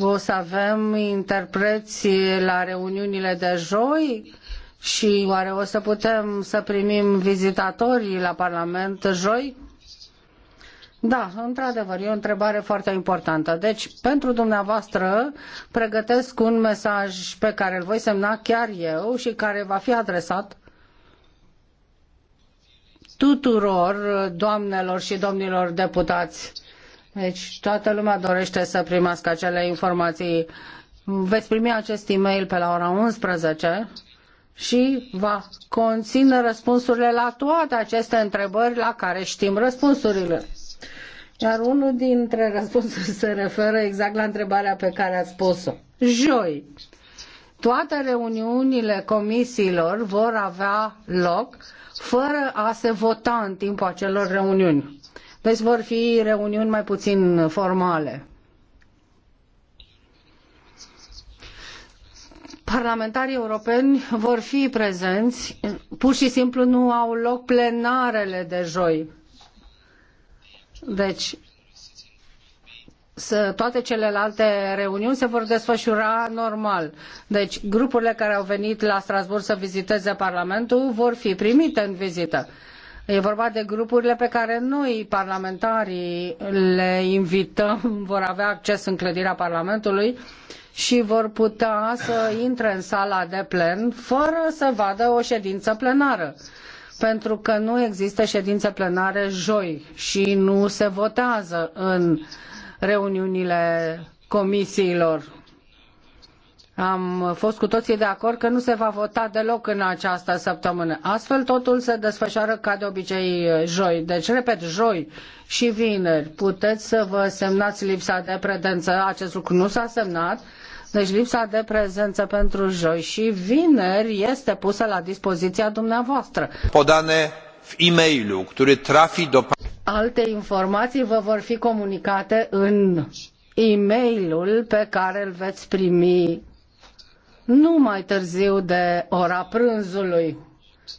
O să avem interpreți la reuniunile de joi și oare o să putem să primim vizitatori la Parlament joi? Da, într-adevăr, e o întrebare foarte importantă. Deci, pentru dumneavoastră, pregătesc un mesaj pe care îl voi semna chiar eu și care va fi adresat tuturor doamnelor și domnilor deputați deci toată lumea dorește să primească acele informații. Veți primi acest e-mail pe la ora 11 și va conține răspunsurile la toate aceste întrebări la care știm răspunsurile. Iar unul dintre răspunsuri se referă exact la întrebarea pe care ați pus-o. Joi, toate reuniunile comisiilor vor avea loc fără a se vota în timpul acelor reuniuni. Deci vor fi reuniuni mai puțin formale. parlamentarii europeni vor fi prezenți, pur și simplu nu au loc plenarele de joi. Deci, toate celelalte reuniuni se vor desfășura normal. Deci, grupurile care au venit la Strasbourg să viziteze Parlamentul vor fi primite în vizită. E vorba de grupurile pe care noi, parlamentarii, le invităm, vor avea acces în clădirea Parlamentului și vor putea să intre în sala de plen fără să vadă o ședință plenară. Pentru că nu există ședință plenare joi și nu se votează în reuniunile comisiilor am fost cu toții de acord că nu se va vota deloc în această săptămână. Astfel totul se desfășoară ca de obicei eh, joi. Deci, repet, joi și vineri puteți să vă semnați lipsa de prezență. Acest lucru nu s-a semnat. Deci lipsa de prezență pentru joi și vineri este pusă la dispoziția dumneavoastră. Podane w e-mailu, który trafi do... Alte informații vă vor fi comunicate în e-mailul pe care îl veți primi nu mai târziu de ora prânzului.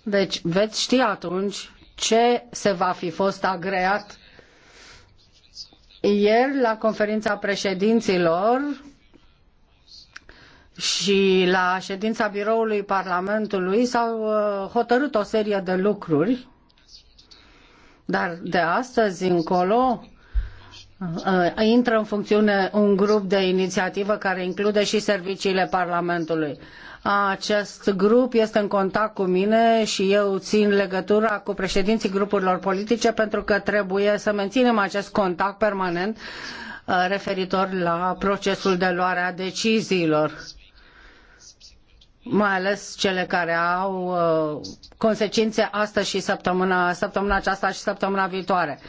Deci veți ști atunci ce se va fi fost agreat. Ieri, la conferința președinților și la ședința biroului Parlamentului s-au uh, hotărât o serie de lucruri, dar de astăzi încolo Uh, uh, intră în funcțiune un grup de inițiativă care include și serviciile Parlamentului. Acest grup este în contact cu mine și eu țin legătura cu președinții grupurilor politice pentru că trebuie să menținem acest contact permanent uh, referitor la procesul de luare a deciziilor mai ales cele care au consecințe astăzi și săptămâna, săptămâna aceasta și săptămâna viitoare.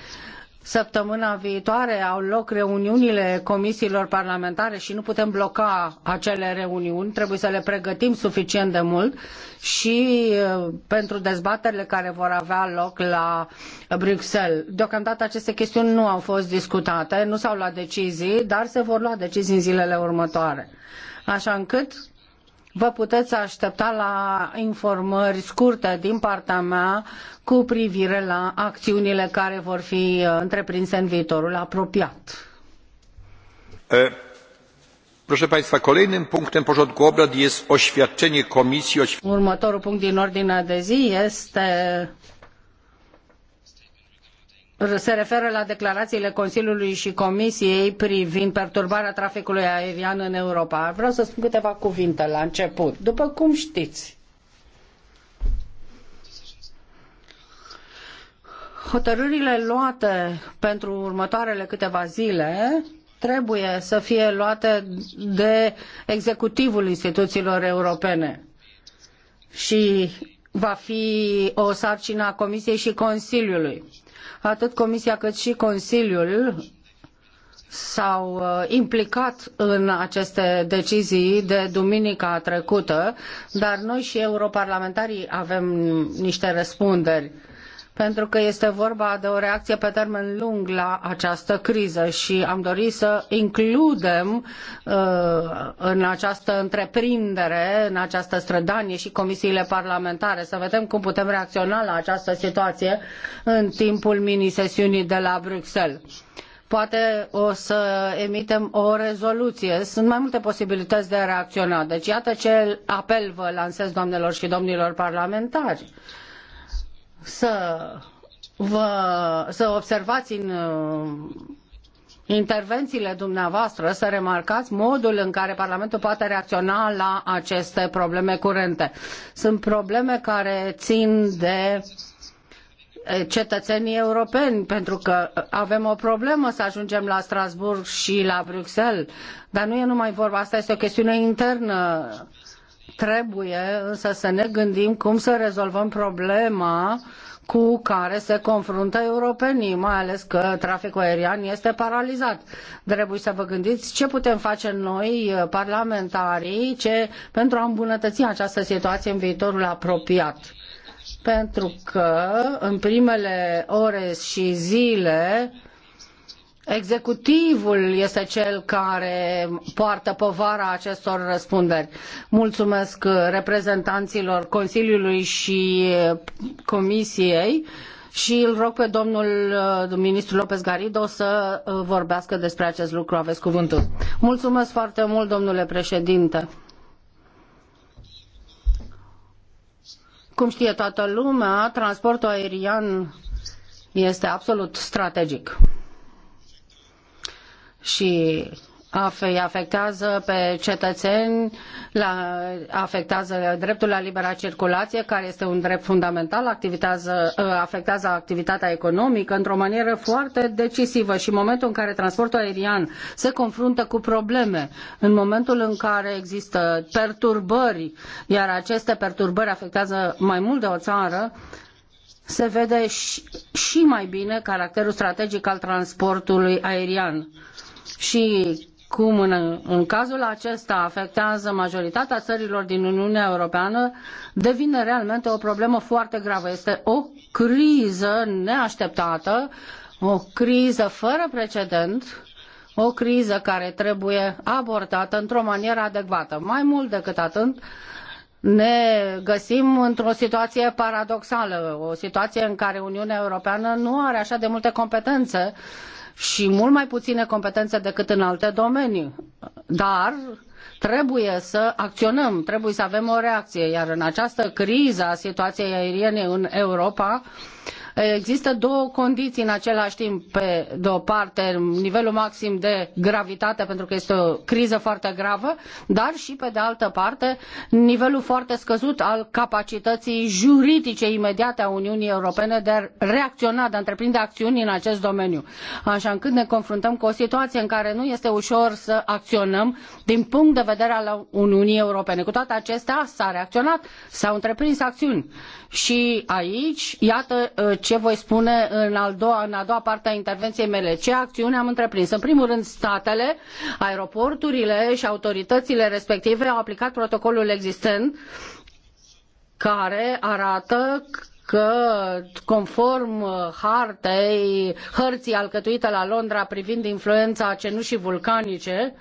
Săptămâna viitoare au loc reuniunile comisiilor parlamentare și nu putem bloca acele reuniuni, trebuie să le pregătim suficient de mult și uh, pentru dezbaterile care vor avea loc la Bruxelles. Deocamdată aceste chestiuni nu au fost discutate, nu s-au luat decizii, dar se vor lua decizii în zilele următoare. Așa încât Vă puteți aștepta la informări scurte din partea mea cu privire la acțiunile care vor fi uh, întreprinse în viitorul apropiat. E, proszę Państwa, kolejnym punktem porządku obrad jest oświadczenie Komisji... Următorul punct din ordinea de zi este se referă la declarațiile Consiliului și Comisiei privind perturbarea traficului aerian în Europa. Vreau să spun câteva cuvinte la început. După cum știți, hotărârile luate pentru următoarele câteva zile trebuie să fie luate de executivul instituțiilor europene. Și va fi o sarcină a Comisiei și Consiliului atât Comisia cât și Consiliul s-au uh, implicat în aceste decizii de duminica trecută, dar noi și europarlamentarii avem niște răspunderi pentru că este vorba de o reacție pe termen lung la această criză și am dorit să includem uh, în această întreprindere, în această strădanie și comisiile parlamentare, să vedem cum putem reacționa la această situație în timpul mini-sesiunii de la Bruxelles poate o să emitem o rezoluție. Sunt mai multe posibilități de a reacționa. Deci iată ce apel vă lansez doamnelor și domnilor parlamentari. Uh, să, vă, să observați în uh, intervențiile dumneavoastră să remarcați modul în care Parlamentul poate reacționa la aceste probleme curente. Sunt probleme care țin de cetățenii europeni, pentru că avem o problemă să ajungem la Strasbourg și la Bruxelles, dar nu e numai vorba, asta este o chestiune internă Trebuie însă să ne gândim cum să rezolvăm problema cu care se confruntă europenii, mai ales că traficul aerian este paralizat. Trebuie să vă gândiți ce putem face noi, parlamentarii, ce, pentru a îmbunătăți această situație în viitorul apropiat. Pentru că în primele ore și zile Executivul este cel care poartă povara acestor răspunderi. Mulțumesc reprezentanților Consiliului și Comisiei și îl rog pe domnul uh, ministru López Garrido să uh, vorbească despre acest lucru. Aveți cuvântul. Mulțumesc foarte mult, domnule președinte. Cum știe toată lumea, transportul aerian este absolut strategic și îi afectează pe cetățeni, la, afectează dreptul la libera circulație, care este un drept fundamental, ă, afectează activitatea economică într-o manieră foarte decisivă și în momentul în care transportul aerian se confruntă cu probleme, în momentul în care există perturbări, iar aceste perturbări afectează mai mult de o țară, se vede și, și mai bine caracterul strategic al transportului aerian și cum în, în cazul acesta afectează majoritatea țărilor din Uniunea Europeană, devine realmente o problemă foarte gravă. Este o criză neașteptată, o criză fără precedent, o criză care trebuie abordată într-o manieră adecvată. Mai mult decât atât, ne găsim într-o situație paradoxală, o situație în care Uniunea Europeană nu are așa de multe competențe și mult mai puține competențe decât în alte domenii. Dar trebuie să acționăm, trebuie să avem o reacție, iar în această criză a situației aeriene în Europa, Există două condiții în același timp. Pe de o parte, nivelul maxim de gravitate, pentru că este o criză foarte gravă, dar și pe de altă parte, nivelul foarte scăzut al capacității juridice imediate a Uniunii Europene de a reacționa, de a întreprinde acțiuni în acest domeniu. Așa încât ne confruntăm cu o situație în care nu este ușor să acționăm din punct de vedere al Uniunii Europene. Cu toate acestea, s-a reacționat, s-au întreprins acțiuni. Și aici, iată ce ce voi spune în, al doua, în a doua parte a intervenției mele. Ce acțiune am întreprins? În primul rând, statele, aeroporturile și autoritățile respective au aplicat protocolul existent care arată că conform hartei, hărții alcătuite la Londra privind influența cenușii vulcanice,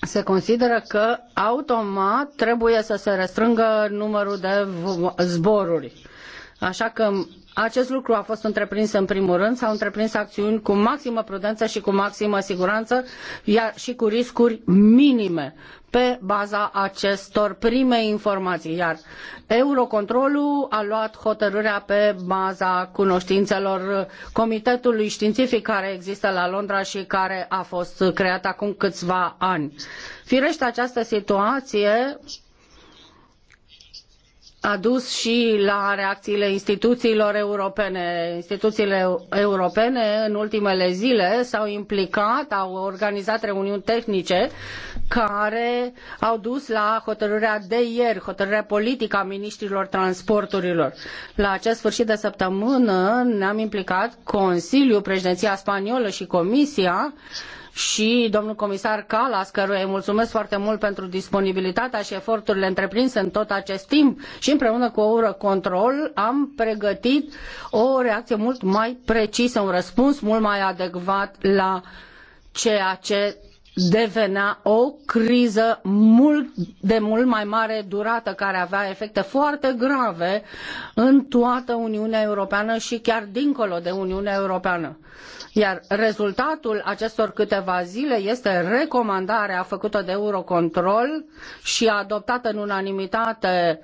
se consideră că automat trebuie să se restrângă numărul de zboruri. Așa că acest lucru a fost întreprins în primul rând, s-au întreprins acțiuni cu maximă prudență și cu maximă siguranță iar și cu riscuri minime pe baza acestor prime informații. Iar Eurocontrolul a luat hotărârea pe baza cunoștințelor Comitetului Științific care există la Londra și care a fost creat acum câțiva ani. Firește această situație a dus și la reacțiile instituțiilor europene. Instituțiile europene în ultimele zile s-au implicat, au organizat reuniuni tehnice care au dus la hotărârea de ieri, hotărârea politică a ministrilor transporturilor. La acest sfârșit de săptămână ne-am implicat Consiliul, președinția spaniolă și Comisia și domnul comisar Kallas, căruia îi mulțumesc foarte mult pentru disponibilitatea și eforturile întreprinse în tot acest timp și împreună cu Eurocontrol am pregătit o reacție mult mai precisă, un răspuns mult mai adecvat la ceea ce devenea o criză mult, de mult mai mare durată, care avea efecte foarte grave în toată Uniunea Europeană și chiar dincolo de Uniunea Europeană. Iar rezultatul acestor câteva zile este recomandarea făcută de Eurocontrol și adoptată în unanimitate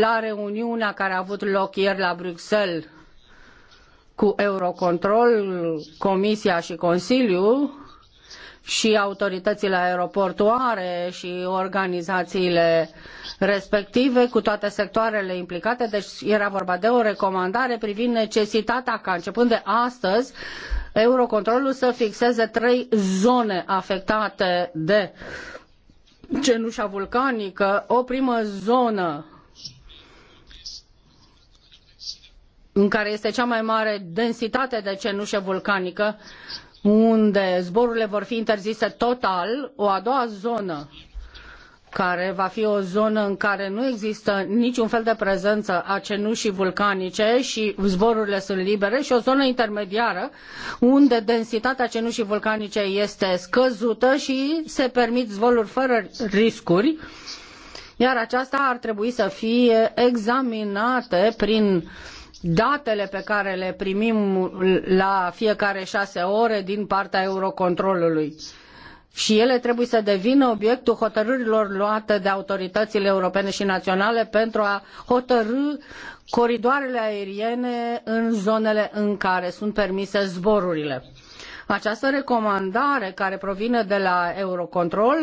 la reuniunea care a avut loc ieri la Bruxelles cu Eurocontrol, Comisia și Consiliul, și autoritățile aeroportuare și organizațiile respective cu toate sectoarele implicate. Deci era vorba de o recomandare privind necesitatea ca începând de astăzi Eurocontrolul să fixeze trei zone afectate de cenușa vulcanică, o primă zonă în care este cea mai mare densitate de cenușă vulcanică unde zborurile vor fi interzise total, o a doua zonă care va fi o zonă în care nu există niciun fel de prezență a cenușii vulcanice și zborurile sunt libere și o zonă intermediară unde densitatea cenușii vulcanice este scăzută și se permit zboruri fără riscuri iar aceasta ar trebui să fie examinate prin uh, datele pe care le primim la fiecare șase ore din partea Eurocontrolului. Și ele trebuie să devină obiectul hotărârilor luate de autoritățile europene și naționale pentru a hotărî coridoarele aeriene în zonele în care sunt permise zborurile. Această recomandare care provine de la Eurocontrol,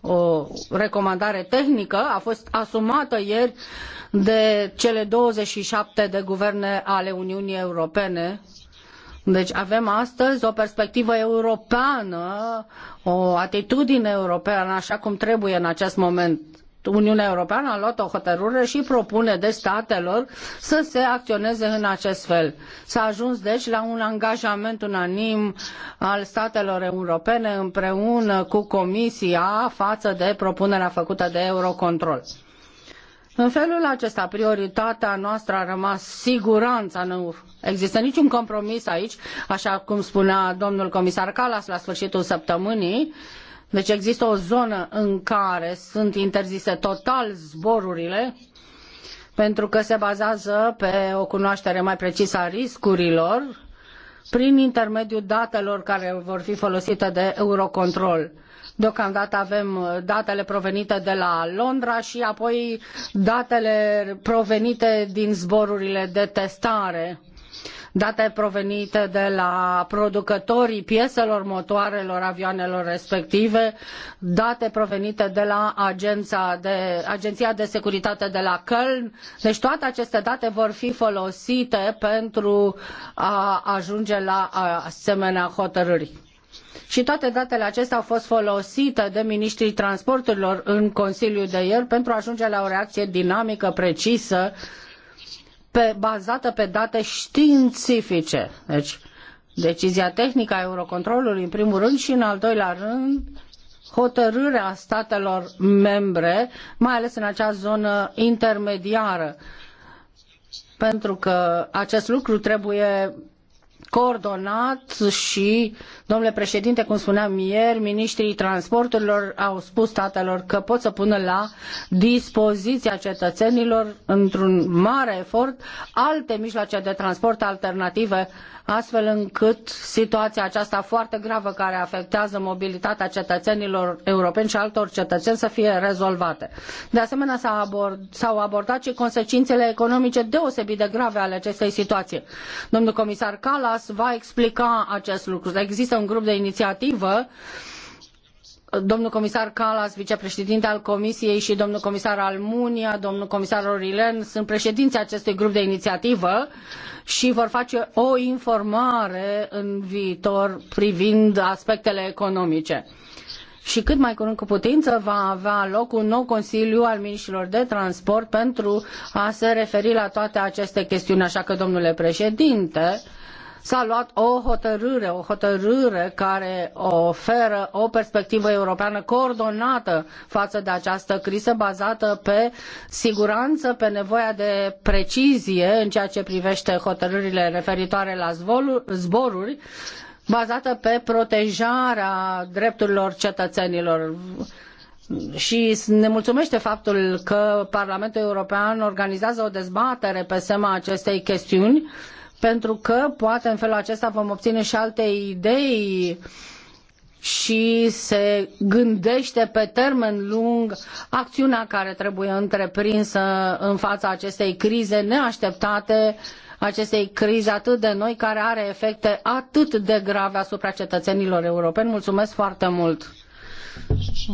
o recomandare tehnică, a fost asumată ieri de cele 27 de guverne ale Uniunii Europene. Deci avem astăzi o perspectivă europeană, o atitudine europeană, așa cum trebuie în acest moment. Uniunea Europeană a luat o hotărâre și propune de statelor să se acționeze în acest fel. S-a ajuns deci la un angajament unanim al statelor europene împreună cu Comisia față de propunerea făcută de Eurocontrol. În felul acesta, prioritatea noastră a rămas siguranța. Nu există niciun compromis aici, așa cum spunea domnul comisar Kallas la sfârșitul săptămânii. Deci există o zonă în care sunt interzise total zborurile, pentru că se bazează pe o cunoaștere mai precisă a riscurilor prin intermediul datelor care vor fi folosite de Eurocontrol Deocamdată avem uh, datele provenite de la Londra și apoi datele provenite din zborurile de testare date provenite de la producătorii pieselor motoarelor avioanelor respective, date provenite de la Agența de, Agenția de Securitate de la Köln. Deci toate aceste date vor fi folosite pentru a ajunge la asemenea hotărâri. Și toate datele acestea au fost folosite de ministrii transporturilor în Consiliul de ieri pentru a ajunge la o reacție dinamică, precisă, pe, bazată pe date științifice. Deci, decizia tehnică a Eurocontrolului, în primul rând, și în al doilea rând, hotărârea statelor membre, mai ales în acea zonă intermediară, pentru că acest lucru trebuie coordonat și, domnule președinte, cum spuneam ieri, ministrii transporturilor au spus statelor că pot să pună la dispoziția cetățenilor, într-un mare efort, alte mijloace de transport alternative astfel încât situația aceasta foarte gravă care afectează mobilitatea cetățenilor europeni și altor cetățeni să fie rezolvate. De asemenea, s-au abordat și consecințele economice deosebit de grave ale acestei situații. Domnul comisar Kallas va explica acest lucru. Există un grup de inițiativă uh, domnul comisar Kallas, vicepreședinte al Comisiei și domnul comisar Almunia, domnul comisar Orilen sunt președinții acestui grup de inițiativă și vor face o informare în viitor privind aspectele economice. Și cât mai curând cu putință va avea loc un nou Consiliu al Ministrilor de Transport pentru a se referi la toate aceste chestiuni. Așa că, domnule președinte, s-a luat o hotărâre, o hotărâre care oferă o perspectivă europeană coordonată față de această criză, bazată pe siguranță, pe nevoia de precizie în ceea ce privește hotărârile referitoare la zboruri, bazată pe protejarea drepturilor cetățenilor și ne mulțumește faptul că Parlamentul European organizează o dezbatere pe seama acestei chestiuni pentru că poate în felul acesta vom obține și alte idei și se gândește pe termen lung acțiunea care trebuie întreprinsă în fața acestei crize neașteptate, acestei crize atât de noi care are efecte atât de grave asupra cetățenilor europeni. Mulțumesc foarte mult!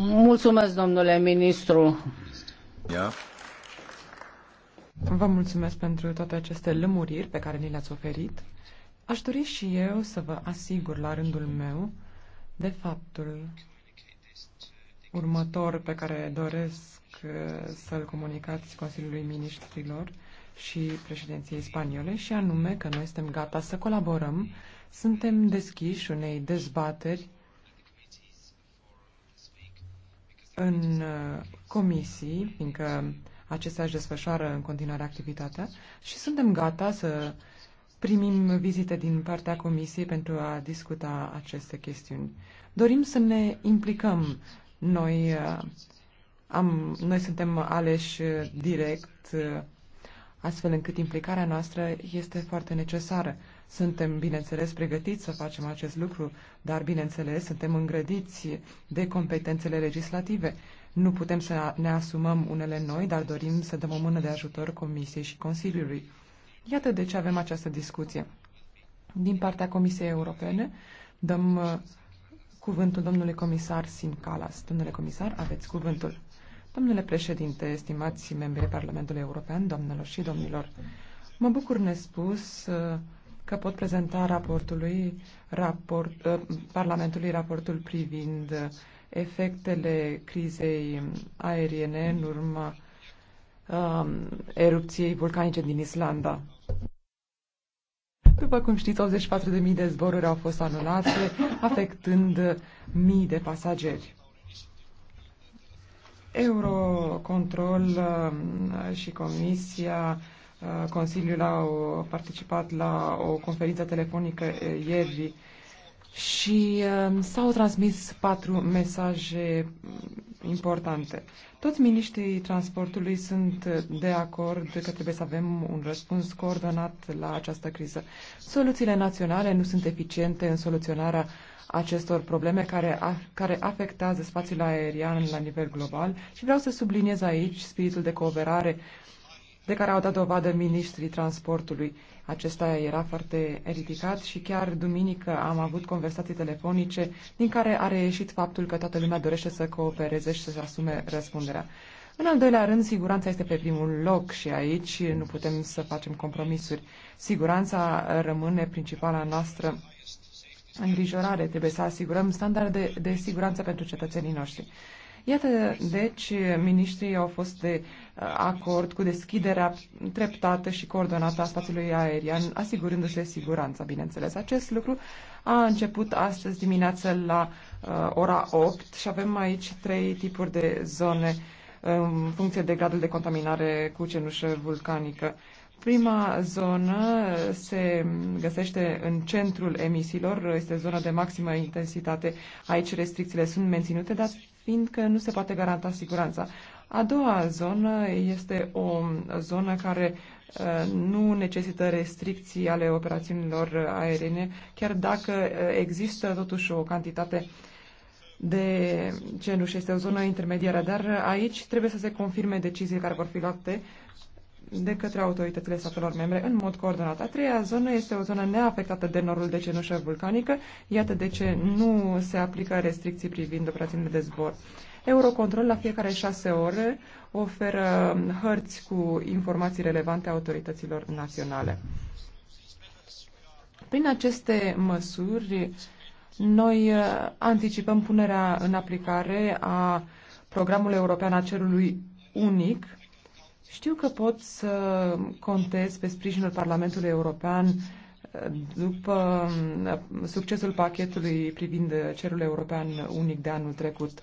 Mulțumesc, domnule ministru! Yeah. Vă mulțumesc pentru toate aceste lămuriri pe care ni le-ați oferit. Aș dori și eu să vă asigur la rândul meu de faptul următor pe care doresc uh, să-l comunicați Consiliului Ministrilor și președinției spaniole și anume că noi suntem gata să colaborăm, suntem deschiși unei dezbateri în uh, comisii, fiindcă acestea își desfășoară în continuare activitatea și suntem gata să primim vizite din partea Comisiei pentru a discuta aceste chestiuni. Dorim să ne implicăm. Noi, uh, am, noi suntem aleși direct, uh, astfel încât implicarea noastră este foarte necesară. Suntem, bineînțeles, pregătiți să facem acest lucru, dar, bineînțeles, suntem îngrădiți de competențele legislative nu putem să ne asumăm unele noi, dar dorim să dăm o mână de ajutor Comisiei și Consiliului. Iată de ce avem această discuție. Din partea Comisiei Europene dăm uh, cuvântul domnului comisar Simcalas. Domnule comisar, aveți cuvântul. Domnule președinte, estimați membrii Parlamentului European, domnilor și domnilor, mă bucur nespus uh, că pot prezenta raportului raport, uh, Parlamentului raportul privind efectele crizei aeriene în urma um, erupției vulcanice din Islanda. După cum știți, 84.000 de zboruri au fost anulate, afectând mii de pasageri. Eurocontrol um, și Comisia uh, Consiliul au participat la o conferință telefonică uh, ieri și uh, s-au transmis patru mesaje importante. Toți miniștrii transportului sunt de acord că trebuie să avem un răspuns coordonat la această criză. Soluțiile naționale nu sunt eficiente în soluționarea acestor probleme care, a, care afectează spațiul aerian la nivel global și vreau să subliniez aici spiritul de cooperare de care au dat dovadă ministrii transportului. Acesta era foarte ridicat și chiar duminică am avut conversații telefonice din care a reieșit faptul că toată lumea dorește să coopereze și să-și asume răspunderea. În al doilea rând, siguranța este pe primul loc și aici nu putem să facem compromisuri. Siguranța rămâne principala noastră îngrijorare. Trebuie să asigurăm standarde de siguranță pentru cetățenii noștri. Iată, deci, ministrii au fost de acord cu deschiderea treptată și coordonată a spațiului aerian, asigurându-se siguranța, bineînțeles. Acest lucru a început astăzi dimineață la uh, ora 8 și avem aici trei tipuri de zone um, în funcție de gradul de contaminare cu cenușă vulcanică. Prima zonă se găsește în centrul emisiilor, este zona de maximă intensitate. Aici restricțiile sunt menținute, dar fiindcă nu se poate garanta siguranța. A doua zonă este o zonă care uh, nu necesită restricții ale operațiunilor aeriene, chiar dacă uh, există totuși o cantitate de cenușă. Este o zonă intermediară, dar aici trebuie să se confirme deciziile care vor fi luate de către autoritățile statelor membre în mod coordonat. A treia zonă este o zonă neafectată de norul de cenușă vulcanică. Iată de ce nu se aplică restricții privind operațiunile de zbor. Eurocontrol la fiecare șase ore oferă hărți cu informații relevante a autorităților naționale. Prin aceste măsuri, noi uh, anticipăm punerea în aplicare a programului european a cerului unic. Știu că pot să contez pe sprijinul Parlamentului European uh, după uh, succesul pachetului privind cerul european unic de anul trecut.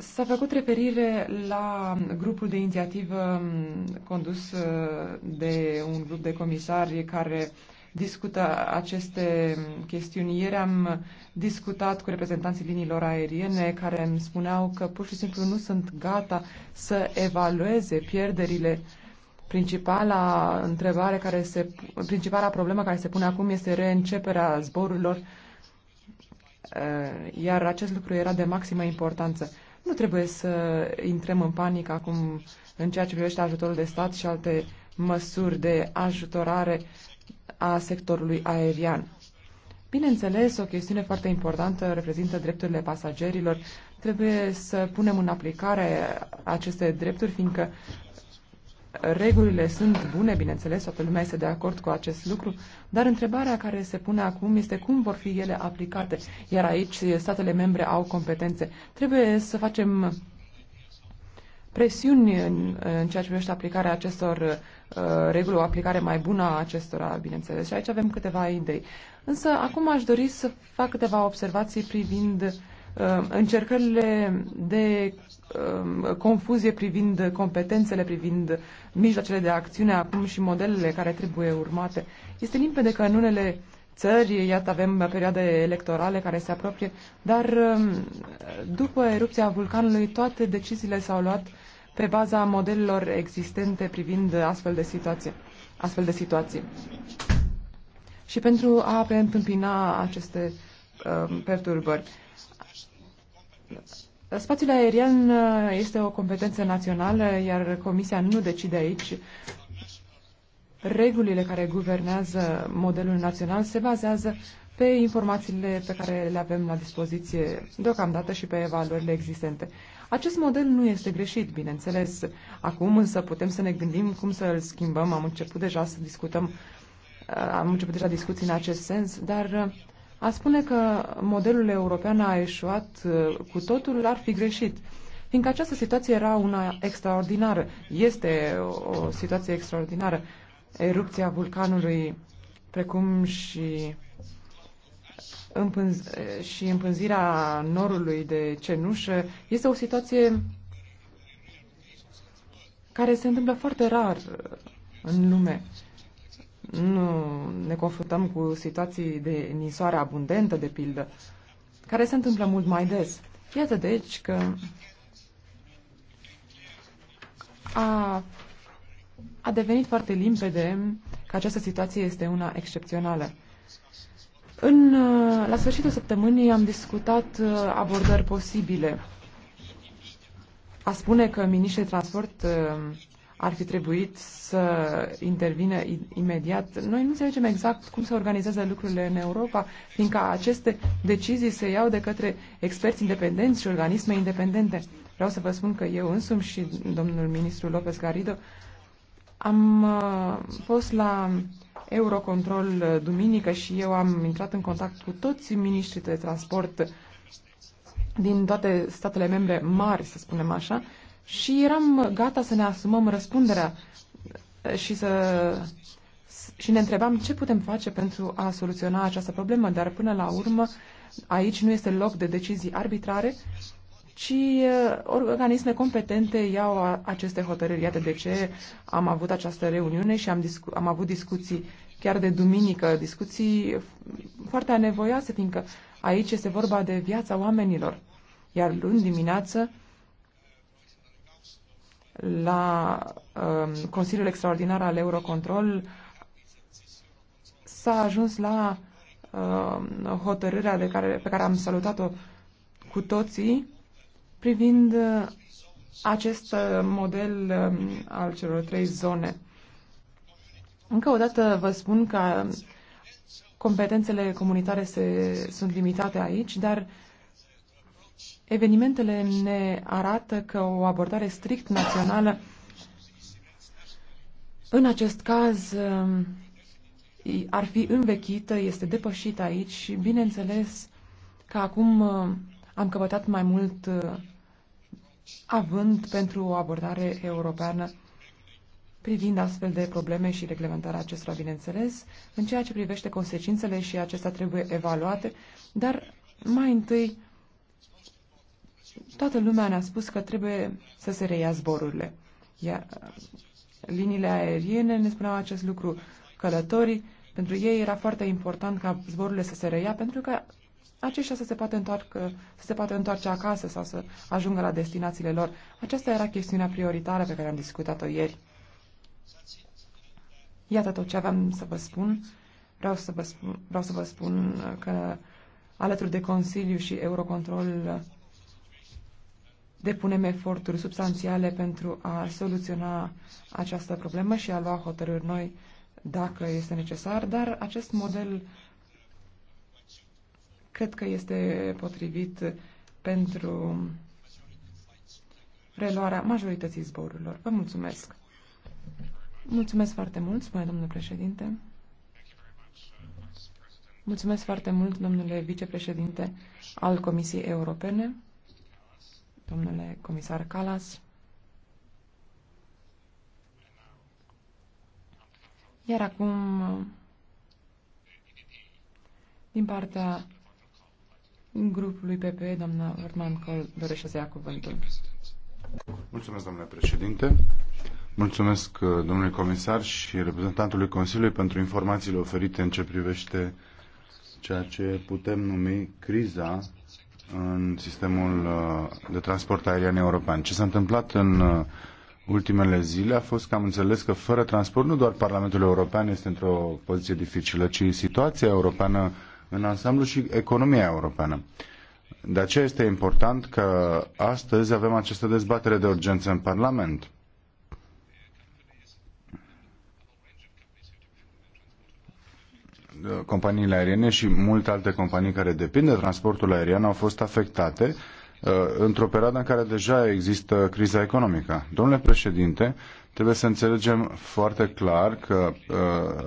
S-a făcut referire la grupul de inițiativă condus uh, de un grup de comisari care discută aceste chestiuni. Ieri am discutat cu reprezentanții liniilor aeriene care îmi spuneau că pur și simplu nu sunt gata să evalueze pierderile. Principala întrebare care se, principala problemă care se pune acum este reînceperea zborurilor, uh, iar acest lucru era de maximă importanță. Nu trebuie să intrăm în panică acum în ceea ce privește ajutorul de stat și alte măsuri de ajutorare a sectorului aerian. Bineînțeles, o chestiune foarte importantă reprezintă drepturile pasagerilor. Trebuie să punem în aplicare aceste drepturi, fiindcă Regulile sunt bune, bineînțeles, toată lumea este de acord cu acest lucru, dar întrebarea care se pune acum este cum vor fi ele aplicate. Iar aici statele membre au competențe. Trebuie să facem presiuni în, în ceea ce privește aplicarea acestor uh, reguli, o aplicare mai bună a acestora, bineînțeles. Și aici avem câteva idei. Însă acum aș dori să fac câteva observații privind Uh, încercările de um, confuzie privind competențele, privind mijloacele de acțiune acum și modelele care trebuie urmate. Este limpede că în unele țări, iată, avem perioade electorale care se apropie, dar um, după erupția vulcanului toate deciziile s-au luat pe baza modelelor existente privind astfel de situație, astfel de situații. Și pentru a preîntâmpina aceste uh, perturbări. Spațiul aerian uh, este o competență națională, iar Comisia nu decide aici. Regulile care guvernează modelul național se bazează pe informațiile pe care le avem la dispoziție deocamdată și pe evaluările existente. Acest model nu este greșit, bineînțeles. Acum însă putem să ne gândim cum să îl schimbăm. Am început deja să discutăm, uh, am început deja discuții în acest sens, dar uh, a spune că modelul european a eșuat uh, cu totul ar fi greșit, fiindcă această situație era una extraordinară. Este o situație extraordinară. Erupția vulcanului, precum și, împânz- și împânzirea norului de cenușă, este o situație care se întâmplă foarte rar în lume nu ne confruntăm cu situații de nisoare abundentă, de pildă, care se întâmplă mult mai des. Iată deci că a, a devenit foarte limpede că această situație este una excepțională. În, la sfârșitul săptămânii am discutat uh, abordări posibile. A spune că miniștrii de transport uh, ar fi trebuit să intervină imediat. Noi nu înțelegem exact cum se organizează lucrurile în Europa, fiindcă aceste decizii se iau de către experți independenți și organisme independente. Vreau să vă spun că eu însumi și domnul ministru López Garrido am uh, fost la Eurocontrol uh, duminică și eu am intrat în contact cu toți ministrii de transport din toate statele membre mari, să spunem așa, și eram gata să ne asumăm răspunderea eh, și să și ne întrebam ce putem face pentru a soluționa această problemă, dar până la urmă aici nu este loc de decizii arbitrare, ci eh, organisme competente iau aceste hotărâri. Iată de ce am avut această reuniune și am, discu- am avut discuții chiar de duminică, discuții foarte anevoioase, fiindcă aici este vorba de viața oamenilor. Iar luni dimineață la uh, Consiliul Extraordinar al Eurocontrol s-a ajuns la uh, hotărârea de care, pe care am salutat-o cu toții privind uh, acest uh, model um, al celor trei zone. Încă o dată vă spun că competențele comunitare se, sunt limitate aici, dar Evenimentele ne arată că o abordare strict națională în acest caz ar fi învechită, este depășită aici și bineînțeles că acum uh, am căpătat mai mult uh, având pentru o abordare europeană privind astfel de probleme și reglementarea acestora, bineînțeles, în ceea ce privește consecințele și acestea trebuie evaluate, dar mai întâi toată lumea ne-a spus că trebuie să se reia zborurile. Iar uh, liniile aeriene ne spuneau acest lucru. Călătorii, pentru ei era foarte important ca zborurile să se reia, pentru că aceștia să se, poate întoarcă, să se poate întoarce acasă sau să ajungă la destinațiile lor. Aceasta era chestiunea prioritară pe care am discutat-o ieri. Iată tot ce aveam să vă spun. Vreau să vă spun, vreau să vă spun că alături de Consiliu și Eurocontrol depunem eforturi substanțiale pentru a soluționa această problemă și a lua hotărâri noi dacă este necesar, dar acest model cred că este potrivit pentru reluarea majorității zborurilor. Vă mulțumesc! Mulțumesc foarte mult, spune domnul președinte. Mulțumesc foarte mult, domnule vicepreședinte al Comisiei Europene domnule comisar Calas. Iar acum, din partea grupului PP, doamna Orman Col dorește să ia cuvântul. Mulțumesc, domnule președinte. Mulțumesc, uh, domnule comisar și reprezentantului Consiliului pentru informațiile oferite în ce privește ceea ce putem numi criza în sistemul uh, de transport aerian european. Ce s-a întâmplat în uh, ultimele zile a fost că am înțeles că fără transport nu doar Parlamentul European este într-o poziție dificilă, ci situația europeană în ansamblu și economia europeană. De aceea este important că astăzi avem această dezbatere de urgență în Parlament. Uh, companiile aeriene și multe alte companii care depind de transportul aerian au fost afectate uh, într-o perioadă în care deja există criza economică. Domnule președinte, trebuie să înțelegem foarte clar că uh,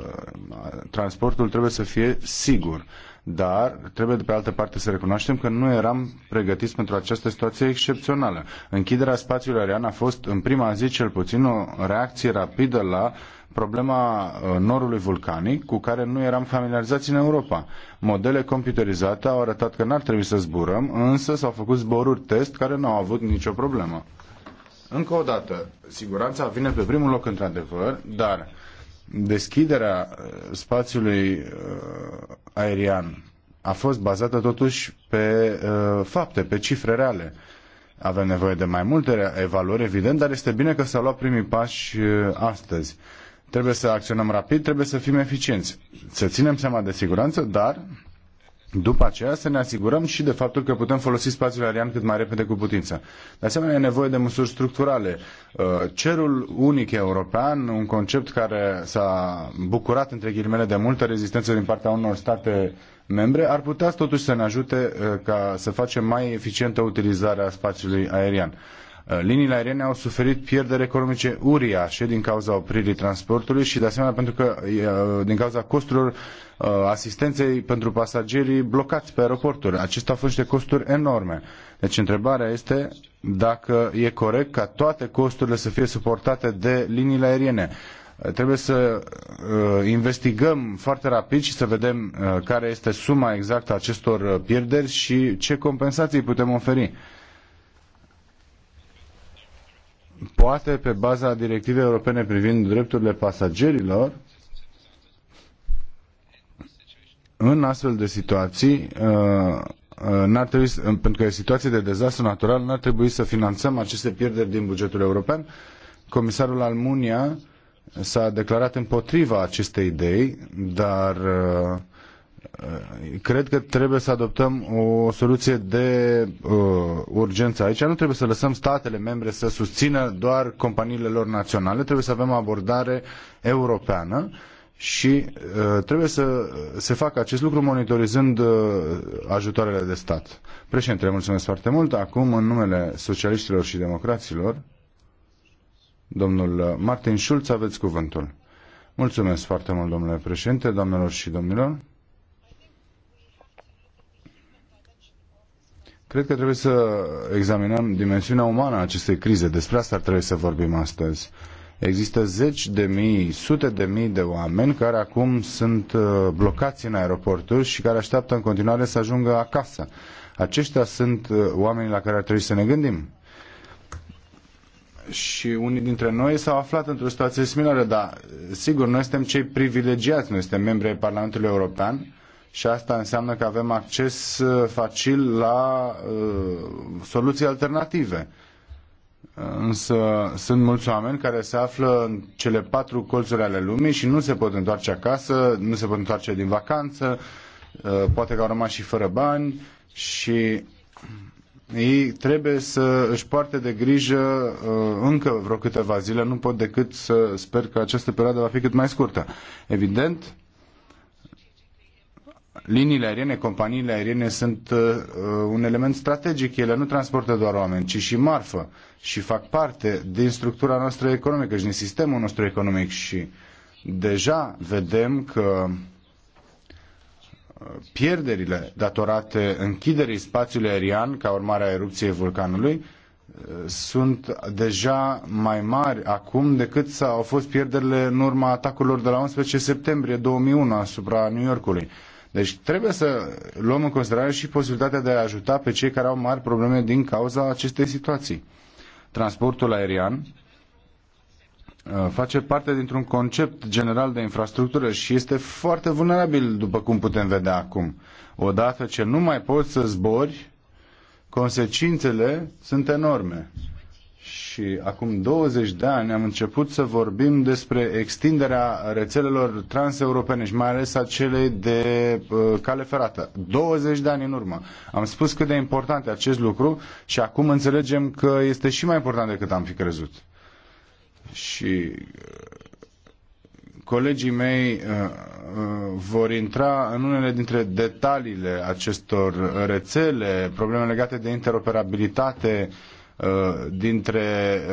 transportul trebuie să fie sigur, dar trebuie de pe altă parte să recunoaștem că nu eram pregătiți pentru această situație excepțională. Închiderea spațiului aerian a fost în prima zi cel puțin o reacție rapidă la uh, problema uh, norului vulcanic cu care nu eram familiarizați în Europa. Modele computerizate au arătat că n-ar trebui să zburăm, însă s-au făcut zboruri test care nu au avut nicio problemă. Încă o dată, siguranța vine pe primul loc într-adevăr, dar deschiderea uh, spațiului uh, aerian a fost bazată totuși pe fapte, pe cifre reale. Avem nevoie de mai multe evaluări, evident, dar este bine că s-au luat primii pași uh, astăzi. Trebuie să acționăm rapid, trebuie să fim eficienți, să ținem seama de siguranță, dar după aceea să ne asigurăm și de faptul că putem folosi spațiul aerian cât mai repede cu putință. De asemenea, e nevoie de măsuri structurale. Uh, cerul unic european, un concept care s-a bucurat, între ghilimele, de multă rezistență din partea unor state membre, ar putea totuși să ne ajute uh, ca să facem mai eficientă utilizarea spațiului aerian. Uh, liniile aeriene au suferit pierderi economice uriașe din cauza opririi transportului și de asemenea pentru că uh, din cauza costurilor uh, asistenței pentru pasagerii blocați pe aeroporturi. Acestea au fost niște costuri enorme. Deci întrebarea este dacă e corect ca toate costurile să fie suportate de liniile aeriene trebuie să uh, investigăm foarte rapid și să vedem uh, care este suma exactă a acestor pierderi și ce compensații putem oferi poate pe baza directivei europene privind drepturile pasagerilor, în astfel de situații, uh, uh, n-ar trebui, pentru că e situație de dezastru natural, n-ar trebui să finanțăm aceste pierderi din bugetul european. Comisarul Almunia s-a declarat împotriva acestei idei, dar uh, cred că trebuie să adoptăm o soluție de uh, urgență aici. Nu trebuie să lăsăm statele membre să susțină doar companiile lor naționale, trebuie să avem o abordare europeană și uh, trebuie să se facă acest lucru monitorizând uh, ajutoarele de stat. Președinte, mulțumesc foarte mult. Acum, în numele socialiștilor și democraților, domnul Martin Schulz, aveți cuvântul. Mulțumesc foarte mult, domnule președinte, doamnelor și domnilor. Cred că trebuie să examinăm dimensiunea umană a acestei crize. Despre asta ar trebui să vorbim astăzi. Există zeci de mii, sute de mii de oameni care acum sunt uh, blocați în aeroporturi și care așteaptă în continuare să ajungă acasă. Aceștia sunt uh, oamenii la care ar trebui să ne gândim. Și unii dintre noi s-au aflat într-o situație similară, dar sigur, noi suntem cei privilegiați, noi suntem membri ai Parlamentului European și asta înseamnă că avem acces uh, facil la uh, soluții alternative. Uh, însă sunt mulți oameni care se află în cele patru colțuri ale lumii și nu se pot întoarce acasă, nu se pot întoarce din vacanță, uh, poate că au rămas și fără bani și ei trebuie să își poarte de grijă încă vreo câteva zile, nu pot decât să sper că această perioadă va fi cât mai scurtă. Evident, liniile aeriene, companiile aeriene sunt uh, uh, un element strategic. Ele nu transportă doar oameni, ci și marfă și fac parte din structura noastră economică și din sistemul nostru economic și deja vedem că uh, pierderile datorate închiderii spațiului aerian ca urmare a erupției vulcanului uh, sunt deja mai mari acum decât au fost pierderile în urma atacurilor de la 11 septembrie 2001 asupra New Yorkului. Deci trebuie să luăm în considerare și posibilitatea de a ajuta pe cei care au mari probleme din cauza acestei situații. Transportul aerian uh, face parte dintr-un concept general de infrastructură și este foarte vulnerabil, după cum putem vedea acum. Odată ce nu mai poți să zbori, consecințele sunt enorme și acum 20 de ani am început să vorbim despre extinderea rețelelor transeuropene și mai ales a celei de uh, cale ferată. 20 de ani în urmă. Am spus cât de important e acest lucru și acum înțelegem că este și mai important decât am fi crezut. Și uh, colegii mei uh, uh, vor intra în unele dintre detaliile acestor rețele, probleme legate de interoperabilitate, Uh, dintre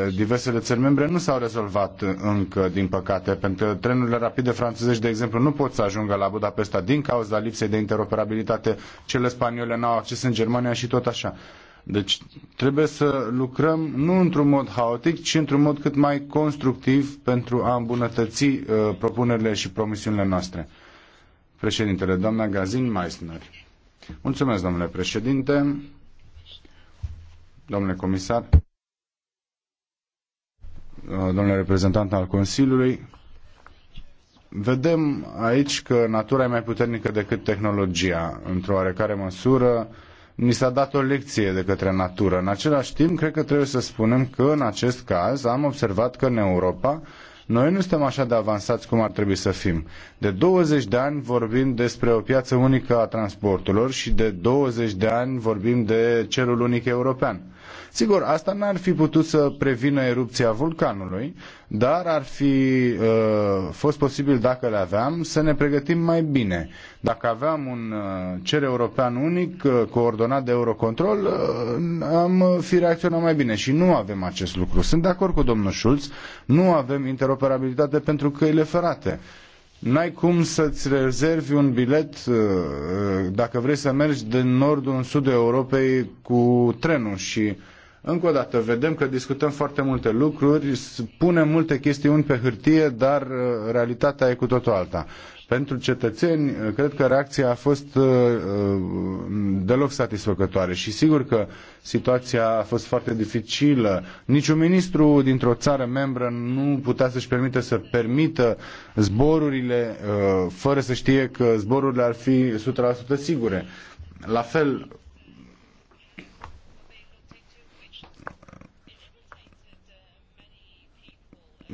uh, diversele țări membre nu s-au rezolvat uh, încă, din păcate, pentru că trenurile rapide franceze, de exemplu, nu pot să ajungă la Budapesta din cauza lipsei de interoperabilitate. Cele spaniole n-au acces în Germania și tot așa. Deci trebuie să lucrăm nu într-un mod haotic, ci într-un mod cât mai constructiv pentru a îmbunătăți uh, propunerile și promisiunile noastre. Președintele, doamna Gazin Meissner. Mulțumesc, domnule președinte domnule comisar, uh, domnule reprezentant al Consiliului, vedem aici că natura e mai puternică decât tehnologia. Într-o oarecare măsură, ni s-a dat o lecție de către natură. În același timp, cred că trebuie să spunem că, în acest caz, am observat că în Europa noi nu suntem așa de avansați cum ar trebui să fim. De 20 de ani vorbim despre o piață unică a transporturilor și de 20 de ani vorbim de cerul unic european. Sigur, asta n-ar fi putut să prevină erupția vulcanului, dar ar fi uh, fost posibil, dacă le aveam, să ne pregătim mai bine. Dacă aveam un uh, cer european unic, uh, coordonat de Eurocontrol, uh, am fi reacționat mai bine și nu avem acest lucru. Sunt de acord cu domnul Schulz, nu avem interoperabilitate pentru căile ferate. N-ai cum să-ți rezervi un bilet uh, dacă vrei să mergi din nordul în sudul Europei cu trenul și încă o dată, vedem că discutăm foarte multe lucruri, punem multe chestiuni pe hârtie, dar uh, realitatea e cu totul alta. Pentru cetățeni, uh, cred că reacția a fost uh, deloc satisfăcătoare și sigur că situația a fost foarte dificilă. Niciun ministru dintr-o țară membră nu putea să-și permită să permită zborurile fără să știe că zborurile ar fi 100% sigure. La fel,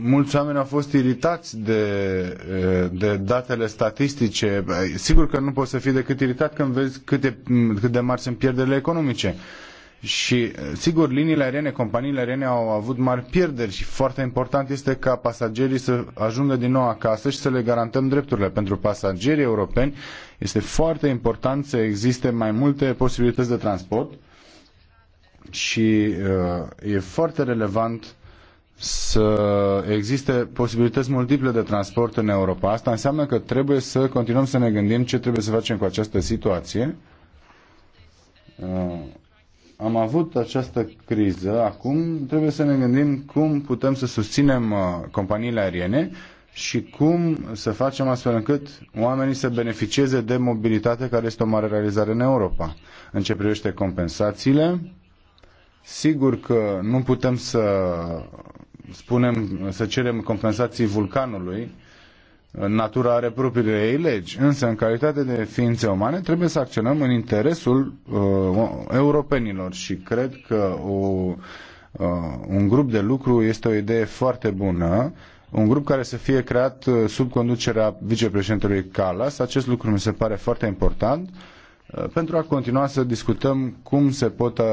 mulți oameni au fost iritați de, eh, de datele statistice. Eh, sigur că nu poți să fii decât iritat când vezi câte, mm, cât de mari sunt pierderile economice. Și, eh, sigur, liniile aeriene, companiile aeriene au avut mari pierderi și foarte important este ca pasagerii să ajungă din nou acasă și să le garantăm drepturile. Pentru pasagerii europeni este foarte important să existe mai multe posibilități de transport și uh, e foarte relevant să existe posibilități multiple de transport în Europa. Asta înseamnă că trebuie să continuăm să ne gândim ce trebuie să facem cu această situație. Uh, am avut această criză, acum trebuie să ne gândim cum putem să susținem uh, companiile aeriene și cum să facem astfel încât oamenii să beneficieze de mobilitate care este o mare realizare în Europa. În ce privește compensațiile, sigur că nu putem să spunem, să cerem compensații vulcanului, natura are propriile ei legi, însă în calitate de ființe umane trebuie să acționăm în interesul uh, europenilor și cred că o, uh, un grup de lucru este o idee foarte bună, un grup care să fie creat uh, sub conducerea vicepreședintelui Calas. Acest lucru mi se pare foarte important Uh, pentru a continua să discutăm cum se pot uh,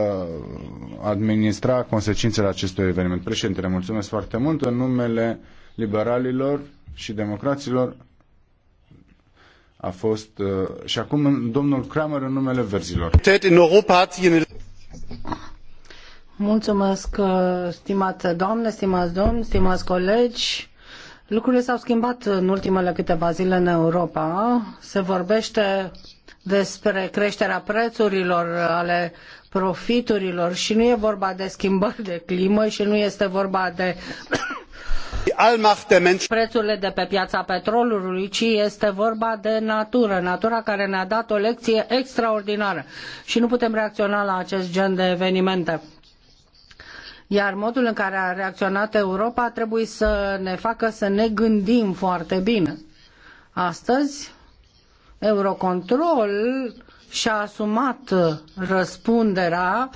administra consecințele acestui eveniment. Președintele, mulțumesc foarte mult în numele liberalilor și democraților a fost uh, și acum domnul Kramer în numele verzilor. Mulțumesc, stimați doamne, stimați domni, stimați colegi. Lucrurile s-au schimbat în ultimele câteva zile în Europa. Se vorbește despre creșterea prețurilor, ale profiturilor și nu e vorba de schimbări de climă și nu este vorba de prețurile de pe piața petrolului, ci este vorba de natură, natura care ne-a dat o lecție extraordinară și nu putem reacționa la acest gen de evenimente iar modul în care a reacționat Europa trebuie să ne facă să ne gândim foarte bine. Astăzi Eurocontrol și-a asumat răspunderea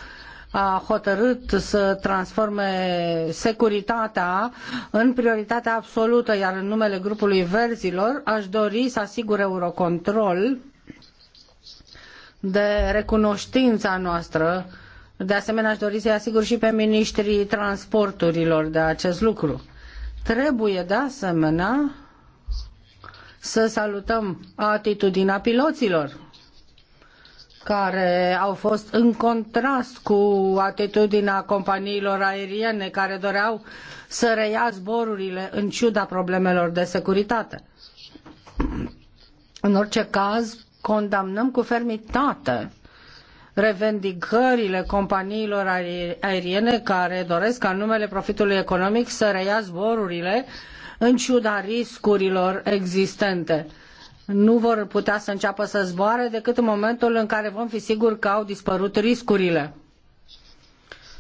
a hotărât să transforme securitatea în prioritate absolută, iar în numele grupului Verzilor aș dori să asigur Eurocontrol de recunoștința noastră. De asemenea, aș dori să-i asigur și pe ministrii transporturilor de acest lucru. Trebuie, de asemenea, să salutăm atitudinea piloților care au fost în contrast cu atitudinea companiilor aeriene care doreau să reia zborurile în ciuda problemelor de securitate. În orice caz, condamnăm cu fermitate revendicările companiilor aeriene care doresc ca în numele profitului economic să reia zborurile uh, în ciuda riscurilor existente. Nu vor putea să înceapă să zboare decât în momentul în care vom fi siguri că au dispărut riscurile.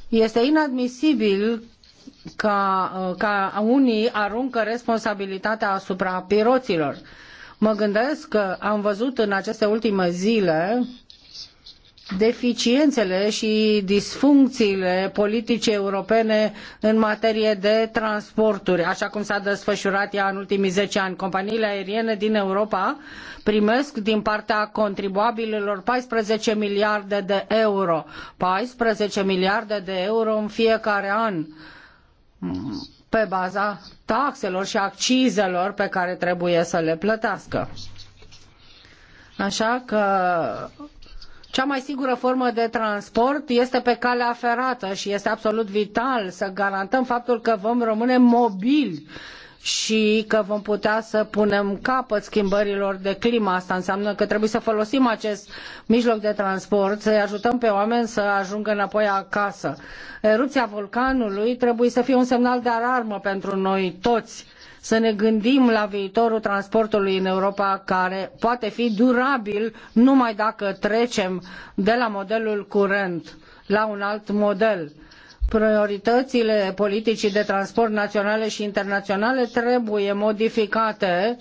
Este inadmisibil ca, ca unii aruncă responsabilitatea asupra piroților. Mă gândesc că am văzut în aceste ultime zile deficiențele și disfuncțiile politice europene în materie de transporturi, așa cum s-a desfășurat ea în ultimii zece ani. Companiile aeriene din Europa primesc din partea contribuabililor 14 miliarde de euro. 14 miliarde de euro în fiecare an pe baza taxelor și accizelor pe care trebuie să le plătească. Așa că cea mai sigură formă de transport este pe calea ferată și este absolut vital să garantăm faptul că vom rămâne mobili și că vom putea să punem capăt schimbărilor de climă. Asta înseamnă că trebuie să folosim acest mijloc de transport, să-i ajutăm pe oameni să ajungă înapoi acasă. Erupția vulcanului trebuie să fie un semnal de alarmă pentru noi toți să ne gândim la viitorul transportului în Europa care poate fi durabil numai dacă trecem de la modelul curent la un alt model. Prioritățile politicii de transport naționale și internaționale trebuie modificate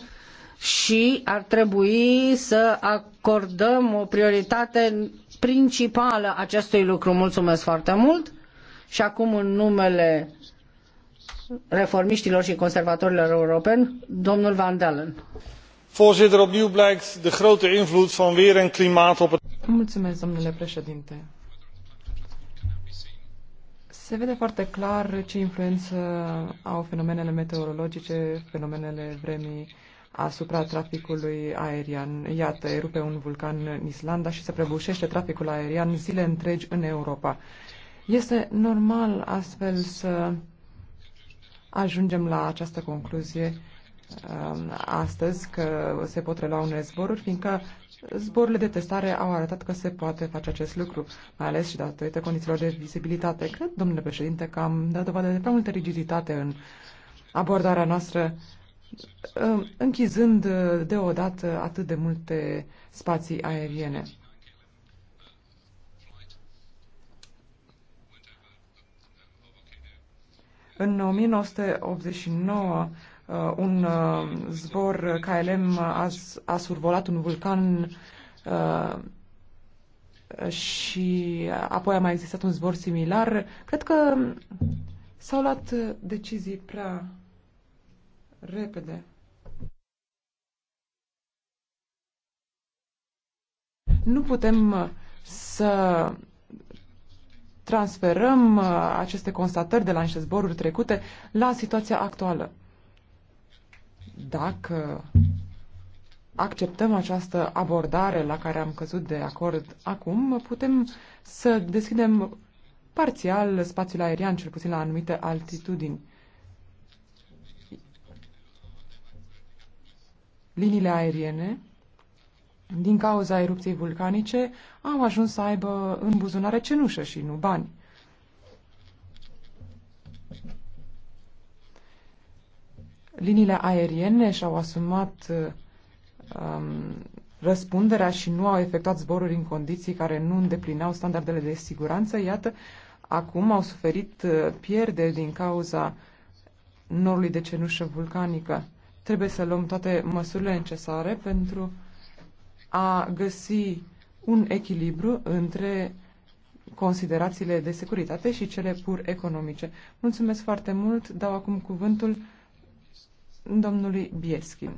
și ar trebui să acordăm o prioritate principală acestui lucru. Mulțumesc foarte mult! Și acum în numele reformiștilor și conservatorilor europeni, domnul Van Dalen. Voorzitter, opnieuw blijkt de grote invloed van weer en klimaat op het. Mulțumesc, domnule președinte. Se vede foarte clar ce influență au fenomenele meteorologice, fenomenele vremii asupra traficului aerian. Iată, erupe un vulcan în Islanda și se prăbușește traficul aerian zile întregi în Europa. Este normal astfel să ajungem la această concluzie um, astăzi că se pot relua unele zboruri, fiindcă zborurile de testare au arătat că se poate face acest lucru, mai ales și datorită condițiilor de vizibilitate. Cred, domnule președinte, că am dat dovadă de prea multă rigiditate în abordarea noastră, um, închizând uh, deodată atât de multe spații aeriene. În 1989, uh, un uh, zbor KLM a, a survolat un vulcan uh, și apoi a mai existat un zbor similar. Cred că s-au luat decizii prea repede. Nu putem să transferăm uh, aceste constatări de la niște zboruri trecute la situația actuală. Dacă acceptăm această abordare la care am căzut de acord acum, putem să deschidem parțial spațiul aerian, cel puțin la anumite altitudini. Liniile aeriene din cauza erupției vulcanice, au ajuns să aibă în buzunare cenușă și nu bani. Liniile aeriene și-au asumat um, răspunderea și nu au efectuat zboruri în condiții care nu îndeplineau standardele de siguranță, iată, acum au suferit uh, pierderi din cauza norului de cenușă vulcanică. Trebuie să luăm toate măsurile necesare pentru a găsi un echilibru între considerațiile de securitate și cele pur economice. Mulțumesc foarte mult. Dau acum cuvântul domnului Bieskin.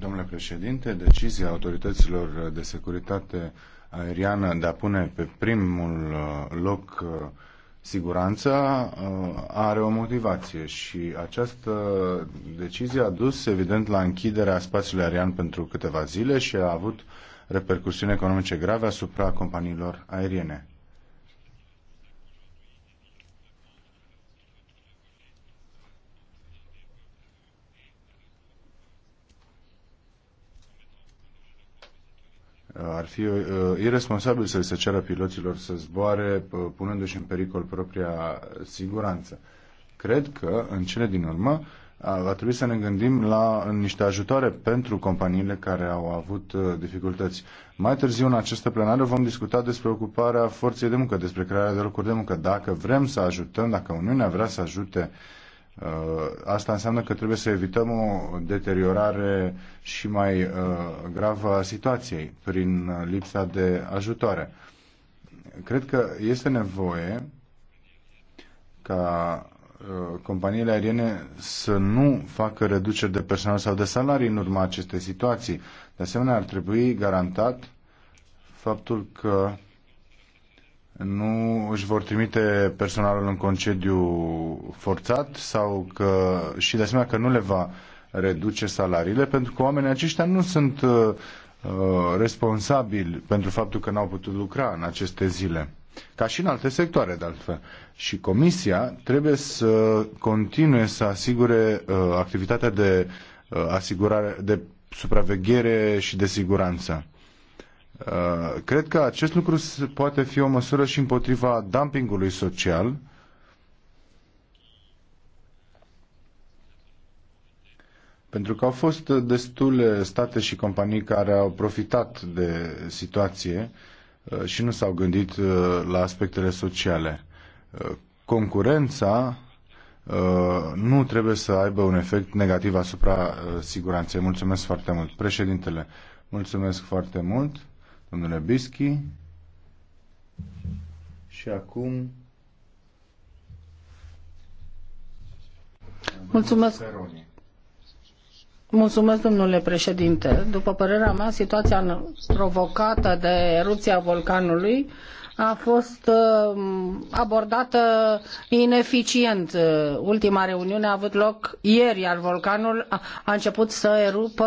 Domnule președinte, decizia autorităților de securitate aeriană de a pune pe primul uh, loc uh, Siguranța uh, are o motivație și această decizie a dus, evident, la închiderea spațiului aerian pentru câteva zile și a avut repercusiuni economice grave asupra companiilor aeriene. Ar fi uh, irresponsabil să se ceară piloților să zboare uh, punându-și în pericol propria siguranță. Cred că, în cele din urmă, va trebui să ne gândim la niște ajutoare pentru companiile care au avut uh, dificultăți. Mai târziu, în această plenară, vom discuta despre ocuparea forței de muncă, despre crearea de locuri de muncă. Dacă vrem să ajutăm, dacă Uniunea vrea să ajute Uh, asta înseamnă că trebuie să evităm o deteriorare și mai uh, gravă a situației prin uh, lipsa de ajutoare. Cred că este nevoie ca companiile aeriene să nu facă reduceri de personal sau de salarii în urma acestei situații. De asemenea, ar trebui garantat faptul că nu își vor trimite personalul în concediu forțat sau că și de asemenea că nu le va reduce salariile pentru că oamenii aceștia nu sunt uh, uh, responsabili pentru faptul că n-au putut lucra în aceste zile ca și în alte sectoare, de altfel. Și Comisia trebuie să continue să asigure uh, activitatea de uh, asigurare, de supraveghere și de siguranță. Uh, cred că acest lucru poate fi o măsură și împotriva dumpingului social. Pentru că au fost destule state și companii care au profitat de situație uh, și nu s-au gândit uh, la aspectele sociale. Concurența nu trebuie să aibă un efect negativ asupra siguranței. Mulțumesc foarte mult. Președintele, mulțumesc foarte mult domnule Bischi. Și acum... Mulțumesc. Mulțumesc, domnule președinte. După părerea mea, situația provocată de erupția vulcanului a fost uh, abordată ineficient. Uh, ultima reuniune a avut loc ieri, iar vulcanul a început să erupă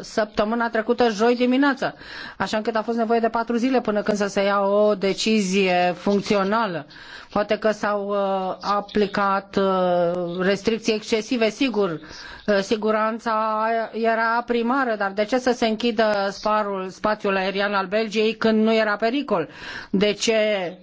săptămâna trecută, joi dimineață. Așa încât a fost nevoie de patru zile până când să se ia o decizie funcțională. Poate că s-au uh, aplicat uh, restricții excesive, sigur, uh, siguranța era primară, dar de ce să se închidă sparul, spațiul aerian al Belgiei când nu era pericol? De ce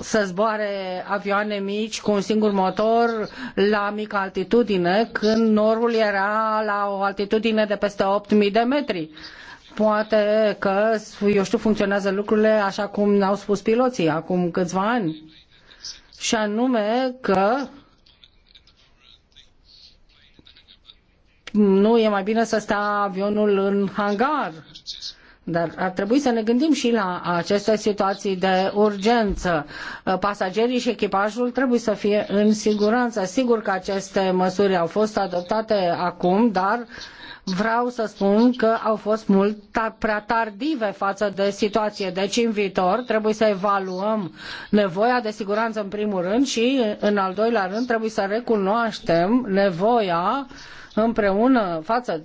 să zboare avioane mici cu un singur motor la mică altitudine, când norul era la o altitudine de peste 8.000 de metri. Poate că, eu știu, funcționează lucrurile așa cum ne-au spus piloții acum câțiva ani. Și anume că nu e mai bine să stea avionul în hangar. Dar ar trebui să ne gândim și la aceste situații de urgență. Pasagerii și echipajul trebuie să fie în siguranță. Sigur că aceste măsuri au fost adoptate acum, dar vreau să spun că au fost mult prea tardive față de situație. Deci în viitor trebuie să evaluăm nevoia de siguranță în primul rând și în al doilea rând trebuie să recunoaștem nevoia împreună față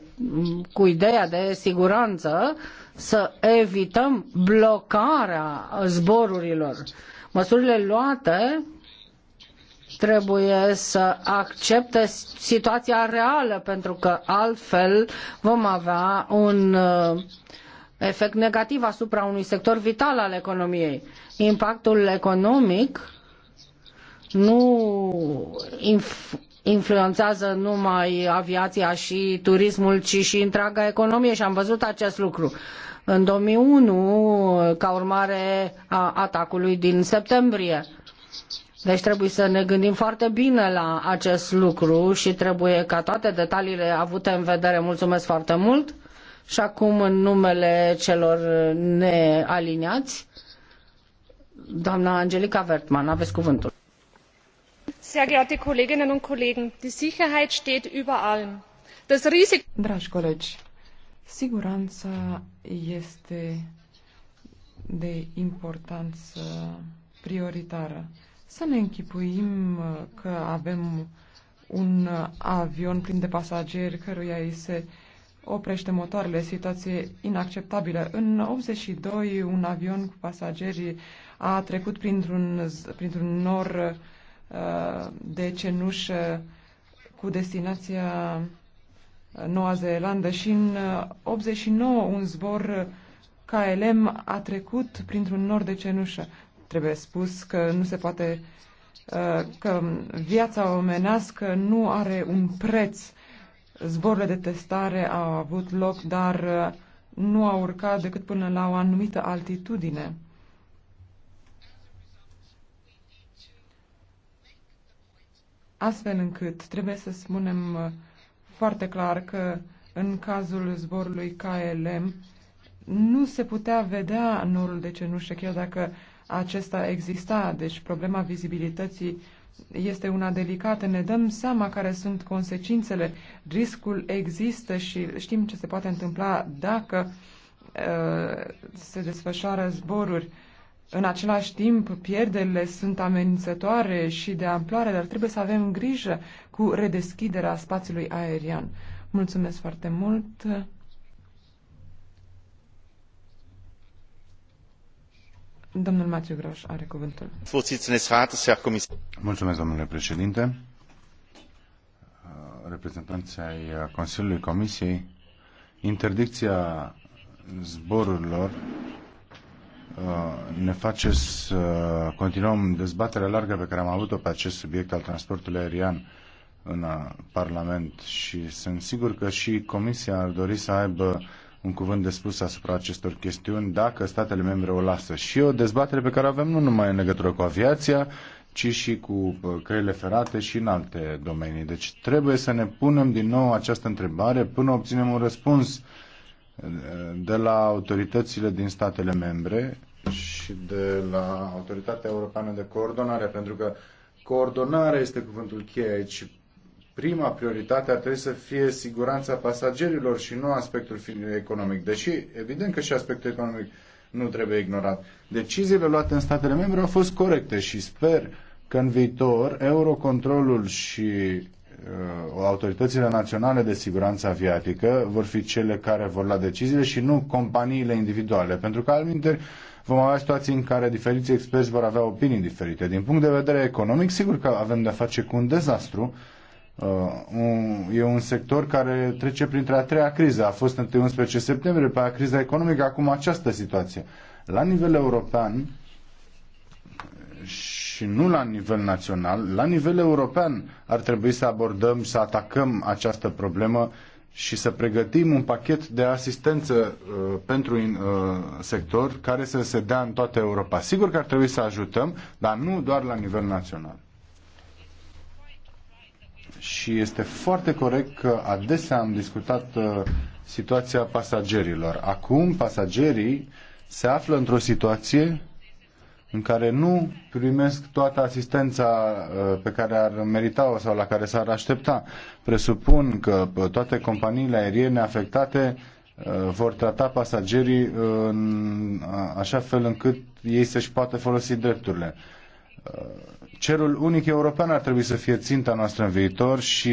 cu ideea de siguranță să evităm blocarea zborurilor. Măsurile luate trebuie să accepte situația reală, pentru că altfel vom avea un uh, efect negativ asupra unui sector vital al economiei. Impactul economic nu influențează numai aviația și turismul, ci și întreaga economie și am văzut acest lucru. În 2001, ca urmare a atacului din septembrie, deci trebuie să ne gândim foarte bine la acest lucru și trebuie ca toate detaliile avute în vedere. Mulțumesc foarte mult! Și acum în numele celor nealiniați, doamna Angelica Vertman, aveți cuvântul. Sehr geehrte Kolleginnen und Kollegen, die Sicherheit steht über allem. Das Dragi colegi, siguranța este de importanță prioritară. Să ne închipuim uh, că avem un uh, avion plin de pasageri căruia îi se oprește motoarele, situație inacceptabilă. În 82, un avion cu pasageri a trecut printr-un, printr-un nor uh, de cenușă cu destinația uh, Noua Zeelandă și în 89 un zbor KLM a trecut printr-un nor de cenușă trebuie spus că nu se poate uh, că viața omenească nu are un preț. Zborurile de testare au avut loc, dar uh, nu au urcat decât până la o anumită altitudine. Astfel încât trebuie să spunem uh, foarte clar că în cazul zborului KLM nu se putea vedea norul de cenușă, chiar dacă acesta exista, deci problema vizibilității este una delicată. Ne dăm seama care sunt consecințele, riscul există și știm ce se poate întâmpla dacă uh, se desfășoară zboruri. În același timp, pierderile sunt amenințătoare și de amploare, dar trebuie să avem grijă cu redeschiderea spațiului aerian. Mulțumesc foarte mult! Domnul Matiu Groș are cuvântul. Mulțumesc, domnule președinte. Reprezentanții ai Consiliului Comisiei, interdicția zborurilor uh, ne face să continuăm dezbaterea largă pe care am avut-o pe acest subiect al transportului aerian în Parlament și sunt sigur că și Comisia ar dori să aibă un cuvânt de spus asupra acestor chestiuni dacă statele membre o lasă. Și o dezbatere pe care o avem nu numai în legătură cu aviația, ci și cu uh, căile ferate și în alte domenii. Deci trebuie să ne punem din nou această întrebare până obținem un răspuns uh, de la autoritățile din statele membre și de la Autoritatea Europeană de Coordonare, pentru că coordonarea este cuvântul cheie aici prima prioritate ar trebui să fie siguranța pasagerilor și nu aspectul economic. Deși, evident că și aspectul economic nu trebuie ignorat. Deciziile luate în statele membre au fost corecte și sper că în viitor Eurocontrolul și uh, autoritățile naționale de siguranță aviatică vor fi cele care vor lua deciziile și nu companiile individuale, pentru că altminteri vom avea situații în care diferiți experți vor avea opinii diferite. Din punct de vedere economic, sigur că avem de-a face cu un dezastru, Uh, e un sector care trece printre a treia criză. A fost întâi 11 septembrie, pe a criza economică, acum această situație. La nivel european și nu la nivel național, la nivel european ar trebui să abordăm și să atacăm această problemă și să pregătim un pachet de asistență uh, pentru un uh, sector care să se dea în toată Europa. Sigur că ar trebui să ajutăm, dar nu doar la nivel național și este foarte corect că adesea am discutat uh, situația pasagerilor. Acum pasagerii se află într-o situație în care nu primesc toată asistența uh, pe care ar merita-o sau la care s-ar aștepta. Presupun că uh, toate companiile aeriene afectate vor trata pasagerii în așa fel încât ei să-și poată folosi drepturile cerul unic european ar trebui să fie ținta noastră în viitor și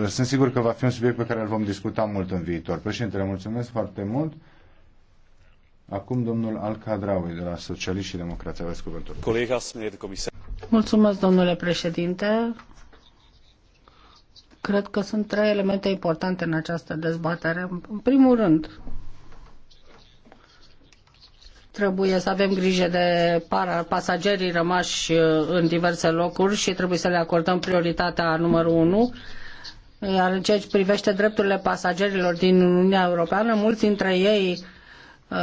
uh, sunt sigur că va fi un subiect pe care îl vom discuta mult în viitor. Președintele, mulțumesc foarte mult. Acum domnul al Cadraui de la Socialiști și Democrația Aveți cuvântul. Mulțumesc, domnule președinte. Cred că sunt trei elemente importante în această dezbatere. În primul rând, Trebuie să avem grijă de pasagerii rămași uh, în diverse locuri și trebuie să le acordăm prioritatea numărul unu. Iar în ceea ce privește drepturile pasagerilor din Uniunea Europeană, mulți dintre ei uh,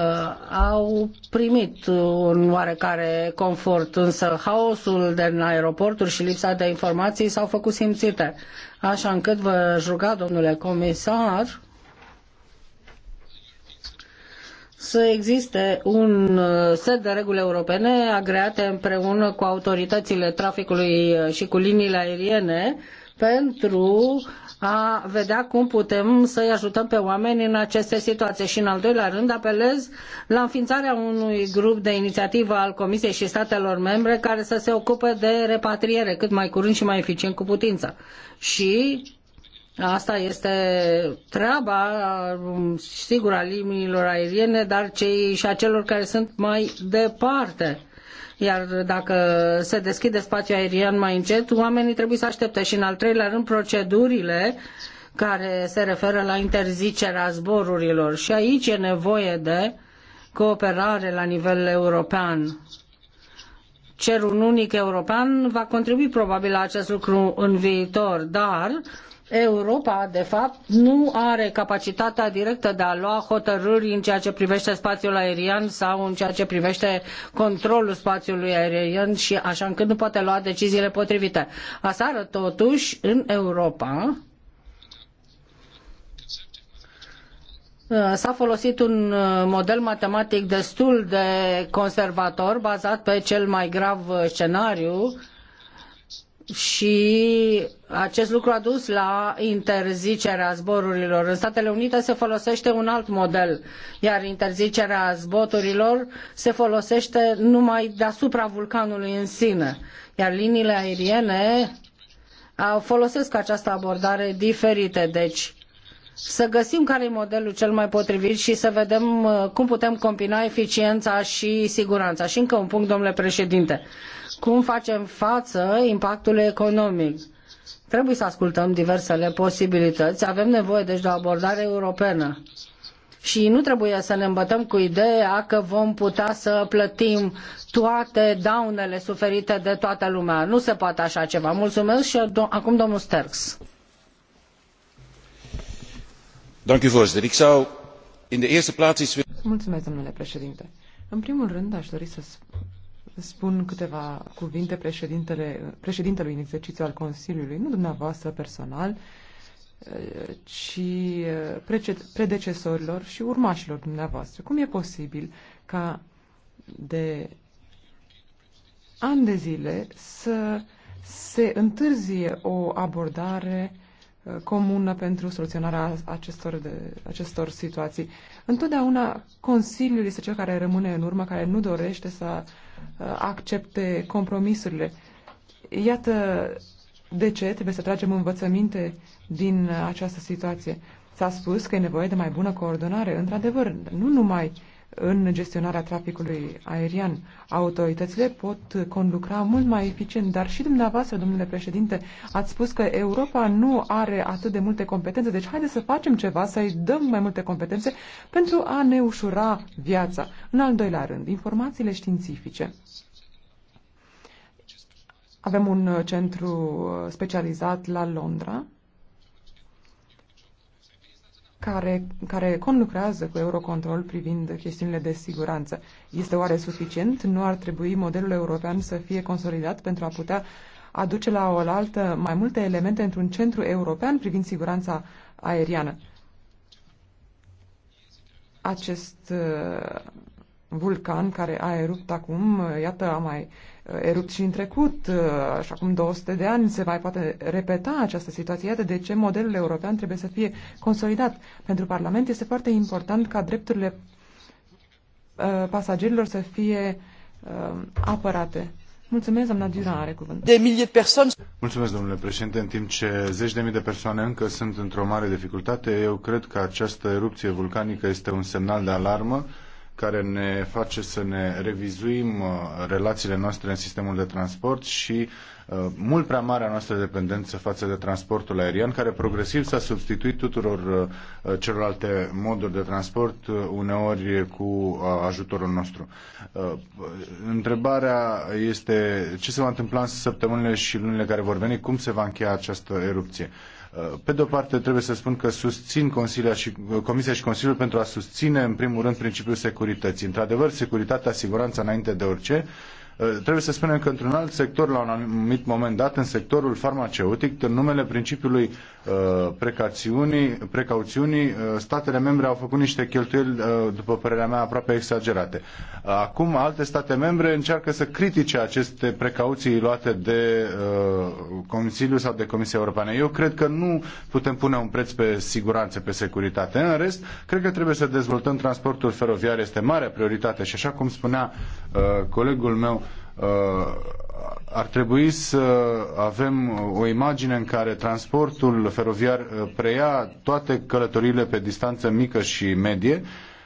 au primit un oarecare confort, însă haosul din aeroporturi și lipsa de informații s-au făcut simțite. Așa încât vă ruga, domnule comisar, să existe un uh, set de reguli europene agreate împreună cu autoritățile traficului uh, și cu liniile aeriene pentru a vedea cum putem să-i ajutăm pe oameni în aceste situații. Și în al doilea rând apelez la înființarea unui grup de inițiativă al Comisiei și statelor membre care să se ocupe de repatriere cât mai curând și mai eficient cu putință. Și Asta este treaba, um, sigur, a liniilor aeriene, dar cei și a celor care sunt mai departe. Iar dacă se deschide spațiul aerian mai încet, oamenii trebuie să aștepte. Și în al treilea rând, procedurile care se referă la interzicerea zborurilor. Și aici e nevoie de cooperare la nivel european cerul unic european va contribui probabil la acest lucru în viitor, dar Europa, de fapt, nu are capacitatea directă de a lua hotărâri în ceea ce privește spațiul aerian sau în ceea ce privește controlul spațiului aerian și așa încât nu poate lua deciziile potrivite. Aseară, totuși, în Europa, S-a folosit un model matematic destul de conservator, bazat pe cel mai grav scenariu, și acest lucru a dus la interzicerea zborurilor. În Statele Unite se folosește un alt model, iar interzicerea zborurilor se folosește numai deasupra vulcanului în sine, iar liniile aeriene folosesc această abordare diferită. Deci, să găsim care e modelul cel mai potrivit și să vedem uh, cum putem combina eficiența și siguranța. Și încă un punct, domnule președinte cum facem față impactului economic. Trebuie să ascultăm diversele posibilități, avem nevoie deci de o abordare europeană. Și nu trebuie să ne îmbătăm cu ideea că vom putea să plătim toate daunele suferite de toată lumea. Nu se poate așa ceva. Mulțumesc și do acum domnul Sterks. Mulțumesc, domnule președinte. În primul rând, aș dori să spun câteva cuvinte președintele, președintelui în exercițiu al Consiliului, nu dumneavoastră personal, ci predecesorilor și urmașilor dumneavoastră. Cum e posibil ca de ani de zile să se întârzie o abordare uh, comună pentru soluționarea acestor, de, acestor situații. Întotdeauna Consiliul este cel care rămâne în urmă, care nu dorește să Uh, accepte compromisurile. Iată de ce trebuie să tragem învățăminte din uh, această situație. S-a spus că e nevoie de mai bună coordonare, într-adevăr, nu numai în gestionarea traficului aerian. Autoritățile pot conlucra mult mai eficient, dar și dumneavoastră, domnule președinte, ați spus că Europa nu are atât de multe competențe, deci haideți să facem ceva, să-i dăm mai multe competențe pentru a ne ușura viața. În al doilea rând, informațiile științifice. Avem un centru specializat la Londra, care, care conlucrează cu Eurocontrol privind chestiunile de siguranță. Este oare suficient? Nu ar trebui modelul european să fie consolidat pentru a putea aduce la oaltă mai multe elemente într-un centru european privind siguranța aeriană. Acest uh, vulcan care a erupt acum, uh, iată, a mai uh, Uh, și în trecut, uh, așa cum 200 de ani se mai poate repeta această situație. Iată de ce modelul european trebuie să fie consolidat. Pentru Parlament este foarte important ca drepturile uh, pasagerilor să fie apărate. Mulțumesc, doamna Dura are cuvânt. De mii de persoane. Mulțumesc, domnule președinte. În timp ce zeci de mii de persoane încă sunt într-o mare dificultate, eu cred că această erupție vulcanică este un semnal de alarmă care ne face să ne revizuim uh, relațiile noastre în sistemul de transport și uh, mult prea marea noastră dependență față de transportul aerian, care progresiv s-a substituit tuturor uh, celorlalte moduri de transport, uneori cu ajutorul nostru. Întrebarea este ce se va întâmpla în săptămânile și lunile care vor veni, cum se va încheia această erupție. Uh, pe de o parte, trebuie să spun că susțin Consilia și, uh, Comisia și Consiliul pentru a susține, în primul rând, principiul securității. Într-adevăr, securitatea, siguranța înainte de orice, uh, Trebuie să spunem că într-un alt sector, la un anumit moment dat, în sectorul farmaceutic, în numele principiului Uh, precauțiunii, precauțiunii, uh, statele membre au făcut niște cheltuieli, uh, după părerea mea, aproape exagerate. Acum alte state membre încearcă să critique aceste precauții luate de Consiliu sau de Comisia Europeană. Eu cred că nu putem pune un preț pe siguranță, pe securitate. În rest, cred că trebuie să dezvoltăm transportul feroviar, este mare prioritate și așa cum spunea colegul meu, ar trebui să avem o imagine în care transportul feroviar uh, preia toate călătoriile pe distanță mică și medie.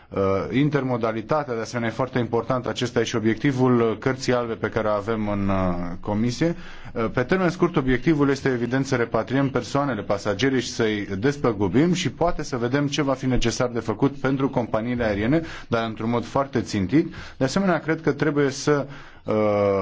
Uh, intermodalitatea, de asemenea, e foarte importantă. Acesta e și obiectivul uh, cărții albe pe care o avem în comisie. Pe termen scurt, obiectivul este evident să repatriem persoanele, pasagerii și să-i despăgubim și poate să vedem ce va fi necesar de făcut pentru companiile aeriene, dar într-un mod foarte țintit. De asemenea, cred că trebuie să Uh,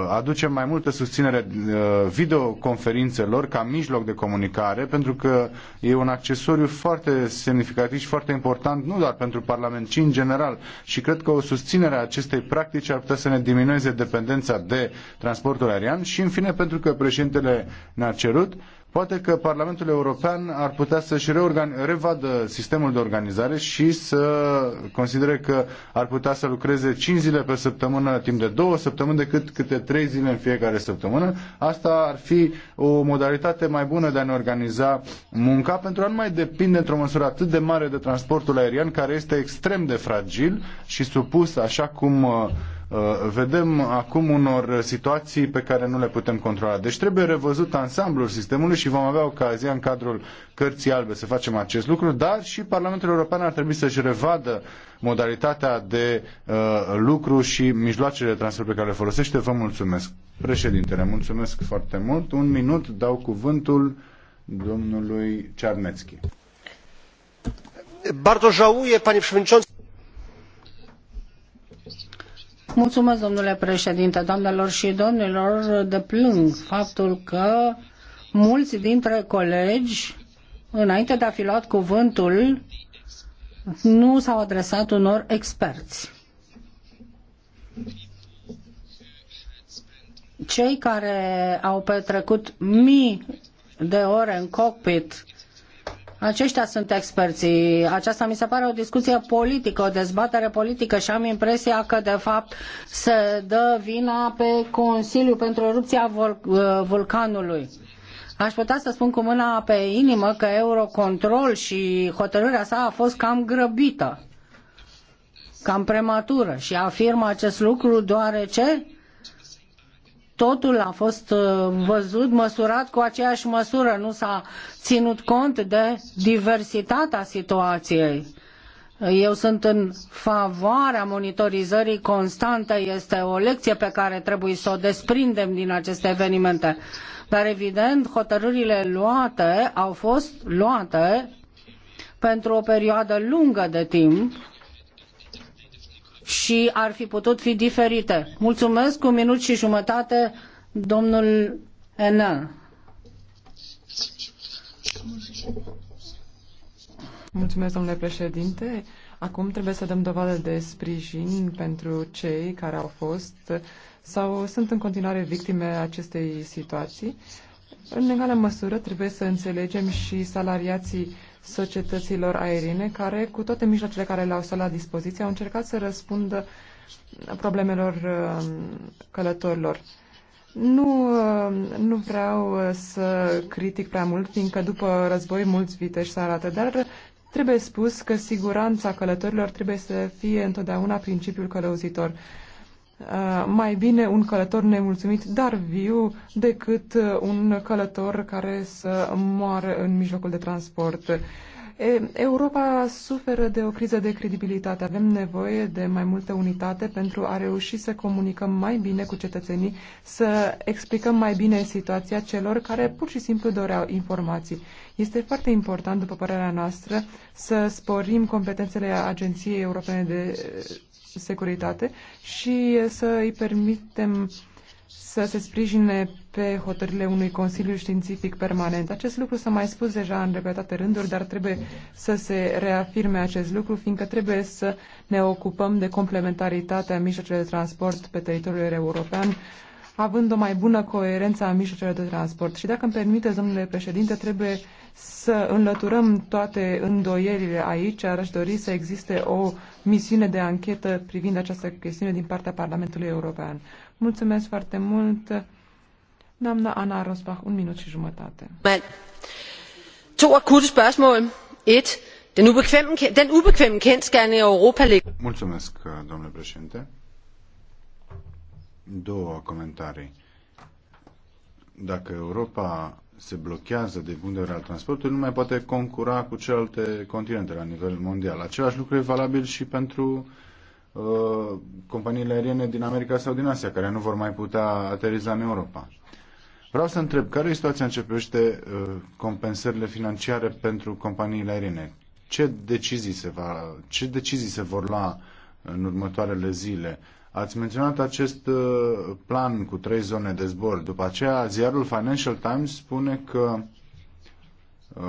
aducem mai multă susținere uh, videoconferințelor ca mijloc de comunicare, pentru că e un accesoriu foarte semnificativ și foarte important, nu doar pentru Parlament, ci în general. Și cred că o susținere a acestei practici ar putea să ne diminueze dependența de transportul aerian și, în fine, pentru că președintele ne-a cerut, Poate că Parlamentul European ar putea să-și revadă sistemul de organizare și să considere că ar putea să lucreze 5 zile pe săptămână, timp de 2 săptămâni, decât câte 3 zile în fiecare săptămână. Asta ar fi o modalitate mai bună de a ne organiza munca pentru a nu mai depinde într-o măsură atât de mare de transportul aerian, care este extrem de fragil și supus, așa cum uh, Uh, vedem acum unor situații pe care nu le putem controla. Deci trebuie revăzut ansamblul sistemului și vom avea ocazia în cadrul cărții albe să facem acest lucru, dar și Parlamentul European ar trebui să-și revadă modalitatea de uh, lucru și mijloacele de transfer pe care le folosește. Vă mulțumesc. Președintele, mulțumesc foarte mult. Un minut dau cuvântul domnului Czarnecki. Bardzo żałuję, panie przewodniczący. Mulțumesc, domnule președinte, doamnelor și domnilor, plâng faptul că mulți dintre colegi, înainte de a fi luat cuvântul, nu s-au adresat unor experți. Cei care au petrecut mii de ore în cockpit aceștia sunt experții. Aceasta mi se pare o discuție politică, o dezbatere politică și am impresia că, de fapt, se dă vina pe Consiliu pentru erupția uh, vulcanului. Aș putea să spun cu mâna pe inimă că Eurocontrol și hotărârea sa a fost cam grăbită, cam prematură și afirm acest lucru deoarece totul a fost uh, văzut, măsurat cu aceeași măsură, nu s-a ținut cont de diversitatea situației. Eu sunt în favoarea monitorizării constante, este o lecție pe care trebuie să o desprindem din aceste evenimente. Dar evident, hotărârile luate au fost luate pentru o perioadă lungă de timp și ar fi putut fi diferite. Mulțumesc, cu un minut și jumătate, domnul Enan. Mulțumesc, domnule președinte. Acum trebuie să dăm dovadă de sprijin pentru cei care au fost sau sunt în continuare victime acestei situații. În egală măsură trebuie să înțelegem și salariații societăților aeriene care, cu toate mijloacele care le-au stat la dispoziție, au încercat să răspundă problemelor um, călătorilor. Nu, um, nu vreau uh, să critic prea mult, fiindcă după război mulți viteși se arată, dar trebuie spus că siguranța călătorilor trebuie să fie întotdeauna principiul călăuzitor. Uh, mai bine un călător nemulțumit, dar viu, decât uh, un călător care să moară în mijlocul de transport. Europa suferă de o criză de credibilitate. Avem nevoie de mai multă unitate pentru a reuși să comunicăm mai bine cu cetățenii, să explicăm mai bine situația celor care pur și simplu doreau informații. Este foarte important, după părerea noastră, să sporim competențele Agenției Europene de securitate și să îi permitem să se sprijine pe hotările unui Consiliu Științific Permanent. Acest lucru s-a mai spus deja în repetate rânduri, dar trebuie să se reafirme acest lucru, fiindcă trebuie să ne ocupăm de complementaritatea mijlocelor de transport pe teritoriul european, având o mai bună coerență a mijlocelor de transport. Și dacă îmi permite, domnule președinte, trebuie să înlăturăm toate îndoierile aici. Ar dori să existe o misiune de anchetă privind această chestiune din partea Parlamentului European. Mulțumesc foarte mult. Doamna Ana Rosbach, un minut și jumătate. Man. To akutte spørgsmål. 1. Den ubekvemme, den ubekvemme kendskærning af Europa ligger... Mulțumesc, domnule președinte. Două comentarii. Dacă Europa se blochează de punct al transportului, nu mai poate concura cu celelalte continente la nivel mondial. Același lucru e valabil și pentru uh, companiile aeriene din America sau din Asia, care nu vor mai putea ateriza în Europa. Vreau să întreb, care e situația în ce privește uh, compensările financiare pentru companiile aeriene? Ce decizii, se va, ce decizii se vor lua în următoarele zile? Uh, Ați menționat acest uh, plan cu trei zone de zbor. După aceea, ziarul Financial Times spune că uh,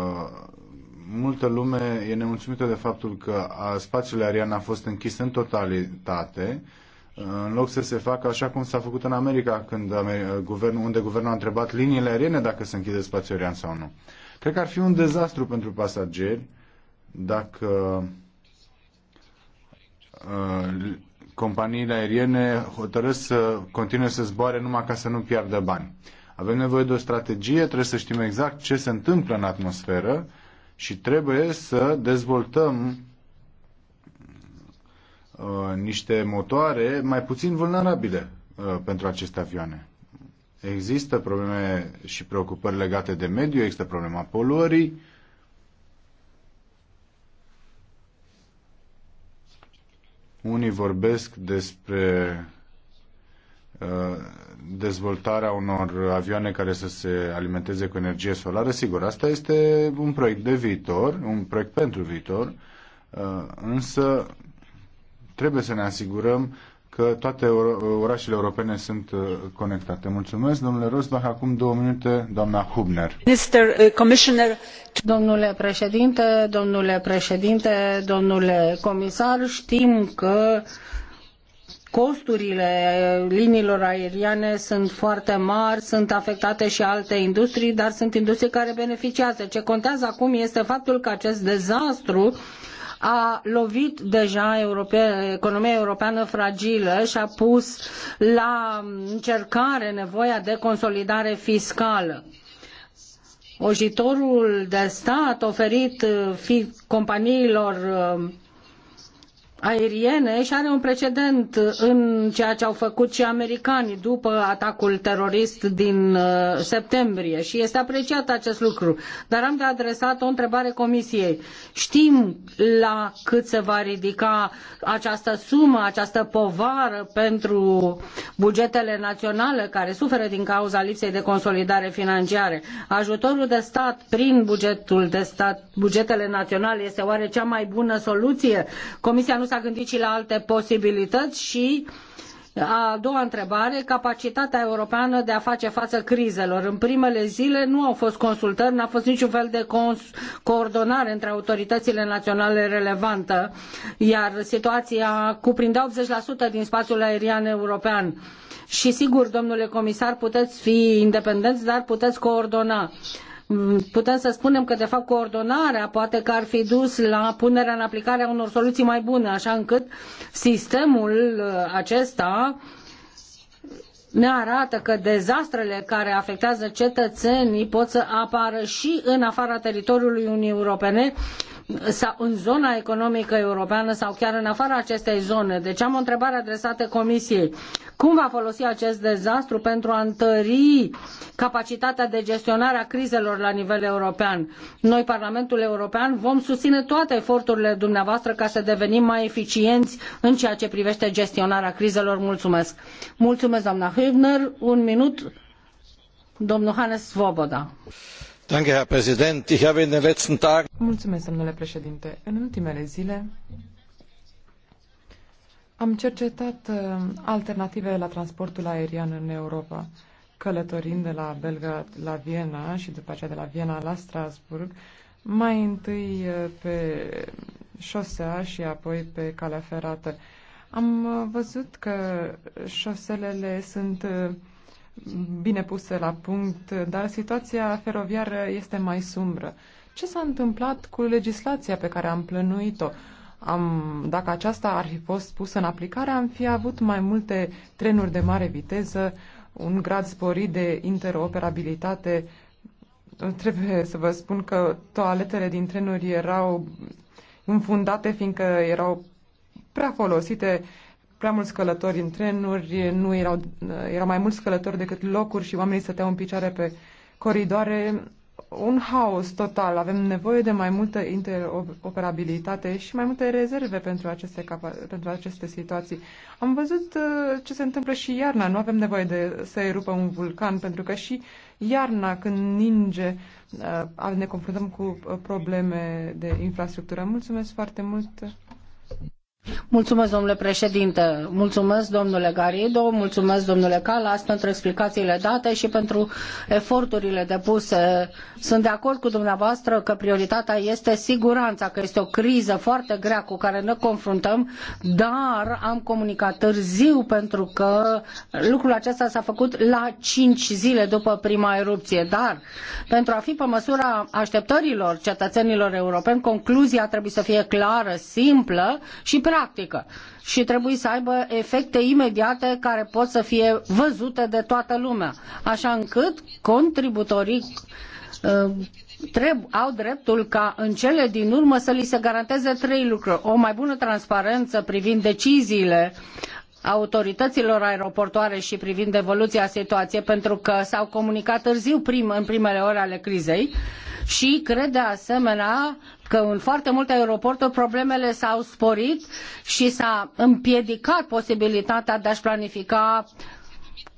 multă lume e nemulțumită de faptul că spațiul aerian a fost închis în totalitate, în loc să se facă așa cum s-a făcut în America, când guvernul, unde guvernul a întrebat liniile aeriene dacă se închide spațiul aerian sau nu. Cred că ar fi un dezastru pentru pasageri dacă uh, companiile aeriene hotărăsc să continue să zboare numai ca să nu piardă bani. Avem nevoie de o strategie, trebuie să știm exact ce se întâmplă în atmosferă și trebuie să dezvoltăm uh, niște motoare mai puțin vulnerabile uh, pentru aceste avioane. Există probleme și preocupări legate de mediu, există problema poluării, Unii vorbesc despre uh, dezvoltarea unor avioane care să se alimenteze cu energie solară. Sigur, asta este un proiect de viitor, un proiect pentru viitor, uh, însă trebuie să ne asigurăm că toate orașele europene sunt uh, conectate. Mulțumesc, domnule Rosbach. Acum două minute, doamna Hubner. Minister, uh, Commissioner... Domnule președinte, domnule președinte, domnule comisar, știm că costurile liniilor aeriene sunt foarte mari, sunt afectate și alte industrii, dar sunt industrii care beneficiază. Ce contează acum este faptul că acest dezastru uh, a lovit deja europe, economia europeană fragilă și a pus la încercare nevoia de consolidare fiscală. Ojitorul de stat oferit companiilor aeriene și are un precedent în ceea ce au făcut și americanii după atacul terorist din uh, septembrie și este apreciat acest lucru. Dar am de adresat o întrebare comisiei. Știm la cât se va ridica această sumă, această povară pentru bugetele naționale care suferă din cauza lipsei de consolidare financiară. Ajutorul de stat prin bugetul de stat, bugetele naționale este oare cea mai bună soluție? Comisia nu s-a gândit și la alte posibilități și a doua întrebare, capacitatea europeană de a face față crizelor. În primele zile nu au fost consultări, n-a fost niciun fel de coordonare între autoritățile naționale relevante, iar situația cuprindea 80% din spațiul aerian european. Și sigur, domnule comisar, puteți fi independenți, dar puteți coordona. Uh, putem să spunem că, de fapt, coordonarea poate că ar fi dus la punerea în aplicare a unor soluții mai bune, așa încât sistemul uh, acesta ne arată că dezastrele care afectează cetățenii pot să apară și în afara teritoriului Uniunii Europene sau în zona economică europeană sau chiar în afara acestei zone. Deci am o întrebare adresată Comisiei. Cum va folosi acest dezastru pentru a întări capacitatea de gestionare a crizelor la nivel european? Noi, Parlamentul European, vom susține toate eforturile dumneavoastră ca să devenim mai eficienți în ceea ce privește gestionarea crizelor. Mulțumesc! Mulțumesc, doamna Hübner. Un minut, domnul Hannes Svoboda în ultimele zile am cercetat uh, alternative la transportul aerian în europa călătorind de la belgrad la viena și după aceea de la viena la strasbourg mai întâi uh, pe șosea și apoi pe calea ferată. Am uh, văzut că șoselele sunt bine puse la punct, dar situația feroviară este mai sumbră. Ce s-a întâmplat cu legislația pe care am plănuit-o? Am, dacă aceasta ar fi fost pusă în aplicare, am fi avut mai multe trenuri de mare viteză, un grad sporit de interoperabilitate. Trebuie să vă spun că toaletele din trenuri erau înfundate fiindcă erau prea folosite prea mulți călători în trenuri, nu erau, erau mai mulți călători decât locuri și oamenii stăteau în picioare pe coridoare. Un haos total. Avem nevoie de mai multă interoperabilitate și mai multe rezerve pentru aceste, pentru aceste situații. Am văzut uh, ce se întâmplă și iarna. Nu avem nevoie de să erupă un vulcan, pentru că și iarna, când ninge, uh, ne confruntăm cu uh, probleme de infrastructură. Mulțumesc foarte mult! Mulțumesc, domnule președinte, mulțumesc, domnule Garrido, mulțumesc, domnule Calas, pentru explicațiile date și pentru eforturile depuse. Sunt de acord cu dumneavoastră că prioritatea este siguranța, că este o criză foarte grea cu care ne confruntăm, dar am comunicat târziu pentru că lucrul acesta s-a făcut la cinci zile după prima erupție. Dar, pentru a fi pe măsura așteptărilor cetățenilor europeni, concluzia trebuie să fie clară, simplă și pre- practică și trebuie să aibă efecte imediate care pot să fie văzute de toată lumea, așa încât contributorii uh, au dreptul ca în cele din urmă să li se garanteze trei lucruri. O mai bună transparență privind deciziile autorităților aeroportoare și privind evoluția situației, pentru că s-au comunicat târziu prim, în primele ore ale crizei și cred de asemenea că în foarte multe aeroporturi problemele s-au sporit și s-a împiedicat posibilitatea de a-și planifica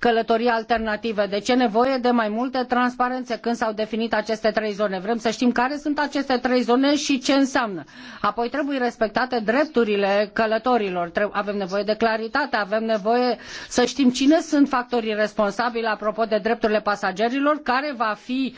călătorii alternative. Deci e nevoie de mai multă transparență când s-au definit aceste trei zone. Vrem să știm care sunt aceste trei zone și ce înseamnă. Apoi trebuie respectate drepturile călătorilor. Avem nevoie de claritate, avem nevoie să știm cine sunt factorii responsabili apropo de drepturile pasagerilor, care va fi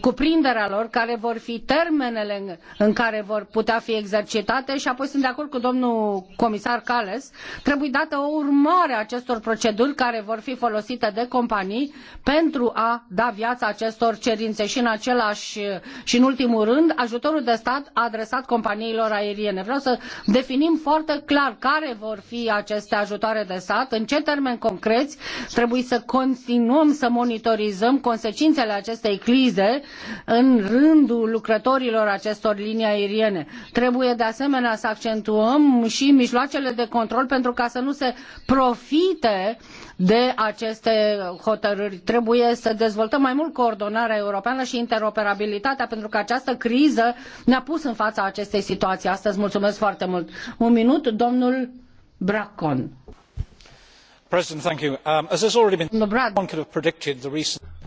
cuprinderea lor, care vor fi termenele în care vor putea fi exercitate și apoi sunt de acord cu domnul comisar Cales, trebuie dată o urmare a acestor proceduri care vor fi folosite folosite de companii pentru a da viață acestor cerințe și în același și în ultimul rând ajutorul de stat adresat companiilor aeriene. Vreau să definim foarte clar care vor fi aceste ajutoare de stat, în ce termeni concreți trebuie să continuăm să monitorizăm consecințele acestei crize în rândul lucrătorilor acestor linii aeriene. Trebuie de asemenea să accentuăm și mijloacele de control pentru ca să nu se profite de acest aceste hotărâri. Trebuie să dezvoltăm mai mult coordonarea europeană și interoperabilitatea, pentru că această criză ne-a pus în fața acestei situații. Astăzi mulțumesc foarte mult. Un minut, domnul Bracon.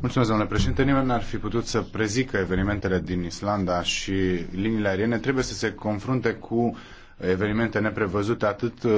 Mulțumesc, domnule președinte. Nimeni n-ar fi putut să prezică evenimentele din Islanda și liniile aeriene trebuie să se confrunte cu evenimente neprevăzute, atât uh,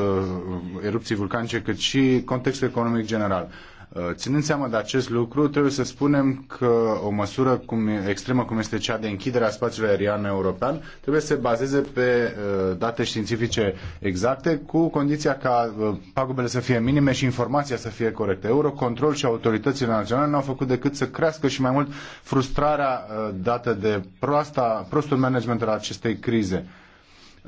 erupții vulcanice, cât și contextul economic general. Uh, ținând seama de acest lucru, trebuie să spunem că o măsură cum, extremă cum este cea de închidere a spațiului aerian european trebuie să se bazeze pe uh, date științifice exacte cu condiția ca pagubele să fie minime și informația să fie corectă. Eurocontrol și autoritățile naționale nu au făcut decât să crească și mai mult frustrarea dată de proasta, prostul management al acestei crize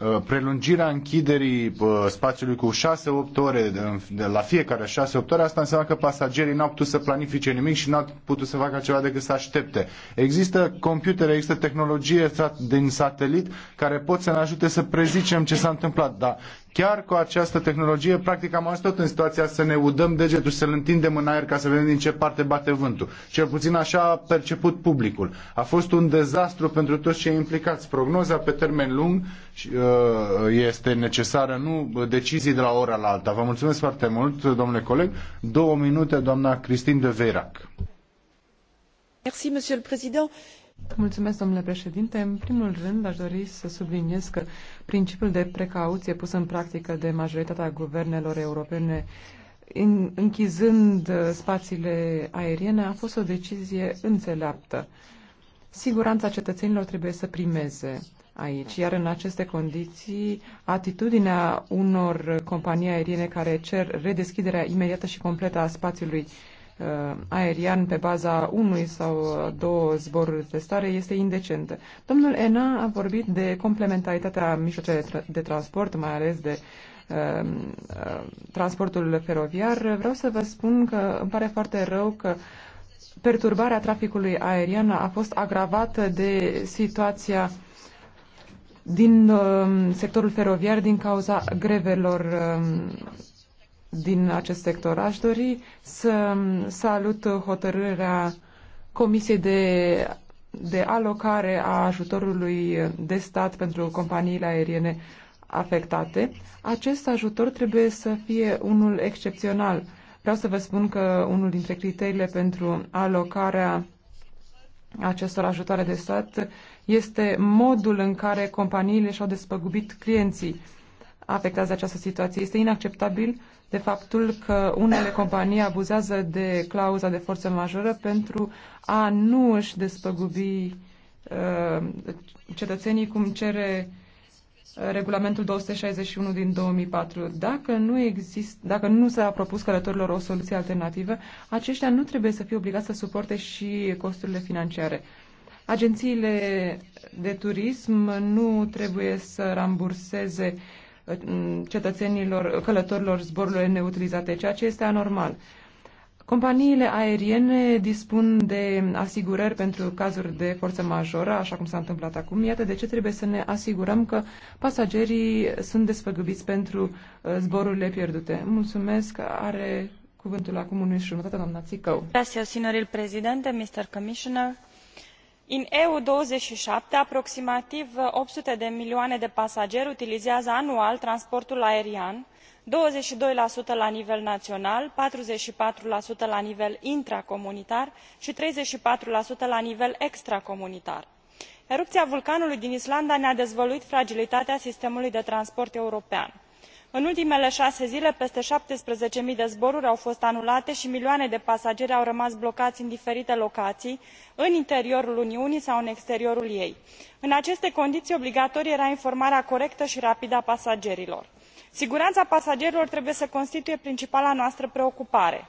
Uh, prelungirea închiderii uh, spațiului cu 6-8 ore de la fiecare 6-8 ore, asta înseamnă că pasagerii n-au putut să planifice nimic și n-au putut să facă ceva decât să aștepte. Există computere, există tehnologie din satelit care pot să ne ajute să prezicem ce s-a întâmplat, dar chiar cu această tehnologie, practic am ajuns tot în situația să ne udăm degetul și să-l întindem în aer ca să vedem din ce parte bate vântul. Cel puțin așa a perceput publicul. A fost un dezastru pentru toți cei implicați. Prognoza pe termen lung uh, este necesară, nu decizii de la ora la alta. Vă mulțumesc foarte mult, domnule coleg. Două minute, doamna Christine de Verac. Merci, monsieur le président. Mulțumesc, domnule președinte. În primul rând, aș dori să subliniez că principiul de precauție pus în practică de majoritatea guvernelor europene închizând uh, spațiile aeriene a fost o decizie înțeleaptă. Siguranța cetățenilor trebuie să primeze aici, iar în aceste condiții atitudinea unor companii aeriene care cer redeschiderea imediată și completă a spațiului Uh, aerian pe baza unui sau două zboruri de stare este indecentă. Domnul Ena a vorbit de complementaritatea mijloacelor de transport, mai ales de uh, uh, transportul feroviar. Vreau să vă spun că îmi pare foarte rău că perturbarea traficului aerian a fost agravată de situația din sectorul feroviar din cauza grevelor din acest sector. Aș dori să salut hotărârea Comisiei de, de alocare a ajutorului de stat pentru companiile aeriene afectate. Acest ajutor trebuie să fie unul excepțional. Vreau să vă spun că unul dintre criteriile pentru alocarea acestor ajutoare de stat este modul în care companiile și-au despăgubit clienții afectați de această situație. Este inacceptabil de faptul că unele companii abuzează de clauza de forță majoră pentru a nu își despăgubi uh, cetățenii cum cere uh, regulamentul 261 din 2004. Dacă nu, exist, dacă nu s-a propus călătorilor o soluție alternativă, aceștia nu trebuie să fie obligați să suporte și costurile financiare. Agențiile de turism nu trebuie să ramburseze uh, cetățenilor, călătorilor zborurile neutilizate, ceea ce este anormal. Companiile aeriene dispun de asigurări pentru cazuri de forță majoră, așa cum s-a întâmplat acum. Iată de ce trebuie să ne asigurăm că pasagerii sunt desfăgăbiți pentru uh, zborurile pierdute. Mulțumesc, are cuvântul acum unui și jumătate, doamna Țicău. Gracias, domnule președinte, Mr. Commissioner în ue douăzeci și șapte aproximativ opt sute de milioane de pasageri utilizează anual transportul aerian douăzeci și doi la nivel naional patruzeci și patru la nivel intracomunitar i treizeci și patru la nivel extracomunitar. erupia vulcanului din islanda ne a dezvăluit fragilitatea sistemului de transport european în ultimele ase zile peste șaptesprezece zero de zboruri au fost anulate i milioane de pasageri au rămas blocai în diferite locaii în interiorul uniunii sau în exteriorul ei. în aceste condiii obligatorie era informarea corectă i rapidă a pasagerilor. sigurana pasagerilor trebuie să constituie principala noastră preocupare.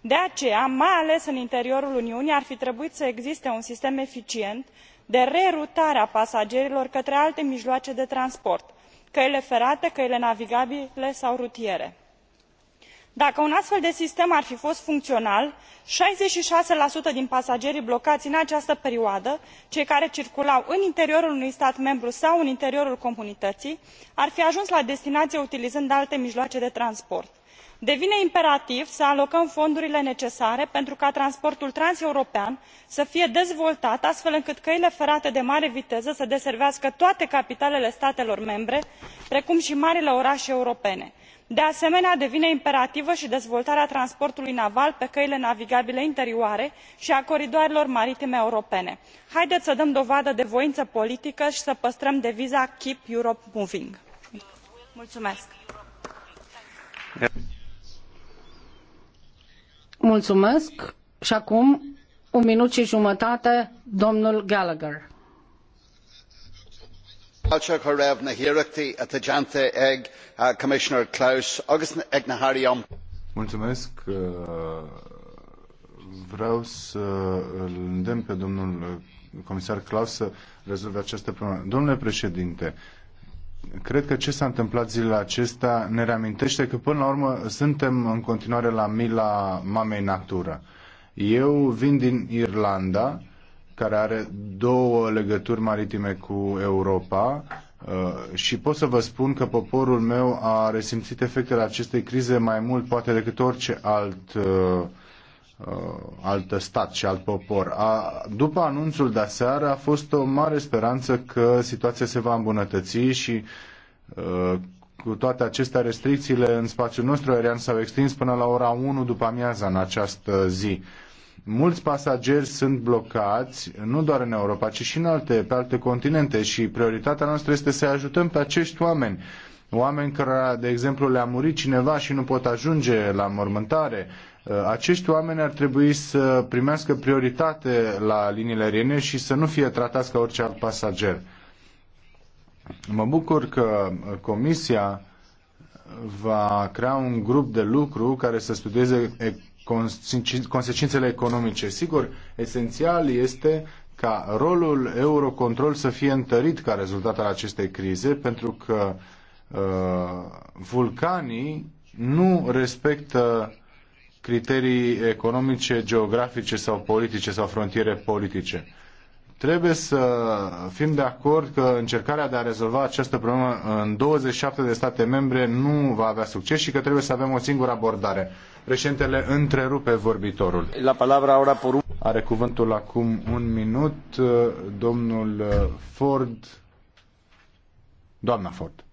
de aceea mai ales în interiorul uniunii ar fi trebuit să existe un sistem eficient de rerutare a pasagerilor către alte mijloace de transport căile ferate căile navigabile sau rutiere. dacă un astfel de sistem ar fi fost funcional șaizeci și șase din pasagerii blocai în această perioadă cei care circulau în interiorul unui stat membru sau în interiorul comunităii ar fi ajuns la destinaie utilizând alte mijloace de transport devine imperativ să alocăm fondurile necesare pentru ca transportul transeuropean să fie dezvoltat astfel încât căile ferate de mare viteză să deservească toate capitalele statelor membre precum i marile orae europene. de asemenea devine imperativă i dezvoltarea transportului naval pe căile navigabile interioare i a coridoarelor maritime europene. haidei să dăm dovadă de voină politică i să păstrăm deviza keep europe moving. Mulțumesc și acum un minut și jumătate, domnul Gallagher. Uh, Mulțumesc. Uh, vreau să îl îndemn pe domnul comisar Klaus să rezolve această problemă. Domnule președinte, cred că ce s-a întâmplat zilele acestea ne reamintește că până la urmă suntem în continuare la mila mamei natură. Eu vin din Irlanda, care are două legături maritime cu Europa uh, și pot să vă spun că poporul meu a resimțit efectele acestei crize mai mult poate decât orice alt uh, Uh, alt stat și alt popor. A, după anunțul de aseară a fost o mare speranță că situația se va îmbunătăți și uh, cu toate acestea restricțiile în spațiul nostru aerian s-au extins până la ora 1 după amiaza în această zi. Mulți pasageri sunt blocați, nu doar în Europa, ci și în alte, pe alte continente și prioritatea noastră este să ajutăm pe acești oameni. Oameni care, de exemplu, le-a murit cineva și nu pot ajunge la mormântare, Uh, acești oameni ar trebui să primească prioritate la liniile aeriene și să nu fie tratați ca orice alt pasager. Mă bucur că Comisia va crea un grup de lucru care să studieze consecințele economice. Sigur, esențial este ca rolul Eurocontrol să fie întărit ca rezultat al acestei crize, pentru că uh, vulcanii nu respectă criterii economice, geografice sau politice sau frontiere politice. Trebuie să fim de acord că încercarea de a rezolva această problemă în 27 de state membre nu va avea succes și că trebuie să avem o singură abordare. Președintele întrerupe vorbitorul. La palabra ora por Are cuvântul acum un minut domnul Ford. Doamna Ford.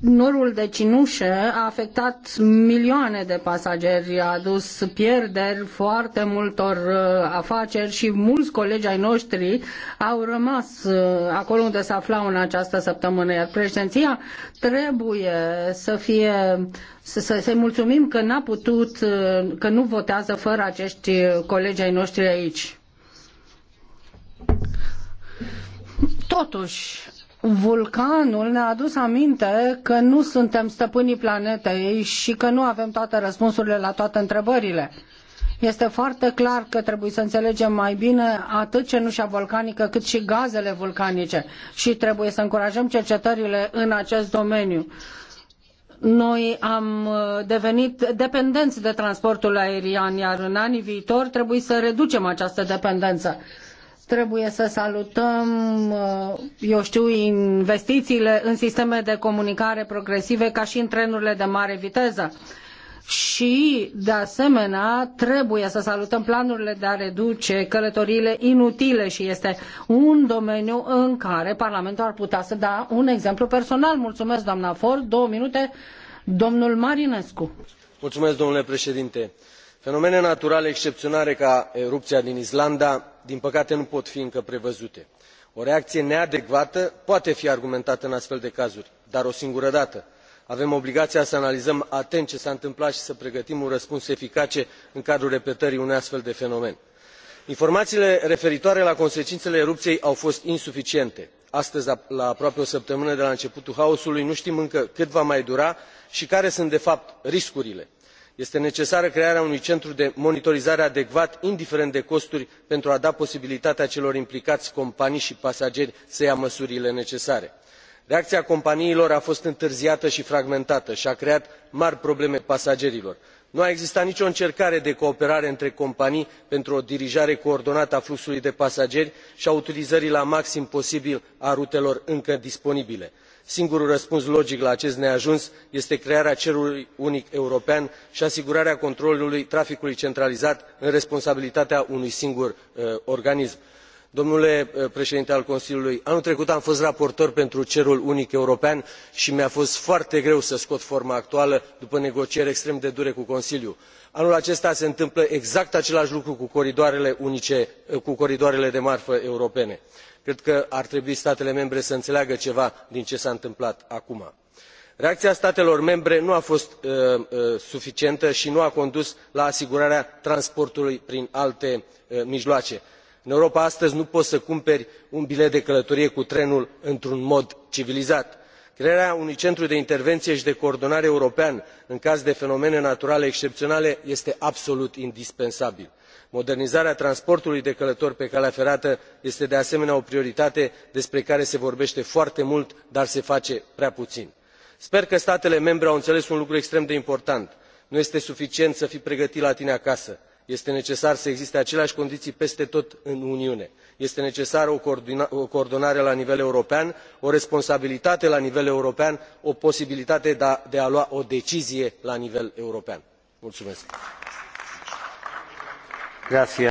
Norul de cinușe a afectat milioane de pasageri, a adus pierderi foarte multor uh, afaceri și mulți colegi ai noștri au rămas uh, acolo unde se aflau în această săptămână, iar președinția trebuie să fie să, să, să mulțumim că n-a putut, uh, că nu votează fără acești colegi ai noștri aici. Totuși, vulcanul ne-a adus aminte că nu suntem stăpânii planetei și că nu avem toate răspunsurile la toate întrebările. Este foarte clar că trebuie să înțelegem mai bine atât cenușa vulcanică cât și gazele vulcanice și trebuie să încurajăm cercetările în acest domeniu. Noi am uh, devenit dependenți de transportul aerian, iar în anii viitori trebuie să reducem această dependență trebuie să salutăm, uh, eu știu, investițiile în sisteme de comunicare progresive ca și în trenurile de mare viteză. Și, de asemenea, trebuie să salutăm planurile de a reduce călătoriile inutile și este un domeniu în care Parlamentul ar putea să dea un exemplu personal. Mulțumesc, doamna Ford. Două minute, domnul Marinescu. Mulțumesc, domnule președinte. Fenomene naturale excepționare ca erupția din Islanda din păcate nu pot fi încă prevăzute. o reacie neadecvată poate fi argumentată în astfel de cazuri dar o singură dată. avem obligaia să analizăm atent ce s a întâmplat i să pregătim un răspuns eficace în cadrul repetării unui astfel de fenomen. informaiile referitoare la consecinele erupiei au fost insuficiente. astăzi la aproape o săptămână de la începutul haosului nu tim încă cât va mai dura i care sunt de fapt riscurile este necesară crearea unui centru de monitorizare adecvat indiferent de costuri pentru a da posibilitatea celor implicai companii i pasageri să ia măsurile necesare. reacia companiilor a fost întârziată i fragmentată i a creat mari probleme pasagerilor. nu a existat nicio încercare de cooperare între companii pentru o dirijare coordonată a fluxului de pasageri i a utilizării la maxim posibil a rutelor încă disponibile singurul răspuns logic la acest neajuns este crearea cerului unic european i asigurarea controlului traficului centralizat în responsabilitatea unui singur uh, organism. domnule uh, preedinte al consiliului anul trecut am fost raportor pentru cerul unic european i mi a fost foarte greu să scot forma actuală după negocieri extrem de dure cu consiliul. anul acesta se întâmplă exact acelai lucru uh, cu coridoarele de marfă europene cred că ar trebui statele membre să îneleagă ceva din ce s a întâmplat acum. reacia statelor membre nu a fost uh, uh, suficientă i nu a condus la asigurarea transportului prin alte uh, mijloace. în europa astăzi nu poi să cumperi un bilet de călătorie cu trenul într un mod civilizat. crearea unui centru de intervenie i de coordonare european în caz de fenomene naturale excepionale este absolut indispensabilă modernizarea transportului de călători pe calea ferată este de asemenea o prioritate despre care se vorbete foarte mult dar se face prea puin. sper că statele membre au îneles un lucru extrem de important nu este suficient să fii pregătit la tine acasă este necesar să existe aceleai condiii peste tot în uniune este necesară o coordonare la nivel european o responsabilitate la nivel european o posibilitate de a lua o decizie la nivel european. mulumesc. Grazie.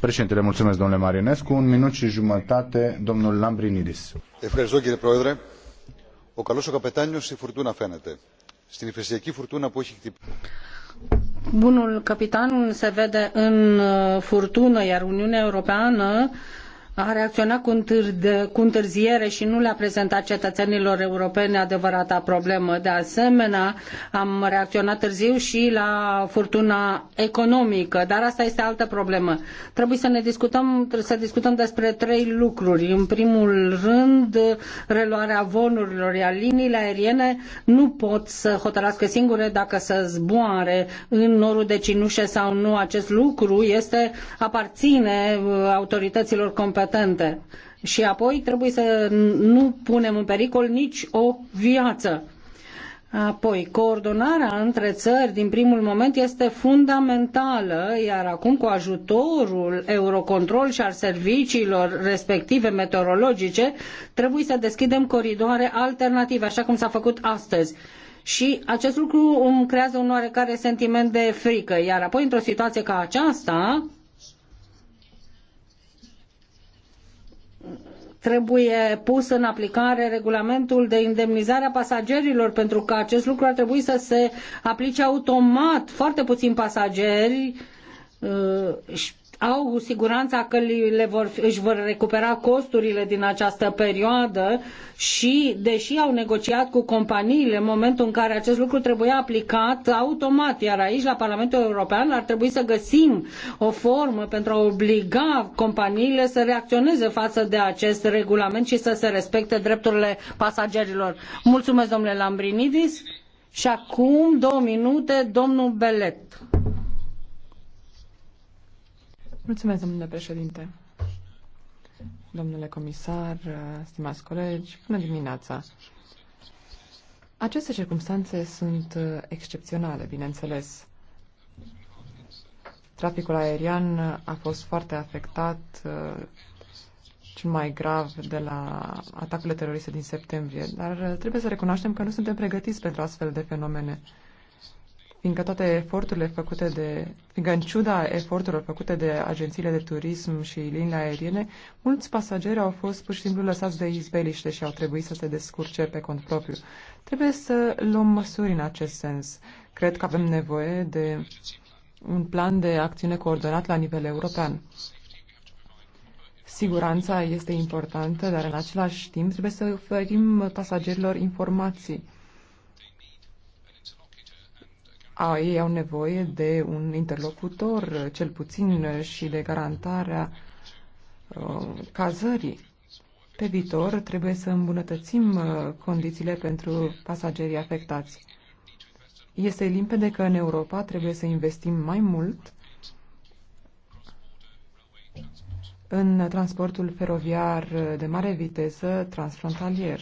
Președintele, mulțumesc, domnule Marinescu. Un minut și jumătate, domnul Lambrinidis. Ευχαριστώ, κύριε Πρόεδρε. Ο καλός ο καπετάνιος στη φουρτούνα φαίνεται. Στην ηφαιστειακή φουρτούνα που έχει χτυπήσει. Bunul capitan se vede în uh, furtună, iar Uniunea Europeană a reacționat cu, întârde, cu întârziere și nu le-a prezentat cetățenilor europeni adevărata problemă. De asemenea, am reacționat târziu și la furtuna economică, dar asta este altă problemă. Trebuie să ne discutăm, să discutăm despre trei lucruri. În primul rând, reluarea vonurilor, iar liniile aeriene nu pot să hotărască singure dacă să zboare în norul de cinușe sau nu. Acest lucru este aparține uh, autorităților competente competente. Și apoi trebuie să nu punem în pericol nici o viață. Apoi, coordonarea între țări din primul moment este fundamentală, iar acum cu ajutorul Eurocontrol și al serviciilor respective meteorologice, trebuie să deschidem coridoare alternative, așa cum s-a făcut astăzi. Și acest lucru îmi creează un oarecare sentiment de frică, iar apoi într-o situație ca aceasta, trebuie pus în aplicare regulamentul de indemnizare a pasagerilor, pentru că acest lucru ar trebui să se aplice automat. Foarte puțini pasageri uh, au siguranța că le vor, își vor recupera costurile din această perioadă și, deși au negociat cu companiile în momentul în care acest lucru trebuia aplicat automat, iar aici, la Parlamentul European, ar trebui să găsim o formă pentru a obliga companiile să reacționeze față de acest regulament și să se respecte drepturile pasagerilor. Mulțumesc, domnule Lambrinidis. Și acum două minute, domnul Belet. Mulțumesc, domnule președinte. Domnule comisar, stimați colegi, bună dimineața. Aceste circunstanțe sunt uh, excepționale, bineînțeles. Traficul aerian a fost foarte afectat, uh, cel mai grav de la atacurile teroriste din septembrie, dar uh, trebuie să recunoaștem că nu suntem pregătiți pentru astfel de fenomene fiindcă toate eforturile făcute de, fiindcă în ciuda eforturilor făcute de agențiile de turism și liniile aeriene, mulți pasageri au fost pur și simplu lăsați de izbeliște și au trebuit să se descurce pe cont propriu. Trebuie să luăm măsuri în acest sens. Cred că avem nevoie de un plan de acțiune coordonat la nivel european. Siguranța este importantă, dar în același timp trebuie să oferim pasagerilor informații a, ei au nevoie de un interlocutor, cel puțin și de garantarea uh, cazării. Pe viitor trebuie să îmbunătățim uh, condițiile pentru pasagerii afectați. Este limpede că în Europa trebuie să investim mai mult în transportul feroviar de mare viteză transfrontalier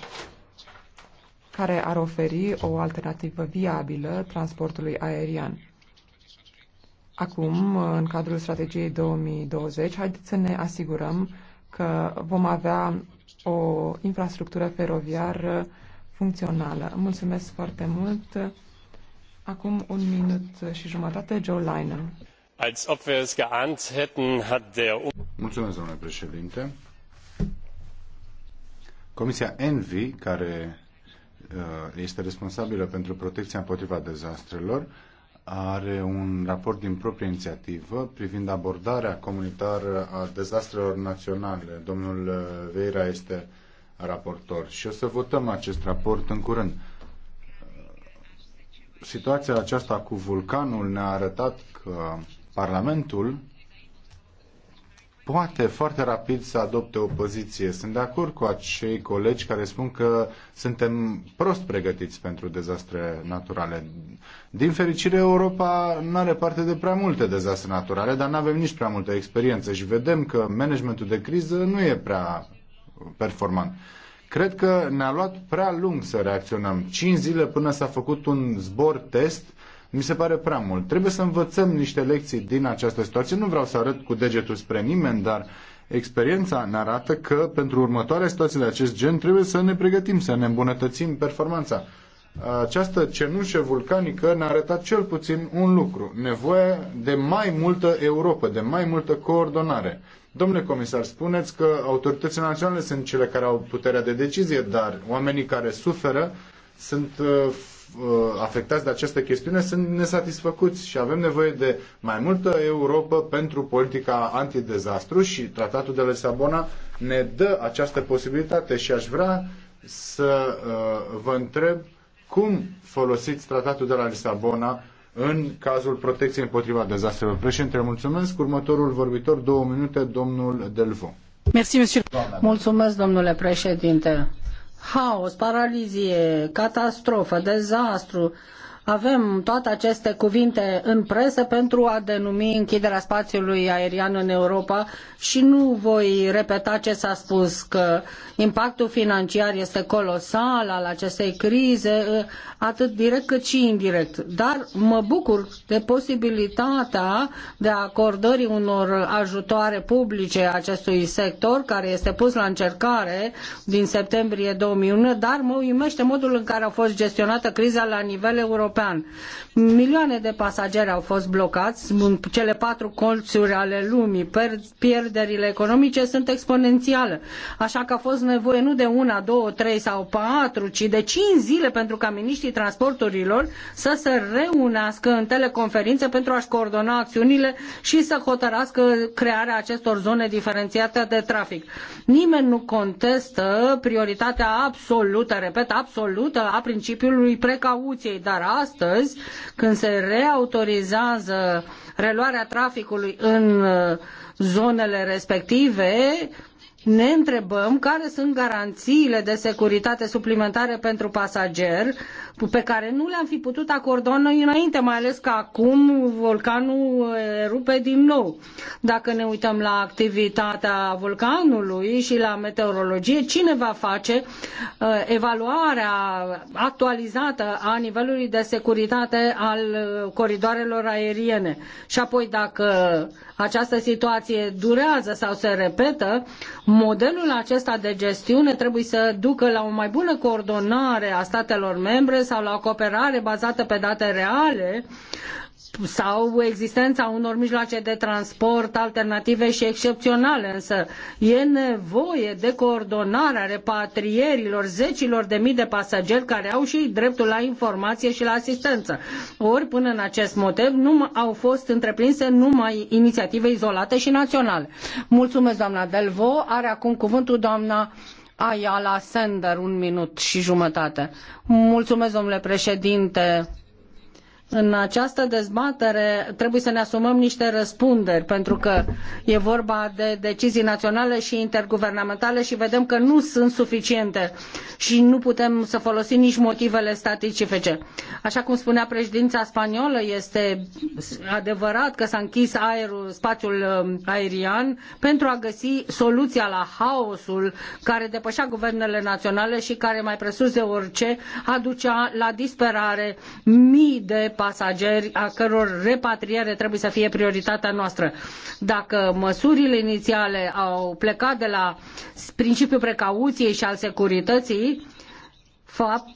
care ar oferi o alternativă viabilă transportului aerian. Acum, în cadrul strategiei 2020, haideți să ne asigurăm că vom avea o infrastructură feroviară funcțională. Mulțumesc foarte mult. Acum un minut și jumătate, Joe Linen. Als ob wir es geahnt hätten, hat der... Mulțumesc, domnule președinte. Comisia Envi, care Uh, este responsabilă pentru protecția împotriva dezastrelor, are un raport din proprie inițiativă privind abordarea comunitară a dezastrelor naționale. Domnul uh, Veira este raportor și o să votăm acest raport în curând. Situația aceasta cu vulcanul ne-a arătat că Parlamentul poate foarte rapid să adopte o poziție. Sunt de acord cu acei colegi care spun că suntem prost pregătiți pentru dezastre naturale. Din fericire, Europa nu are parte de prea multe dezastre naturale, dar nu avem nici prea multă experiență și vedem că managementul de criză nu e prea performant. Cred că ne-a luat prea lung să reacționăm. 5 zile până s-a făcut un zbor test mi se pare prea mult. Trebuie să învățăm niște lecții din această situație. Nu vreau să arăt cu degetul spre nimeni, dar experiența ne arată că pentru următoarea situație de acest gen trebuie să ne pregătim, să ne îmbunătățim performanța. Această cenușă vulcanică ne-a arătat cel puțin un lucru, nevoie de mai multă Europa, de mai multă coordonare. Domnule comisar, spuneți că autoritățile naționale sunt cele care au puterea de decizie, dar oamenii care suferă sunt uh, Uh, afectați de această chestiune sunt nesatisfăcuți și avem nevoie de mai multă Europa pentru politica antidezastru și tratatul de Lisabona ne dă această posibilitate și aș vrea să uh, vă întreb cum folosiți tratatul de la Lisabona în cazul protecției împotriva dezastrelor. Președinte, mulțumesc. Următorul vorbitor, două minute, domnul Delvaux. Mulțumesc, domnule președinte haos, paralizie, catastrofă, dezastru, avem toate aceste cuvinte în presă pentru a denumi închiderea spațiului aerian în Europa și nu voi repeta ce s-a spus, că impactul financiar este colosal al acestei crize, atât direct cât și indirect. Dar mă bucur de posibilitatea de acordării unor ajutoare publice acestui sector, care este pus la încercare din septembrie 2001, dar mă uimește modul în care a fost gestionată criza la nivel european european. Milioane de pasageri au fost blocați în cele patru colțuri ale lumii. Pierderile economice sunt exponențiale. Așa că a fost nevoie nu de una, două, trei sau patru, ci de cinci zile pentru ca miniștrii transporturilor să se reunească în teleconferință pentru a-și coordona acțiunile și să hotărască crearea acestor zone diferențiate de trafic. Nimeni nu contestă prioritatea absolută, repet, absolută a principiului precauției, dar astăzi, când se reautorizează reluarea traficului în uh, zonele respective, ne întrebăm care sunt garanțiile de securitate suplimentare pentru pasager pe care nu le-am fi putut acorda noi înainte, mai ales că acum vulcanul rupe din nou. Dacă ne uităm la activitatea vulcanului și la meteorologie, cine va face uh, evaluarea actualizată a nivelului de securitate al coridoarelor aeriene? Și apoi dacă această situație durează sau se repetă, Modelul acesta de gestiune trebuie să ducă la o mai bună coordonare a statelor membre sau la o cooperare bazată pe date reale sau existența unor mijloace de transport alternative și excepționale, însă e nevoie de coordonarea repatrierilor zecilor de mii de pasageri care au și dreptul la informație și la asistență. Ori, până în acest motiv, nu au fost întreprinse numai inițiative izolate și naționale. Mulțumesc, doamna Delvo. Are acum cuvântul doamna Ayala Sender, un minut și jumătate. Mulțumesc, domnule președinte în această dezbatere trebuie să ne asumăm niște răspunderi, pentru că e vorba de decizii naționale și interguvernamentale și vedem că nu sunt suficiente și nu putem să folosim nici motivele statistice. Așa cum spunea președința spaniolă, este adevărat că s-a închis aerul, spațiul um, aerian pentru a găsi soluția la haosul care depășea guvernele naționale și care, mai presus de orice, aducea la disperare mii de pasageri a căror repatriere trebuie să fie prioritatea noastră. Dacă măsurile inițiale au plecat de la principiul precauției și al securității, fapt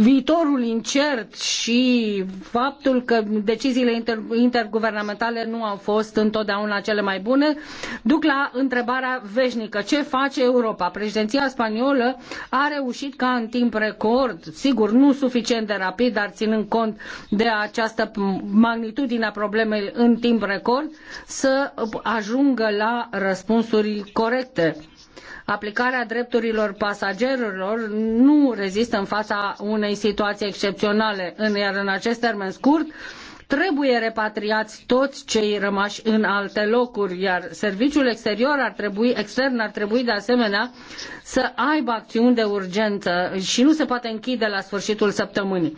viitorul incert și faptul că deciziile inter interguvernamentale nu au fost întotdeauna cele mai bune, duc la întrebarea veșnică. Ce face Europa? Președinția spaniolă a reușit ca în timp record, sigur nu suficient de rapid, dar ținând cont de această magnitudine a problemei în timp record, să ajungă la răspunsuri corecte aplicarea drepturilor pasagerilor nu rezistă în fața unei situații excepționale, iar în acest termen scurt trebuie repatriați toți cei rămași în alte locuri, iar serviciul exterior ar trebui, extern ar trebui de asemenea să aibă acțiuni de urgență și nu se poate închide la sfârșitul săptămânii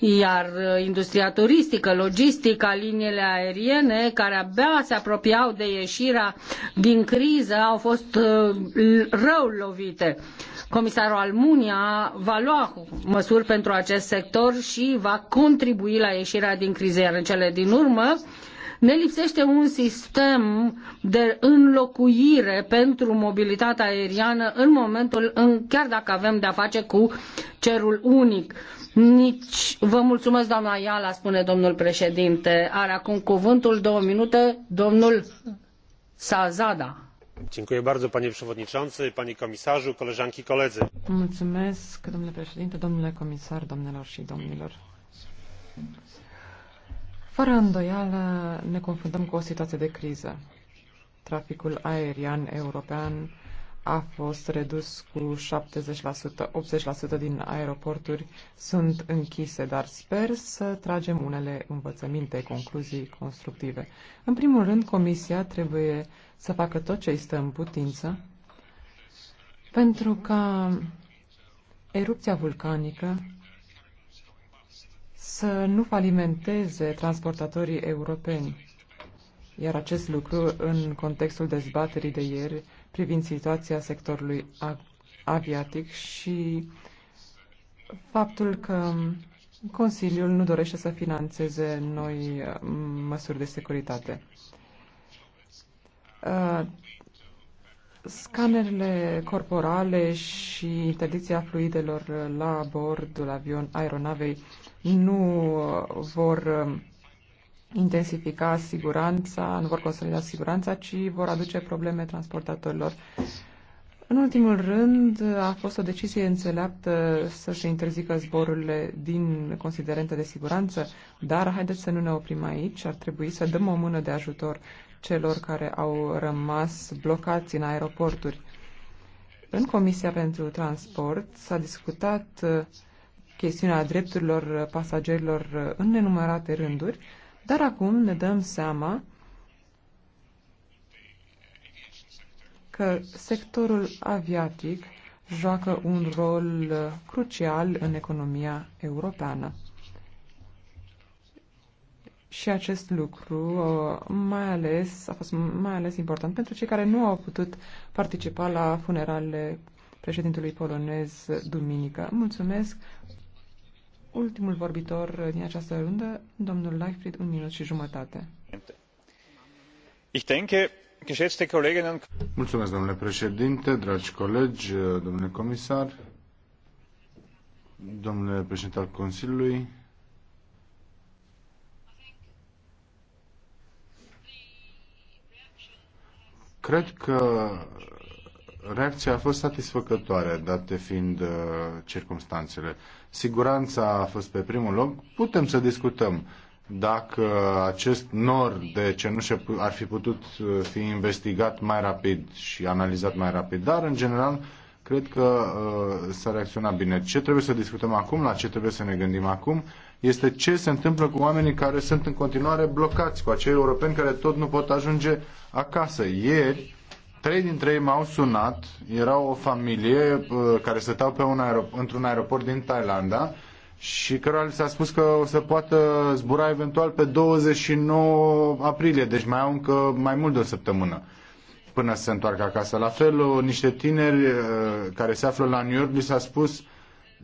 iar uh, industria turistică, logistica, liniile aeriene, care abia se apropiau de ieșirea din criză, au fost uh, rău lovite. Comisarul Almunia va lua măsuri pentru acest sector și va contribui la ieșirea din criză, iar în cele din urmă ne lipsește un sistem de înlocuire pentru mobilitatea aeriană în momentul în chiar dacă avem de-a face cu cerul unic. Nici... Vă mulțumesc, doamna Iala, spune domnul președinte. Are acum cuvântul două minute domnul Sazada. Dziękuję bardzo, panie przewodniczący, panie komisarzu, koleżanki, koledzy. Mulțumesc, domnule președinte, domnule comisar, domnilor și domnilor. Fără îndoială ne confruntăm cu o situație de criză. Traficul aerian european a fost redus cu 70%, 80% din aeroporturi sunt închise, dar sper să tragem unele învățăminte, concluzii constructive. În primul rând, Comisia trebuie să facă tot ce este în putință pentru ca erupția vulcanică să nu falimenteze transportatorii europeni. Iar acest lucru, în contextul dezbaterii de ieri, privind situația sectorului aviatic și faptul că Consiliul nu dorește să financeze noi uh, măsuri de securitate. Uh, scanerele corporale și interdicția fluidelor la bordul avion aeronavei nu uh, vor um, intensifica siguranța, nu vor consolida siguranța, ci vor aduce probleme transportatorilor. În ultimul rând, a fost o decizie înțeleaptă să se interzică zborurile din considerente de siguranță, dar haideți să nu ne oprim aici, ar trebui să dăm o mână de ajutor celor care au rămas blocați în aeroporturi. În Comisia pentru Transport s-a discutat uh, chestiunea drepturilor pasagerilor în nenumărate rânduri dar acum ne dăm seama că sectorul aviatic joacă un rol uh, crucial în economia europeană. Și acest lucru uh, mai ales, a fost mai ales important pentru cei care nu au putut participa la funeralele președintelui polonez duminică. Mulțumesc! Ultimul vorbitor din această rundă, domnul Leichfried, un minut și jumătate. Ich denke, geschätzte Kolleginnen und Mulțumesc, domnule președinte, dragi colegi, domnule comisar, domnule președinte al Consiliului. Cred că reacția a fost satisfăcătoare, date fiind uh, circumstanțele. Siguranța a fost pe primul loc. Putem să discutăm dacă acest nor de cenușe ar fi putut uh, fi investigat mai rapid și analizat mai rapid, dar, în general, cred că uh, s-a reacționat bine. Ce trebuie să discutăm acum, la ce trebuie să ne gândim acum, este ce se întâmplă cu oamenii care sunt în continuare blocați, cu acei europeni care tot nu pot ajunge acasă. Ieri, Trei dintre ei m-au sunat, erau o familie uh, care stăteau pe un aerop- într-un aeroport din Thailanda și cărora li s-a spus că o să poată zbura eventual pe 29 aprilie, deci mai au încă mai mult de o săptămână până să se întoarcă acasă. La fel, uh, niște tineri uh, care se află la New York li s-a spus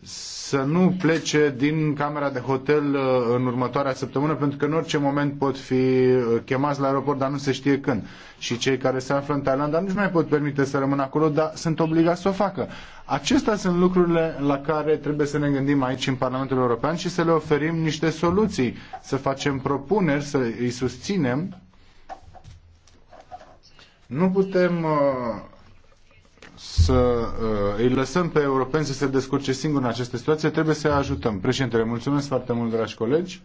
să nu plece din camera de hotel uh, în următoarea săptămână, pentru că în orice moment pot fi uh, chemați la aeroport, dar nu se știe când. Și cei care se află în Thailanda nu-și mai pot permite să rămână acolo, dar sunt obligați să o facă. Acestea sunt lucrurile la care trebuie să ne gândim aici în Parlamentul European și să le oferim niște soluții, să facem propuneri, să îi susținem. Nu putem uh, să uh, îi lăsăm pe europeni să se descurce singuri în aceste situații, trebuie să ajutăm. Președintele, mulțumesc foarte mult, dragi colegi.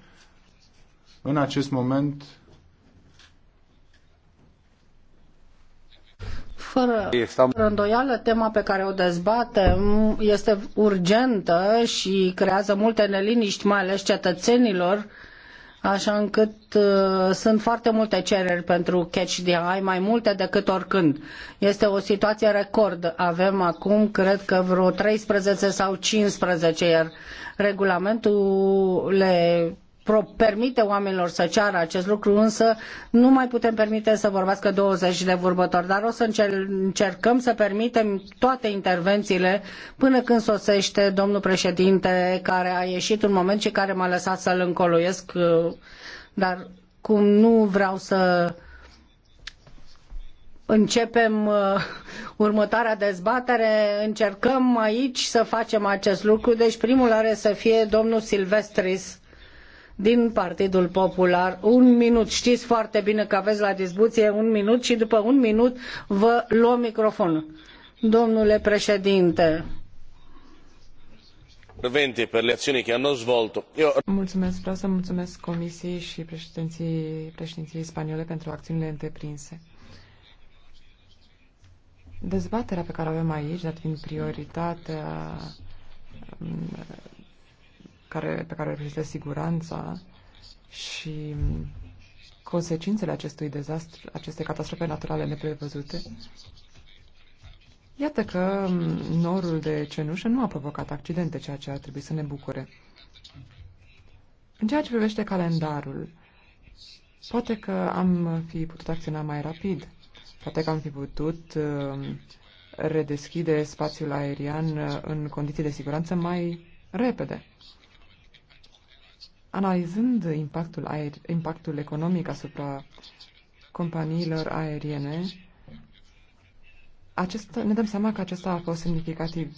În acest moment... Fără, fără îndoială, tema pe care o dezbatem este urgentă și creează multe neliniști, mai ales cetățenilor, așa încât uh, sunt foarte multe cereri pentru catch the eye, mai multe decât oricând. Este o situație record. Avem acum, cred că vreo 13 sau 15, iar regulamentul le permite oamenilor să ceară acest lucru, însă nu mai putem permite să vorbească 20 de vorbători, dar o să încercăm să permitem toate intervențiile până când sosește domnul președinte care a ieșit un moment și care m-a lăsat să-l încoloiesc, uh, dar cum nu vreau să începem uh, următoarea dezbatere, încercăm aici să facem acest lucru. Deci primul are să fie domnul Silvestris din Partidul Popular. Un minut. Știți foarte bine că aveți la dispoziție un minut și după un minut vă luăm microfonul. Domnule președinte, interventi per le azioni che hanno svolto. Mulțumesc, vreau să mulțumesc Comisiei și președinției, președinției spaniole pentru acțiunile întreprinse. Dezbaterea pe care o avem aici, dat fiind prioritatea care, pe care reprezintă siguranța și consecințele acestui dezastru, acestei catastrofe naturale neprevăzute, iată că norul de cenușă nu a provocat accidente, ceea ce ar trebui să ne bucure. În ceea ce privește calendarul, poate că am fi putut acționa mai rapid, poate că am fi putut um, redeschide spațiul aerian uh, în condiții de siguranță mai repede. Analizând impactul, aer, impactul economic asupra companiilor aeriene, acest, ne dăm seama că acesta a fost semnificativ.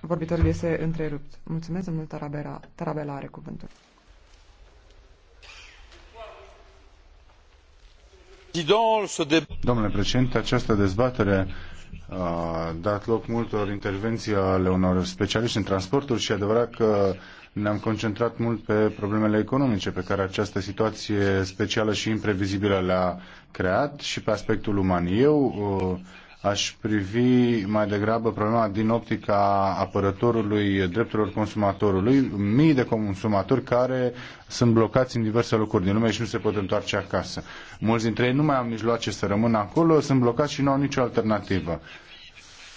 Vorbitorul este întrerupt. Mulțumesc, domnul Tarabela, Tarabela are cuvântul. Domnule președinte, această dezbatere a dat loc multor intervenții ale unor specialiști în transporturi și adevărat că ne-am concentrat mult pe problemele economice pe care această situație specială și imprevizibilă le-a creat și pe aspectul uman. Eu uh, aș privi mai degrabă problema din optica apărătorului drepturilor consumatorului, mii de consumatori care sunt blocați în diverse locuri din lume și nu se pot întoarce acasă. Mulți dintre ei nu mai au mijloace să rămână acolo, sunt blocați și nu au nicio alternativă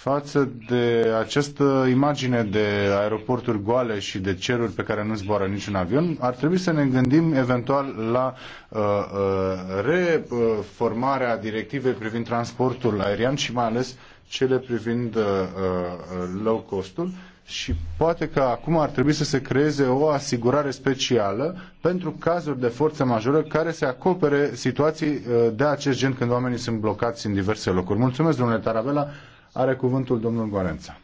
față de această imagine de aeroporturi goale și de ceruri pe care nu zboară niciun avion, ar trebui să ne gândim eventual la uh, uh, reformarea directivei privind transportul aerian și mai ales cele privind uh, uh low costul și poate că acum ar trebui să se creeze o asigurare specială pentru cazuri de forță majoră care se acopere situații uh, de acest gen când oamenii sunt blocați în diverse locuri. Mulțumesc, domnule Tarabela. Are cuvântul domnul Gorența.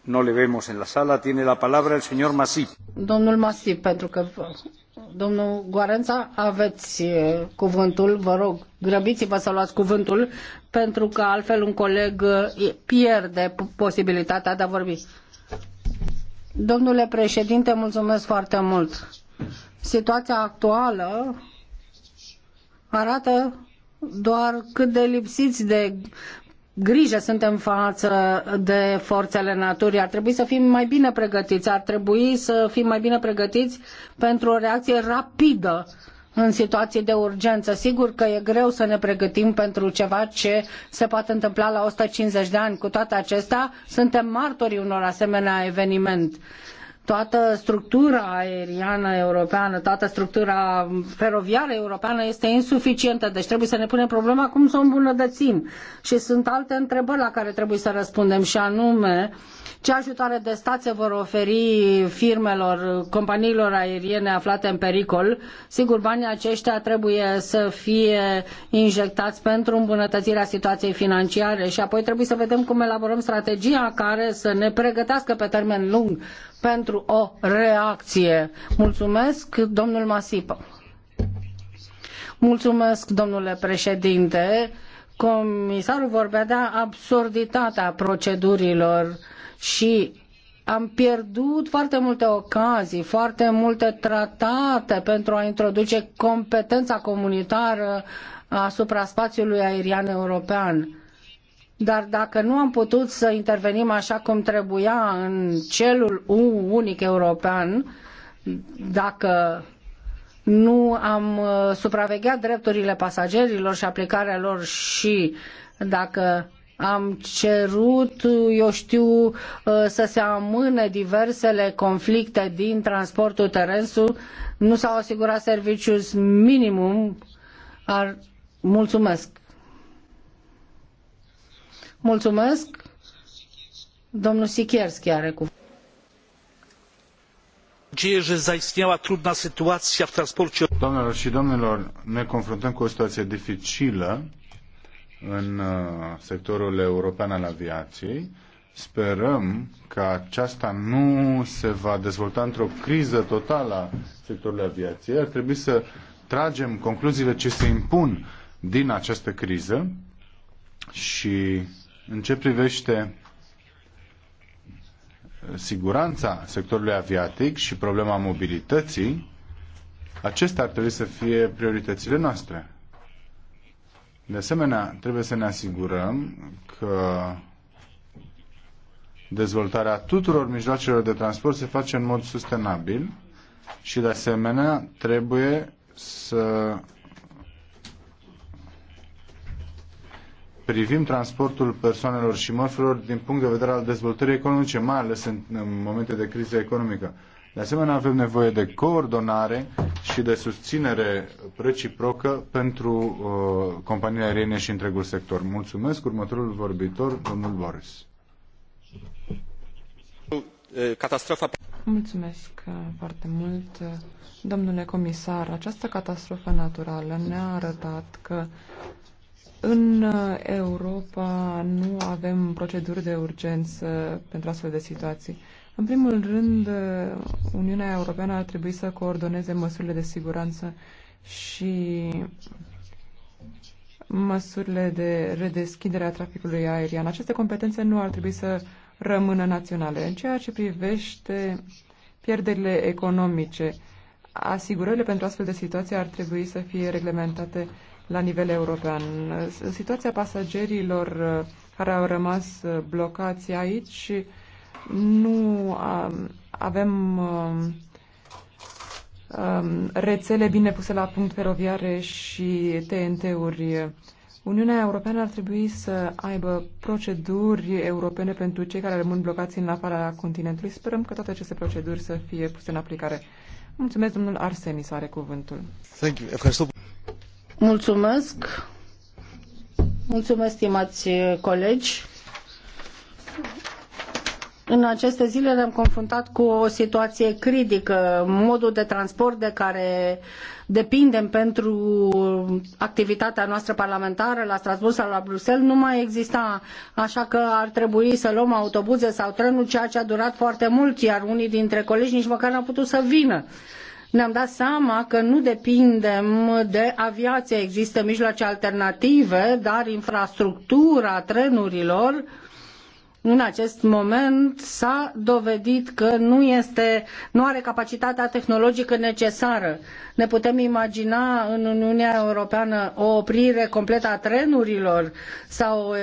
No le vemos en la sala. Tiene la palabra el señor Masip. Domnul Masip, pentru că domnul Guarența aveți eh, cuvântul, vă rog, grăbiți-vă să luați cuvântul, pentru că altfel un coleg eh, pierde posibilitatea de a vorbi. Domnule președinte, mulțumesc foarte mult. Situația actuală arată doar cât de lipsiți de grijă suntem față de forțele naturii. Ar trebui să fim mai bine pregătiți, ar trebui să fim mai bine pregătiți pentru o reacție rapidă în situații de urgență. Sigur că e greu să ne pregătim pentru ceva ce se poate întâmpla la 150 de ani. Cu toate acestea, suntem martorii unor asemenea evenimente toată structura aeriană europeană, toată structura feroviară europeană este insuficientă, deci trebuie să ne punem problema cum să o îmbunătățim. Și sunt alte întrebări la care trebuie să răspundem și anume uh, ce ajutoare de stat se vor oferi firmelor, companiilor aeriene aflate în pericol? Sigur, banii aceștia trebuie să fie injectați pentru îmbunătățirea situației financiare și apoi trebuie să vedem cum elaborăm strategia care să ne pregătească pe termen lung pentru o reacție. Mulțumesc, domnul Masipă. Mulțumesc, domnule președinte. Comisarul vorbea de absurditatea procedurilor și am pierdut foarte multe ocazii, foarte multe tratate pentru a introduce competența comunitară asupra spațiului aerian european. Dar dacă nu am putut să intervenim așa cum trebuia în celul unic european, dacă nu am uh, supravegheat drepturile pasagerilor și aplicarea lor și dacă am cerut, eu știu, uh, să se amâne diversele conflicte din transportul terestru. nu s-au asigurat serviciul minimum, ar... mulțumesc. Mulțumesc. Domnul Sikierski are cuvânt. Doamnelor și domnilor, ne confruntăm cu o situație dificilă în uh, sectorul european al aviației. Sperăm că aceasta nu se va dezvolta într-o criză totală a sectorului aviației. Ar trebui să tragem concluziile ce se impun din această criză și în ce privește uh, siguranța sectorului aviatic și problema mobilității, acestea ar trebui să fie prioritățile noastre. De asemenea, trebuie să ne asigurăm că dezvoltarea tuturor mijloacelor de transport se face în mod sustenabil și, de asemenea, trebuie să privim transportul persoanelor și mărfurilor din punct de vedere al dezvoltării economice, mai ales în, momente de criză economică. De asemenea, avem nevoie de coordonare și de susținere reciprocă pentru uh, companiile aeriene și întregul sector. Mulțumesc. Următorul vorbitor, domnul Boris. Catastrofa. Mulțumesc uh, foarte mult, domnule comisar. Această catastrofă naturală ne-a arătat că în uh, Europa nu avem proceduri de urgență pentru astfel de situații. În primul rând, Uniunea Europeană ar trebui să coordoneze măsurile de siguranță și măsurile de redeschidere a traficului aerian. Aceste competențe nu ar trebui să rămână naționale. În ceea ce privește pierderile economice, asigurările pentru astfel de situații ar trebui să fie reglementate la nivel european. Situația pasagerilor care au rămas blocați aici nu um, avem um, um, rețele bine puse la punct feroviare și TNT-uri. Uniunea Europeană ar trebui să aibă proceduri europene pentru cei care rămân blocați în afara continentului. Sperăm că toate aceste proceduri să fie puse în aplicare. Mulțumesc, domnul să are cuvântul. Thank you. Mulțumesc. Mulțumesc, stimați colegi. În aceste zile ne-am confruntat cu o situație critică. Modul de transport de care depindem pentru activitatea noastră parlamentară la Strasbourg sau la Bruxelles nu mai exista, așa că ar trebui să luăm autobuze sau trenul, ceea ce a durat foarte mult, iar unii dintre colegi nici măcar n-au putut să vină ne-am dat seama că nu depindem de aviație. Există mijloace alternative, dar infrastructura trenurilor uh, în acest moment s-a dovedit că nu, este, nu are capacitatea tehnologică necesară. Ne putem imagina în Uniunea Europeană o oprire completă a trenurilor sau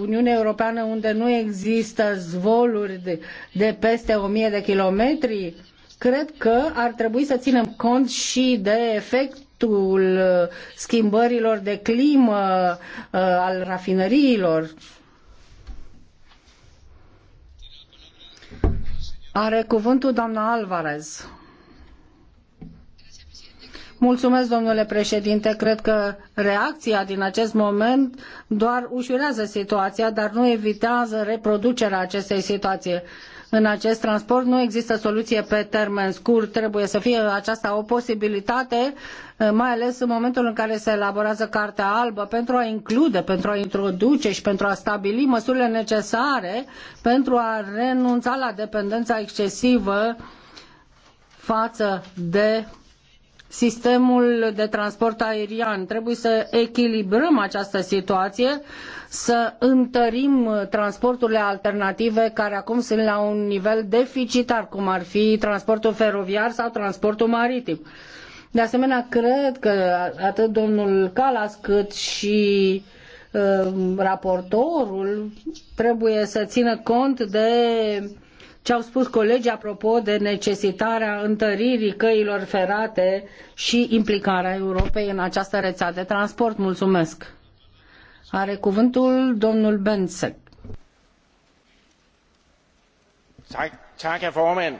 Uniunea Europeană unde nu există zvoluri de, de peste 1000 de kilometri? Cred că ar trebui să ținem cont și de efectul schimbărilor de climă uh, al rafinăriilor Are cuvântul doamna Alvarez. Mulțumesc, domnule președinte. Cred că reacția din acest moment doar ușurează situația, dar nu evitează reproducerea acestei situații în acest transport. Nu există soluție pe termen scurt, trebuie să fie aceasta o posibilitate, uh, mai ales în momentul în care se elaborează Cartea Albă, pentru a include, pentru a introduce și pentru a stabili măsurile necesare pentru a renunța la dependența excesivă față de sistemul de transport aerian. Trebuie să echilibrăm această situație, să întărim transporturile alternative care acum sunt la un nivel deficitar, cum ar fi transportul feroviar sau transportul maritim. De asemenea, cred că atât domnul Calas cât și uh, raportorul trebuie să țină cont de ce au spus colegii apropo de necesitarea întăririi căilor ferate și implicarea Europei în această rețea de transport. Mulțumesc! Are cuvântul domnul Bensec. Tak, tak, herr formand.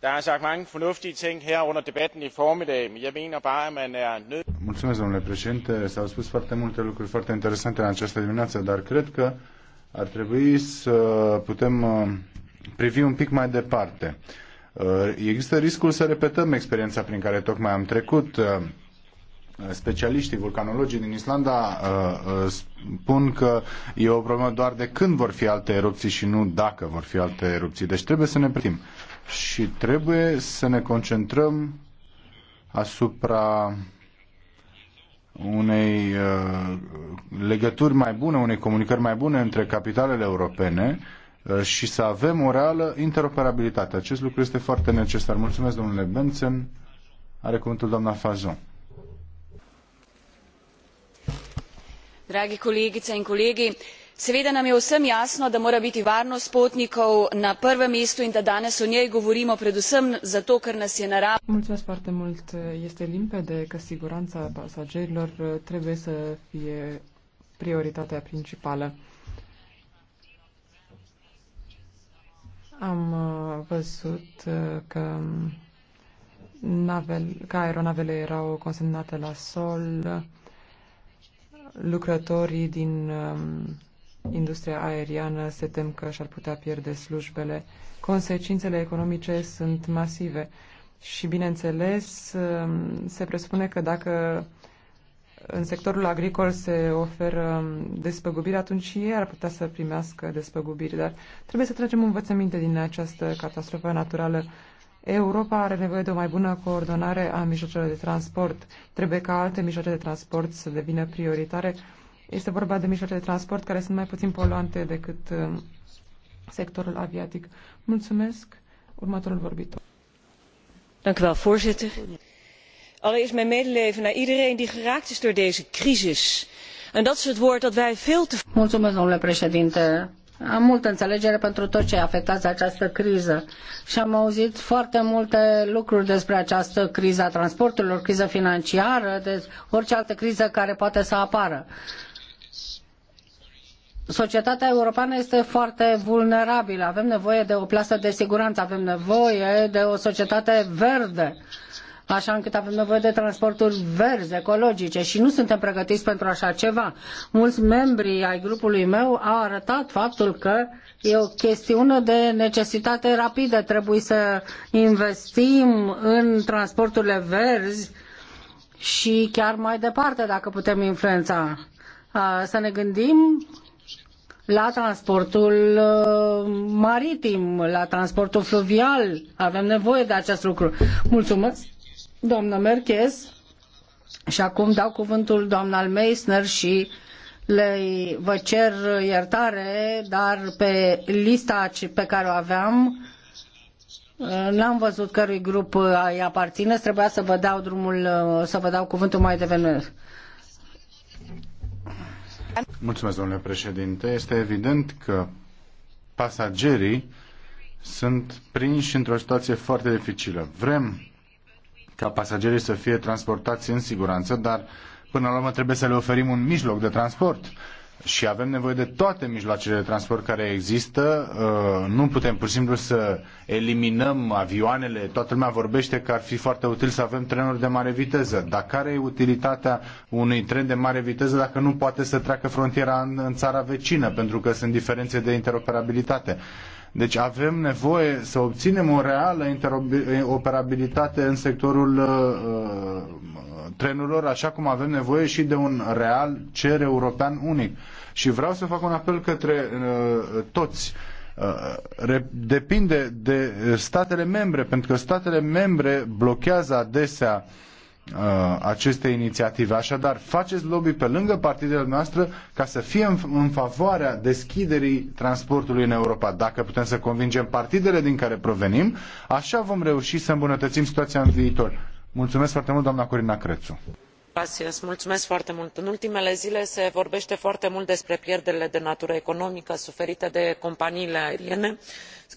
Der er sagt mange fornuftige ting her under debatten i formiddag, men jeg mener bare, at man er nødt... Mulțumesc, domnule președinte. S-au spus foarte multe lucruri foarte interesante în această dimineață, dar cred că ar trebui să putem uh, privi un pic mai departe. Uh, există riscul să repetăm experiența prin care tocmai am trecut. Uh, specialiștii vulcanologii din Islanda uh, spun că e o problemă doar de când vor fi alte erupții și nu dacă vor fi alte erupții. Deci trebuie să ne pregătim și trebuie să ne concentrăm asupra unei legături mai bune, unei comunicări mai bune între capitalele europene Uh, și să avem o reală interoperabilitate. Acest lucru este foarte necesar. Mulțumesc, domnule Benson. Are cuvântul doamna Fazon. Dragi kolegice in colegi, seveda nam je vsem jasno, da mora biti varnost potnikov na prvem mestu in da danes o njej govorimo predvsem zato, ker nas je narava. Mulțumesc foarte mult. Este limpede că siguranța pasagerilor trebuie să fie prioritatea principală Am uh, văzut uh, că, navel, că aeronavele erau consemnate la sol, lucrătorii din um, industria aeriană se tem că și-ar putea pierde slujbele. Consecințele economice sunt masive și, bineînțeles, um, se presupune că dacă în sectorul agricol se oferă despăgubiri, atunci și ei ar putea să primească despăgubiri. Dar trebuie să tragem învățăminte din această catastrofă naturală. Europa are nevoie de o mai bună coordonare a mijloacelor de transport. Trebuie ca alte mijloace de transport să devină prioritare. Este vorba de mijloace de transport care sunt mai puțin poluante decât um, sectorul aviatic. Mulțumesc. Următorul vorbitor. Dank u wel, voorzitter allereerst mijn medeleven naar iedereen die geraakt is door deze crisis. En dat is het woord dat wij veel te. Mulțumesc, domnule președinte. Am multă înțelegere pentru tot ce afectați de această criză și am auzit foarte multe lucruri despre această criză a transporturilor, criză financiară, de orice altă criză care poate să apară. Societatea europeană este foarte vulnerabilă. Avem nevoie de o plasă de siguranță, avem nevoie de o societate verde. Uh, așa încât avem nevoie de transporturi verzi, ecologice și nu suntem pregătiți pentru așa ceva. Mulți membri ai grupului meu au arătat faptul că e o chestiune de necesitate rapidă. Trebuie să investim în transporturile verzi și chiar mai departe, dacă putem influența. Să ne gândim la transportul uh, maritim, la transportul fluvial. Avem nevoie de acest lucru. Mulțumesc! doamnă Merkez și acum dau cuvântul doamna Meissner și le vă cer iertare, dar pe lista pe care o aveam n-am văzut cărui grup îi aparține, trebuia să vă dau drumul, să vă dau cuvântul mai devreme. Mulțumesc, domnule președinte. Este evident că pasagerii sunt prinși într-o situație foarte dificilă. Vrem ca pasagerii să fie transportați în siguranță, dar până la urmă trebuie să le oferim un mijloc de transport și avem nevoie de toate mijloacele de transport care există. Uh, nu putem pur și simplu să eliminăm avioanele. Toată lumea vorbește că ar fi foarte util să avem trenuri de mare viteză. Dar care e utilitatea unui tren de mare viteză dacă nu poate să treacă frontiera în, în țara vecină? Pentru că sunt diferențe de interoperabilitate. Deci avem nevoie să obținem o reală interoperabilitate în sectorul uh, uh, trenurilor, așa cum avem nevoie și de un real cer european unic. Și vreau să fac un apel către uh, toți uh, depinde de statele membre, pentru că statele membre blochează adesea Uh, aceste inițiative. Așadar, faceți lobby pe lângă partidele noastre ca să fie în, în favoarea deschiderii transportului în Europa. Dacă putem să convingem partidele din care provenim, așa vom reuși să îmbunătățim situația în viitor. Mulțumesc foarte mult, doamna Corina Crețu în ultimele zile se vorbete foarte mult despre pierderile de natură economică suferite de companiile aeriene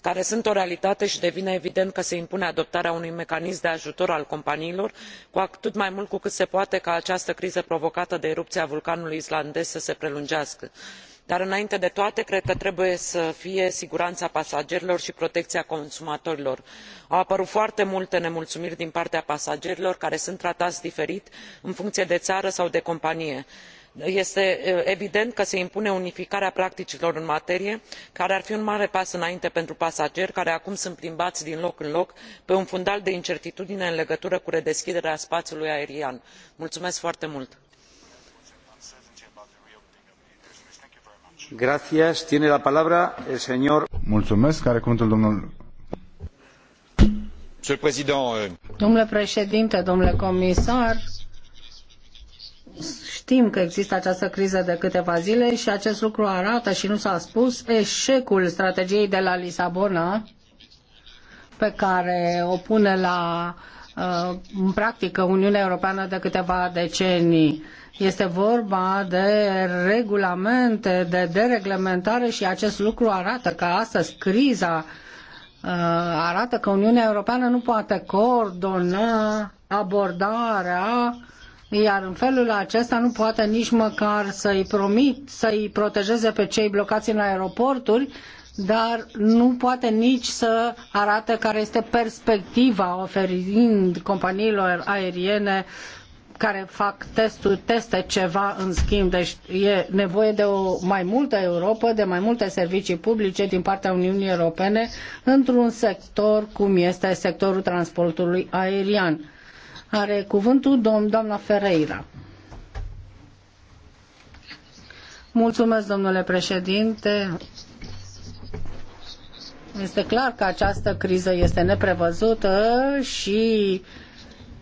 care sunt o realitate i devine evident că se impune adoptarea unui mecanism de ajutor al companiilor cu atât mai mult cu cât se poate ca această criză provocată de erupia vulcanului islandez să se prelungească dar înainte de toate cred că trebuie să fie sigurana pasagerilor i protecia consumatorilor. au apărut foarte multe nemulumiri din partea pasagerilor care sunt tratai diferit în funcie de ară sau de companie. este evident că se impune unificarea practicilor în materie care ar fi un mare pas înainte pentru pasageri care acum sunt plimbai din loc în loc pe un fundal de incertitudine în legătură cu redeschiderea spaiului aerian. mulumesc foarte mult! Mulțumesc. Euh, domnule președinte, domnule comisar, știm că există această criză de câteva zile și acest lucru arată și nu s-a spus eșecul strategiei de la Lisabona pe care o pune la Uh, în practică Uniunea Europeană de câteva decenii. Este vorba de regulamente, de dereglementare și acest lucru arată că astăzi criza uh, arată că Uniunea Europeană nu poate coordona abordarea iar în felul acesta nu poate nici măcar să-i promit, să-i protejeze pe cei blocați în aeroporturi dar nu poate nici să arate care este perspectiva oferind companiilor aeriene care fac testul, teste ceva în schimb. Deci e nevoie de o mai multă Europa, de mai multe servicii publice din partea Uniunii Europene într-un sector cum este sectorul transportului aerian. Are cuvântul domn, doamna Ferreira. Mulțumesc, domnule președinte. Este clar că această criză este neprevăzută și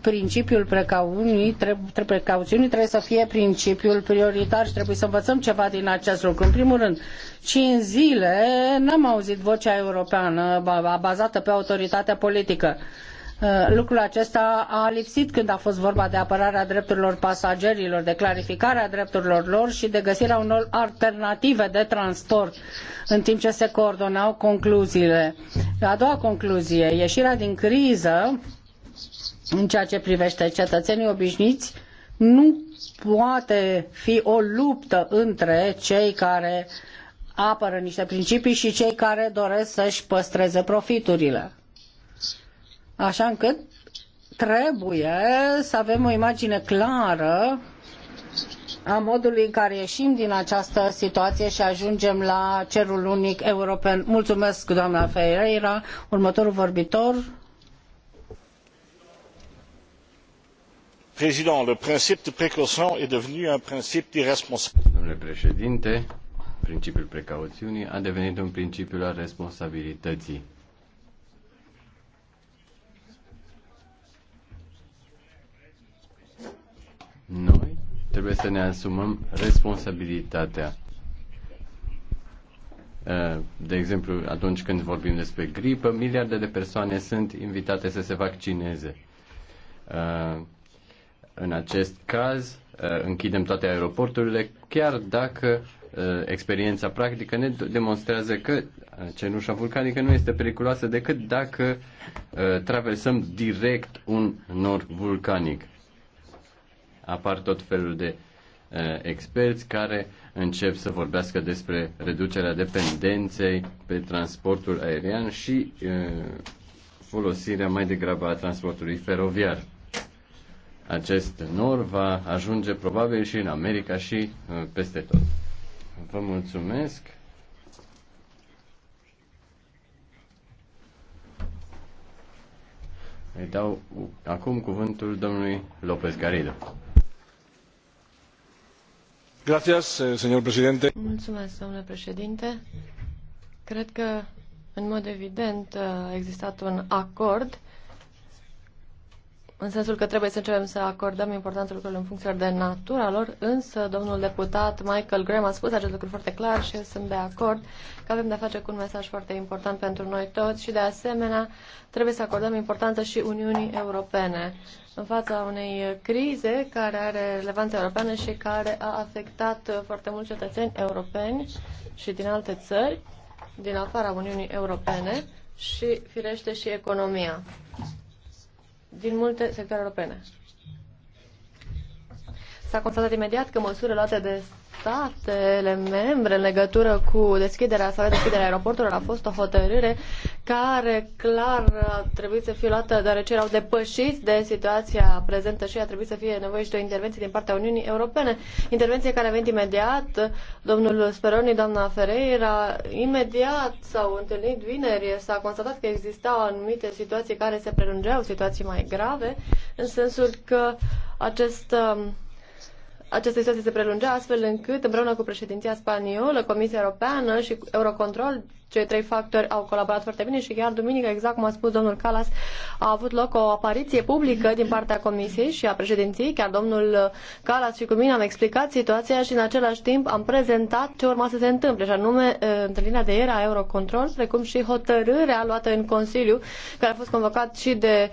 principiul precauțiunii trebuie, trebuie să fie principiul prioritar și trebuie să învățăm ceva din acest lucru. În primul rând, cinci zile n-am auzit vocea europeană bazată pe autoritatea politică. Uh, lucrul acesta a lipsit când a fost vorba de apărarea drepturilor pasagerilor, de clarificarea drepturilor lor și de găsirea unor alternative de transport în timp ce se coordonau concluziile. A doua concluzie, ieșirea din criză în ceea ce privește cetățenii obișnuiți nu poate fi o luptă între cei care apără niște principii și cei care doresc să-și păstreze profiturile. Așa încât trebuie să avem o imagine clară a modului în care ieșim din această situație și ajungem la cerul unic european. Mulțumesc, doamna Ferreira. Următorul vorbitor. Président, le principe de précaution est devenu un principe irresponsable. Domnule președinte, principiul precauțiunii a devenit un principiu al responsabilității Noi trebuie să ne asumăm responsabilitatea. Uh, de exemplu, atunci când vorbim despre gripă, miliarde de persoane sunt invitate să se vaccineze. Uh, în acest caz, uh, închidem toate aeroporturile, chiar dacă experiența practică ne demonstrează că cenușa vulcanică nu este periculoasă decât dacă traversăm direct un nor vulcanic apar tot felul de uh, experți care încep să vorbească despre reducerea dependenței pe transportul aerian și uh, folosirea mai degrabă a transportului feroviar. Acest nor va ajunge probabil și în America și uh, peste tot. Vă mulțumesc. Îi dau acum cuvântul domnului López Garrido. Eh, Mulțumesc, domnule președinte. Cred că, în mod evident, a existat un acord în sensul că trebuie să începem să acordăm importanță lucrurilor în funcție de natura lor, însă domnul deputat Michael Graham a spus acest lucru foarte clar și eu sunt de acord că avem de-a face cu un mesaj foarte important pentru noi toți și de asemenea trebuie să acordăm importanță și Uniunii Europene în fața unei crize care are relevanță europeană și care a afectat foarte mulți cetățeni europeni și din alte țări, din afara Uniunii Europene și firește și economia din multe sectoare europene. S-a constatat imediat că măsurile luate de statele membre în legătură cu deschiderea sau deschiderea aeroporturilor a fost o hotărâre care clar a trebuit să fie luată deoarece erau depășiți de situația prezentă și a trebuit să fie nevoie și de o intervenție din partea Uniunii Europene. Intervenție care a venit imediat, domnul Speroni, doamna Ferreira, imediat s-au întâlnit vineri, s-a constatat că existau anumite situații care se prelungeau, situații mai grave, în sensul că acest um, această situație se prelungea astfel încât, împreună cu președinția spaniolă, Comisia Europeană și Eurocontrol cei trei factori au colaborat foarte bine și chiar duminică, exact cum a spus domnul Calas, a avut loc o apariție publică din partea Comisiei și a președinției. Chiar domnul Calas și cu mine am explicat situația și în același timp am prezentat ce urma să se întâmple, și anume întâlnirea de ieri a Eurocontrol, precum și hotărârea luată în Consiliu, care a fost convocat și de,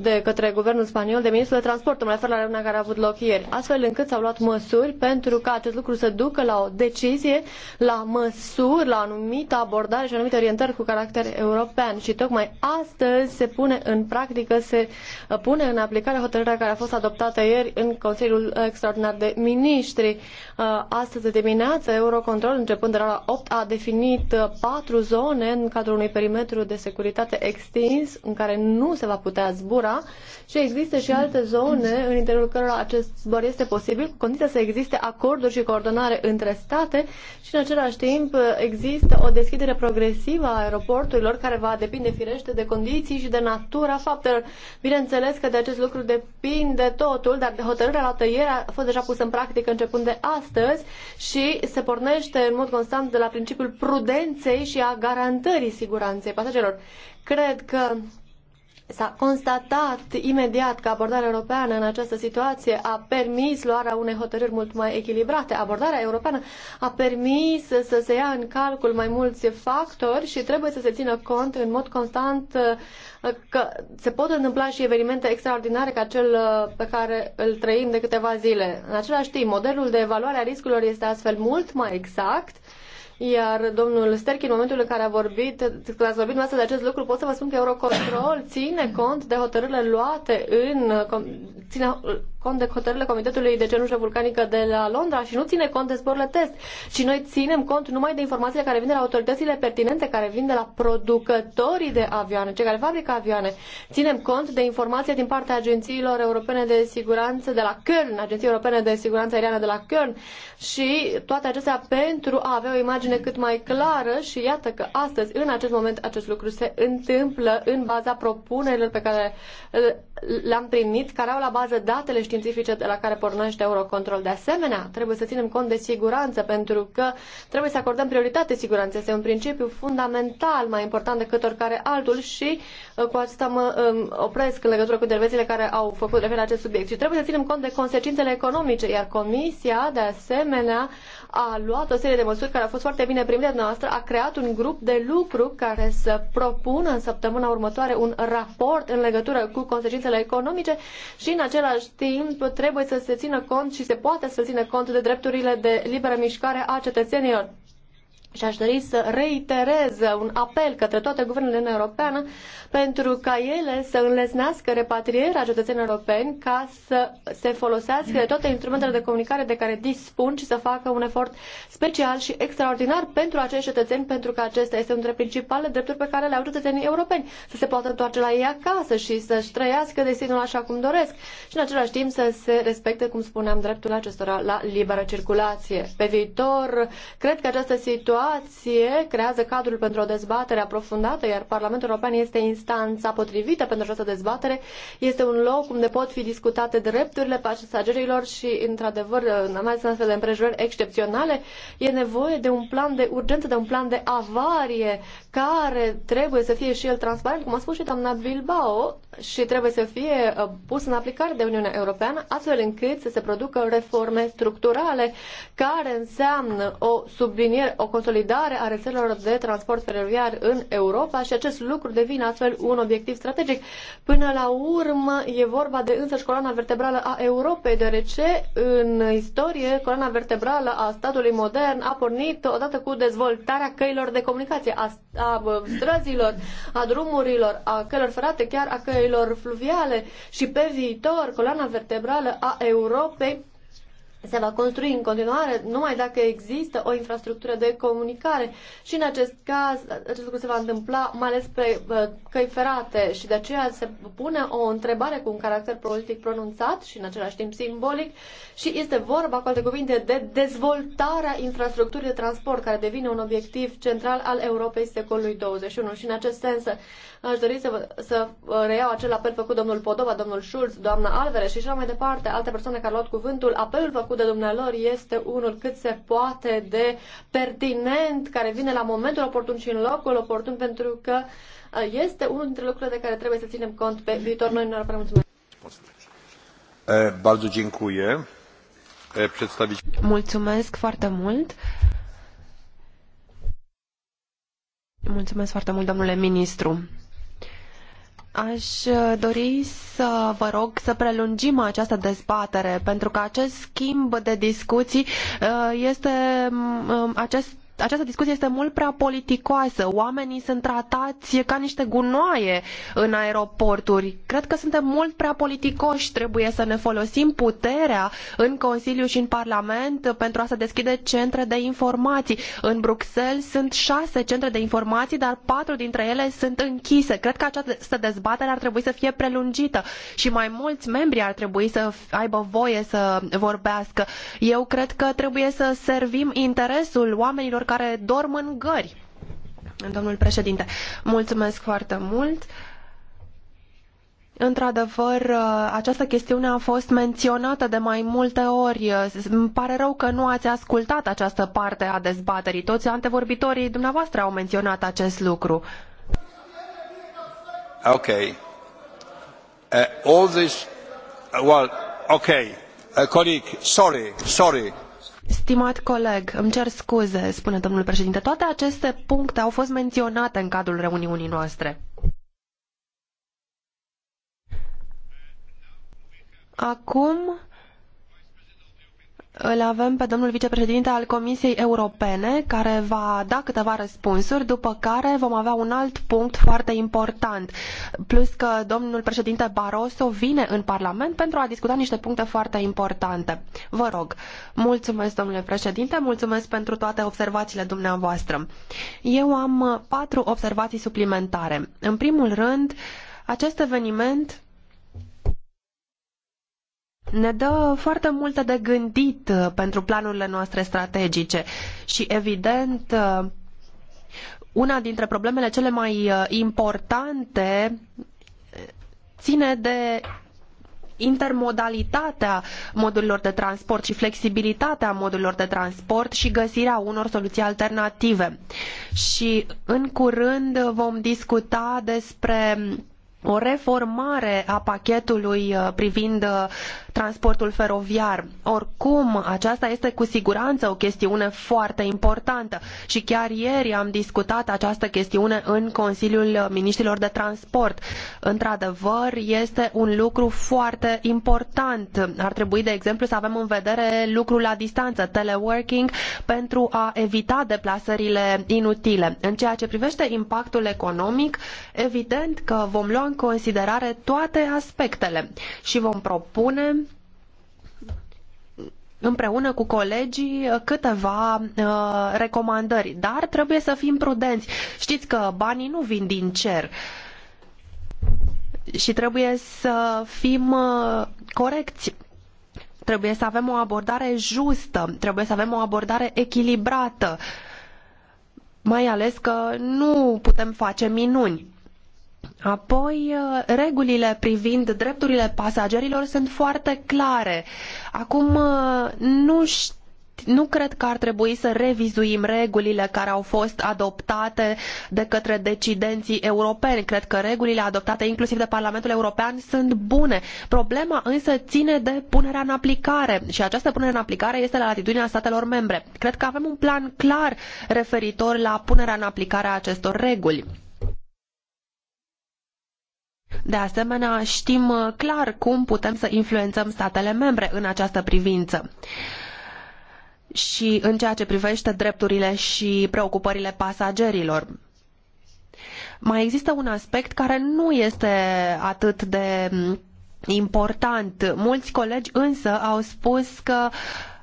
de către guvernul spaniol, de ministrul de transport, mă refer la reuniunea care a avut loc ieri, astfel încât s-au luat măsuri pentru ca acest lucru să ducă la o decizie, la măsuri, la anumite anumită abordare și anumite orientări cu caracter european și tocmai astăzi se pune în practică, se uh, pune în aplicare hotărârea care a fost adoptată ieri în Consiliul Extraordinar de Ministri. Uh, astăzi de dimineață, Eurocontrol, începând de la 8, a definit uh, patru zone în cadrul unui perimetru de securitate extins în care nu se va putea zbura și există și alte zone în interiorul cărora acest zbor este posibil, cu condiția să existe acorduri și coordonare între state și în același timp există o deschidere progresivă a aeroporturilor, care va depinde firește de condiții și de natura faptelor. Bineînțeles că de acest lucru depinde totul, dar de hotărârea luată ieri a fost deja pusă în practică începând de astăzi și se pornește în mod constant de la principiul prudenței și a garantării siguranței pasagerilor. Cred că S-a constatat imediat că abordarea europeană în această situație a permis luarea unei hotărâri mult mai echilibrate. Abordarea europeană a permis să se ia în calcul mai mulți factori și trebuie să se țină cont în mod constant uh, că se pot întâmpla și evenimente extraordinare ca cel uh, pe care îl trăim de câteva zile. În același timp, modelul de evaluare a riscurilor este astfel mult mai exact iar domnul Sterchi, în momentul în care a vorbit, când ați vorbit de acest lucru, pot să vă spun că Eurocontrol ține cont de hotărârile luate în, ține, cont de hotărârile Comitetului de Cenușă Vulcanică de la Londra și nu ține cont de zborurile test. Și noi ținem cont numai de informațiile care vin de la autoritățile pertinente, care vin de la producătorii de avioane, cei care fabrică avioane. Ținem cont de informații din partea agențiilor europene de siguranță de la Köln, Agenția Europene de Siguranță Aeriană de la Köln și toate acestea pentru a avea o imagine cât mai clară și iată că astăzi, în acest moment, acest lucru se întâmplă în baza propunerilor pe care le-am primit, care au la bază datele și științifice de la care pornește Eurocontrol. De asemenea, trebuie să ținem cont de siguranță, pentru că trebuie să acordăm prioritate siguranței. Este un principiu fundamental, mai important decât oricare altul și uh, cu asta mă um, opresc în legătură cu intervențiile care au făcut referire la acest subiect. Și trebuie să ținem cont de consecințele economice, iar Comisia, de asemenea, a luat o serie de măsuri care au fost foarte bine primite de noastră, a creat un grup de lucru care să propună în săptămâna următoare un raport în legătură cu consecințele economice și în același timp trebuie să se țină cont și se poate să țină cont de drepturile de liberă mișcare a cetățenilor. Și aș dori să reiterez un apel către toate guvernele în Europeană pentru ca ele să înlesnească repatrierea cetățenilor europeni ca să se folosească de toate instrumentele de comunicare de care dispun și să facă un efort special și extraordinar pentru acești cetățeni, pentru că acesta este unul dintre principalele drepturi pe care le au cetățenii europeni, să se poată întoarce la ei acasă și să-și trăiască destinul așa cum doresc și în același timp să se respecte, cum spuneam, dreptul acestora la liberă circulație. Pe viitor, cred că această situație inovație creează cadrul pentru o dezbatere aprofundată, iar Parlamentul European este instanța potrivită pentru această dezbatere. Este un loc unde pot fi discutate drepturile pasagerilor și, într-adevăr, mai ales în astfel de împrejurări excepționale, e nevoie de un plan de urgență, de un plan de avarie care trebuie să fie și el transparent, cum a spus și doamna Bilbao, și trebuie să fie uh, pus în aplicare de Uniunea Europeană, astfel încât să se producă reforme structurale care înseamnă o subliniere, o consolidare a rețelelor de transport feroviar în Europa și acest lucru devine astfel un obiectiv strategic. Până la urmă e vorba de însăși coloana vertebrală a Europei, deoarece în istorie coloana vertebrală a statului modern a pornit odată cu dezvoltarea căilor de comunicație, a, străzilor, a drumurilor, a căilor ferate, chiar a căilor bazinelor fluviale și pe viitor coloana vertebrală a Europei se va construi în continuare numai dacă există o infrastructură de comunicare și în acest caz acest lucru se va întâmpla mai ales pe căi ferate și de aceea se pune o întrebare cu un caracter politic pronunțat și în același timp simbolic și este vorba, cu alte cuvinte, de dezvoltarea infrastructurii de transport care devine un obiectiv central al Europei secolului 21 și în acest sens Aș dori să, vă, să reiau acel apel făcut domnul Podova, domnul Schulz, doamna Alvere și așa mai departe, alte persoane care au luat cuvântul. Apelul făcut de dumnealor este unul cât se poate de pertinent, care vine la momentul oportun și în locul oportun, pentru că uh, este unul dintre lucrurile de care trebuie să ținem cont pe viitor. Noi ne prea mulțumesc. Mulțumesc foarte mult. Mulțumesc foarte mult, domnule ministru. Aș uh, dori să vă rog să prelungim această dezbatere, pentru că acest schimb de discuții uh, este um, acest această discuție este mult prea politicoasă. Oamenii sunt tratați ca niște gunoaie în aeroporturi. Cred că suntem mult prea politicoși. Trebuie să ne folosim puterea în Consiliu și în Parlament pentru a se deschide centre de informații. În Bruxelles sunt șase centre de informații, dar patru dintre ele sunt închise. Cred că această dezbatere ar trebui să fie prelungită și mai mulți membri ar trebui să aibă voie să vorbească. Eu cred că trebuie să servim interesul oamenilor care dorm în gări. Domnul președinte, mulțumesc foarte mult. Într-adevăr, această chestiune a fost menționată de mai multe ori. Îmi pare rău că nu ați ascultat această parte a dezbaterii. Toți antevorbitorii dumneavoastră au menționat acest lucru. Ok. Uh, all this... Well, ok. Uh, colleague, sorry, sorry. Stimat coleg, îmi cer scuze, spune domnul președinte. Toate aceste puncte au fost menționate în cadrul reuniunii noastre. Acum îl avem pe domnul vicepreședinte al Comisiei Europene, care va da câteva răspunsuri, după care vom avea un alt punct foarte important. Plus că domnul președinte Barroso vine în Parlament pentru a discuta niște puncte foarte importante. Vă rog, mulțumesc, domnule președinte, mulțumesc pentru toate observațiile dumneavoastră. Eu am patru observații suplimentare. În primul rând, acest eveniment ne dă foarte multe de gândit uh, pentru planurile noastre strategice și, evident, uh, una dintre problemele cele mai uh, importante ține de intermodalitatea modurilor de transport și flexibilitatea modurilor de transport și găsirea unor soluții alternative. Și în curând vom discuta despre o reformare a pachetului privind transportul feroviar. Oricum, aceasta este cu siguranță o chestiune foarte importantă și chiar ieri am discutat această chestiune în Consiliul ministrilor de Transport. Într-adevăr, este un lucru foarte important. Ar trebui, de exemplu, să avem în vedere lucrul la distanță, teleworking, pentru a evita deplasările inutile. În ceea ce privește impactul economic, evident că vom lua în considerare toate aspectele și vom propune împreună cu colegii uh, câteva uh, recomandări, dar trebuie să fim prudenți. Știți că banii nu vin din cer și trebuie să fim uh, corecți. Trebuie să avem o abordare justă, trebuie să avem o abordare echilibrată, mai ales că nu putem face minuni. Apoi, uh, regulile privind drepturile pasagerilor sunt foarte clare. Acum, uh, nu știu nu cred că ar trebui să revizuim regulile care au fost adoptate de către decidenții europeni. Cred că regulile adoptate inclusiv de Parlamentul European sunt bune. Problema însă ține de punerea în aplicare și această punere în aplicare este la latitudinea statelor membre. Cred că avem un plan clar referitor la punerea în aplicare a acestor reguli. De asemenea, știm uh, clar cum putem să influențăm statele membre în această privință și în ceea ce privește drepturile și preocupările pasagerilor. Mai există un aspect care nu este atât de mm, important. Mulți colegi însă au spus că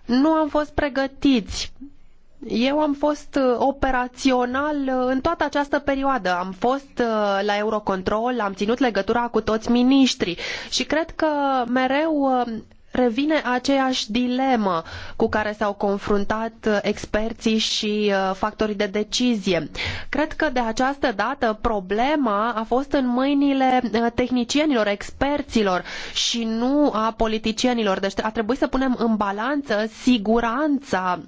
nu am fost pregătiți eu am fost uh, operațional uh, în toată această perioadă. Am fost uh, la Eurocontrol, am ținut legătura cu toți miniștrii și cred că mereu revine aceeași dilemă cu care s-au confruntat experții și factorii de decizie. Cred că de această dată problema a fost în mâinile tehnicienilor, experților și nu a politicienilor. Deci a trebuit să punem în balanță siguranța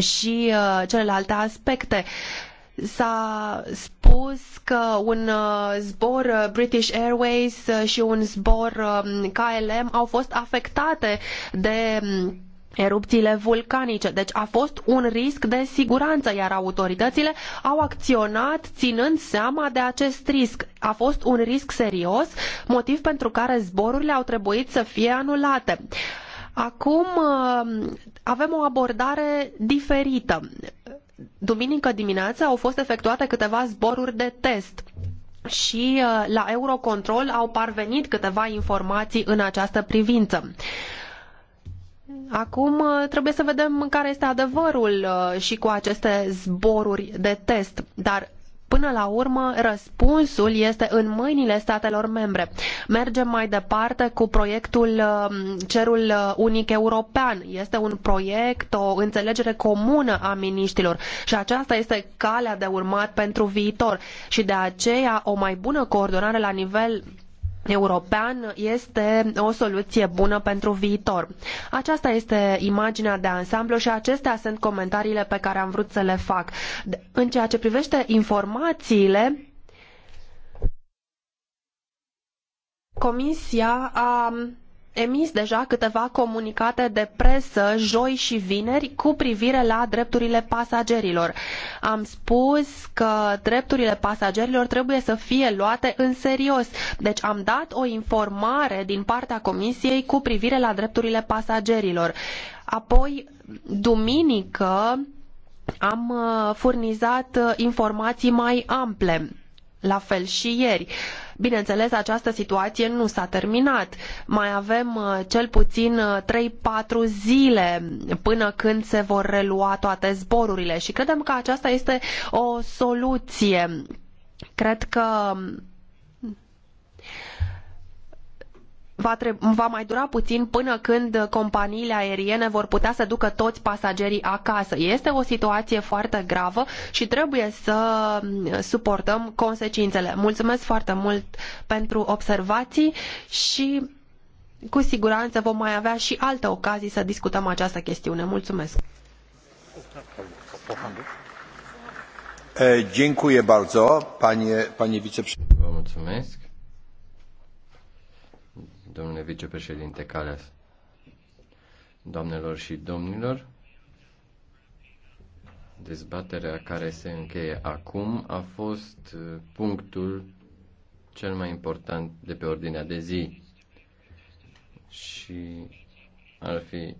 și uh, celelalte aspecte. S-a spus că un uh, zbor uh, British Airways și un zbor KLM um, au fost afectate de um, erupțiile vulcanice. Deci a fost un risc de siguranță, iar autoritățile au acționat ținând seama de acest risc. A fost un risc serios, motiv pentru care zborurile au trebuit să fie anulate. Uh, Acum uh, avem o abordare diferită. Duminică dimineața au fost efectuate câteva zboruri de test și uh, la Eurocontrol au parvenit câteva informații în această privință. Acum uh, trebuie să vedem care este adevărul și cu aceste zboruri de test, dar Până la urmă, răspunsul este în mâinile statelor membre. Mergem mai departe cu proiectul um, Cerul Unic European. Este un proiect, o înțelegere comună a miniștilor și aceasta este calea de urmat pentru viitor. Și de aceea o mai bună coordonare la nivel european este o soluție bună pentru viitor. Aceasta este imaginea de ansamblu și acestea sunt comentariile pe care am vrut să le fac. În ceea ce privește informațiile, Comisia a emis deja câteva comunicate de presă joi și vineri cu privire la drepturile pasagerilor. Am spus că drepturile pasagerilor trebuie să fie luate în serios. Deci am dat o informare din partea Comisiei cu privire la drepturile pasagerilor. Apoi, duminică, am uh, furnizat uh, informații mai ample. La fel și ieri. Uh, Bineînțeles, această situație nu s-a terminat. Mai avem uh, cel puțin uh, trei patru zile până când se vor relua toate zborurile și credem că aceasta este o soluție. Cred că um, va, va mai dura puțin până când companiile aeriene vor putea să ducă toți pasagerii acasă. Este o situație foarte gravă și trebuie să mm, suportăm consecințele. Mulțumesc foarte mult pentru observații și cu siguranță vom mai avea și alte ocazii să discutăm această chestiune. Mulțumesc! Dziękuję bardzo, panie, panie wiceprzewodniczący domnule vicepreședinte Calas. Doamnelor și domnilor, dezbaterea care se încheie acum a fost uh, punctul cel mai important de pe ordinea de zi și ar fi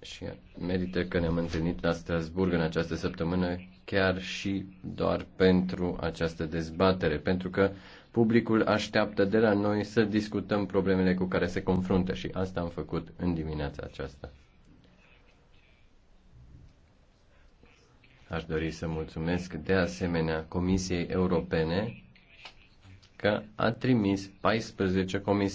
și merită că ne-am întâlnit la Strasburg în această săptămână chiar și doar pentru această dezbatere, pentru că Publicul așteaptă de la noi să discutăm problemele cu care se confruntă și asta am făcut în dimineața aceasta. Aș dori să mulțumesc de asemenea Comisiei Europene că a trimis 14 comisari.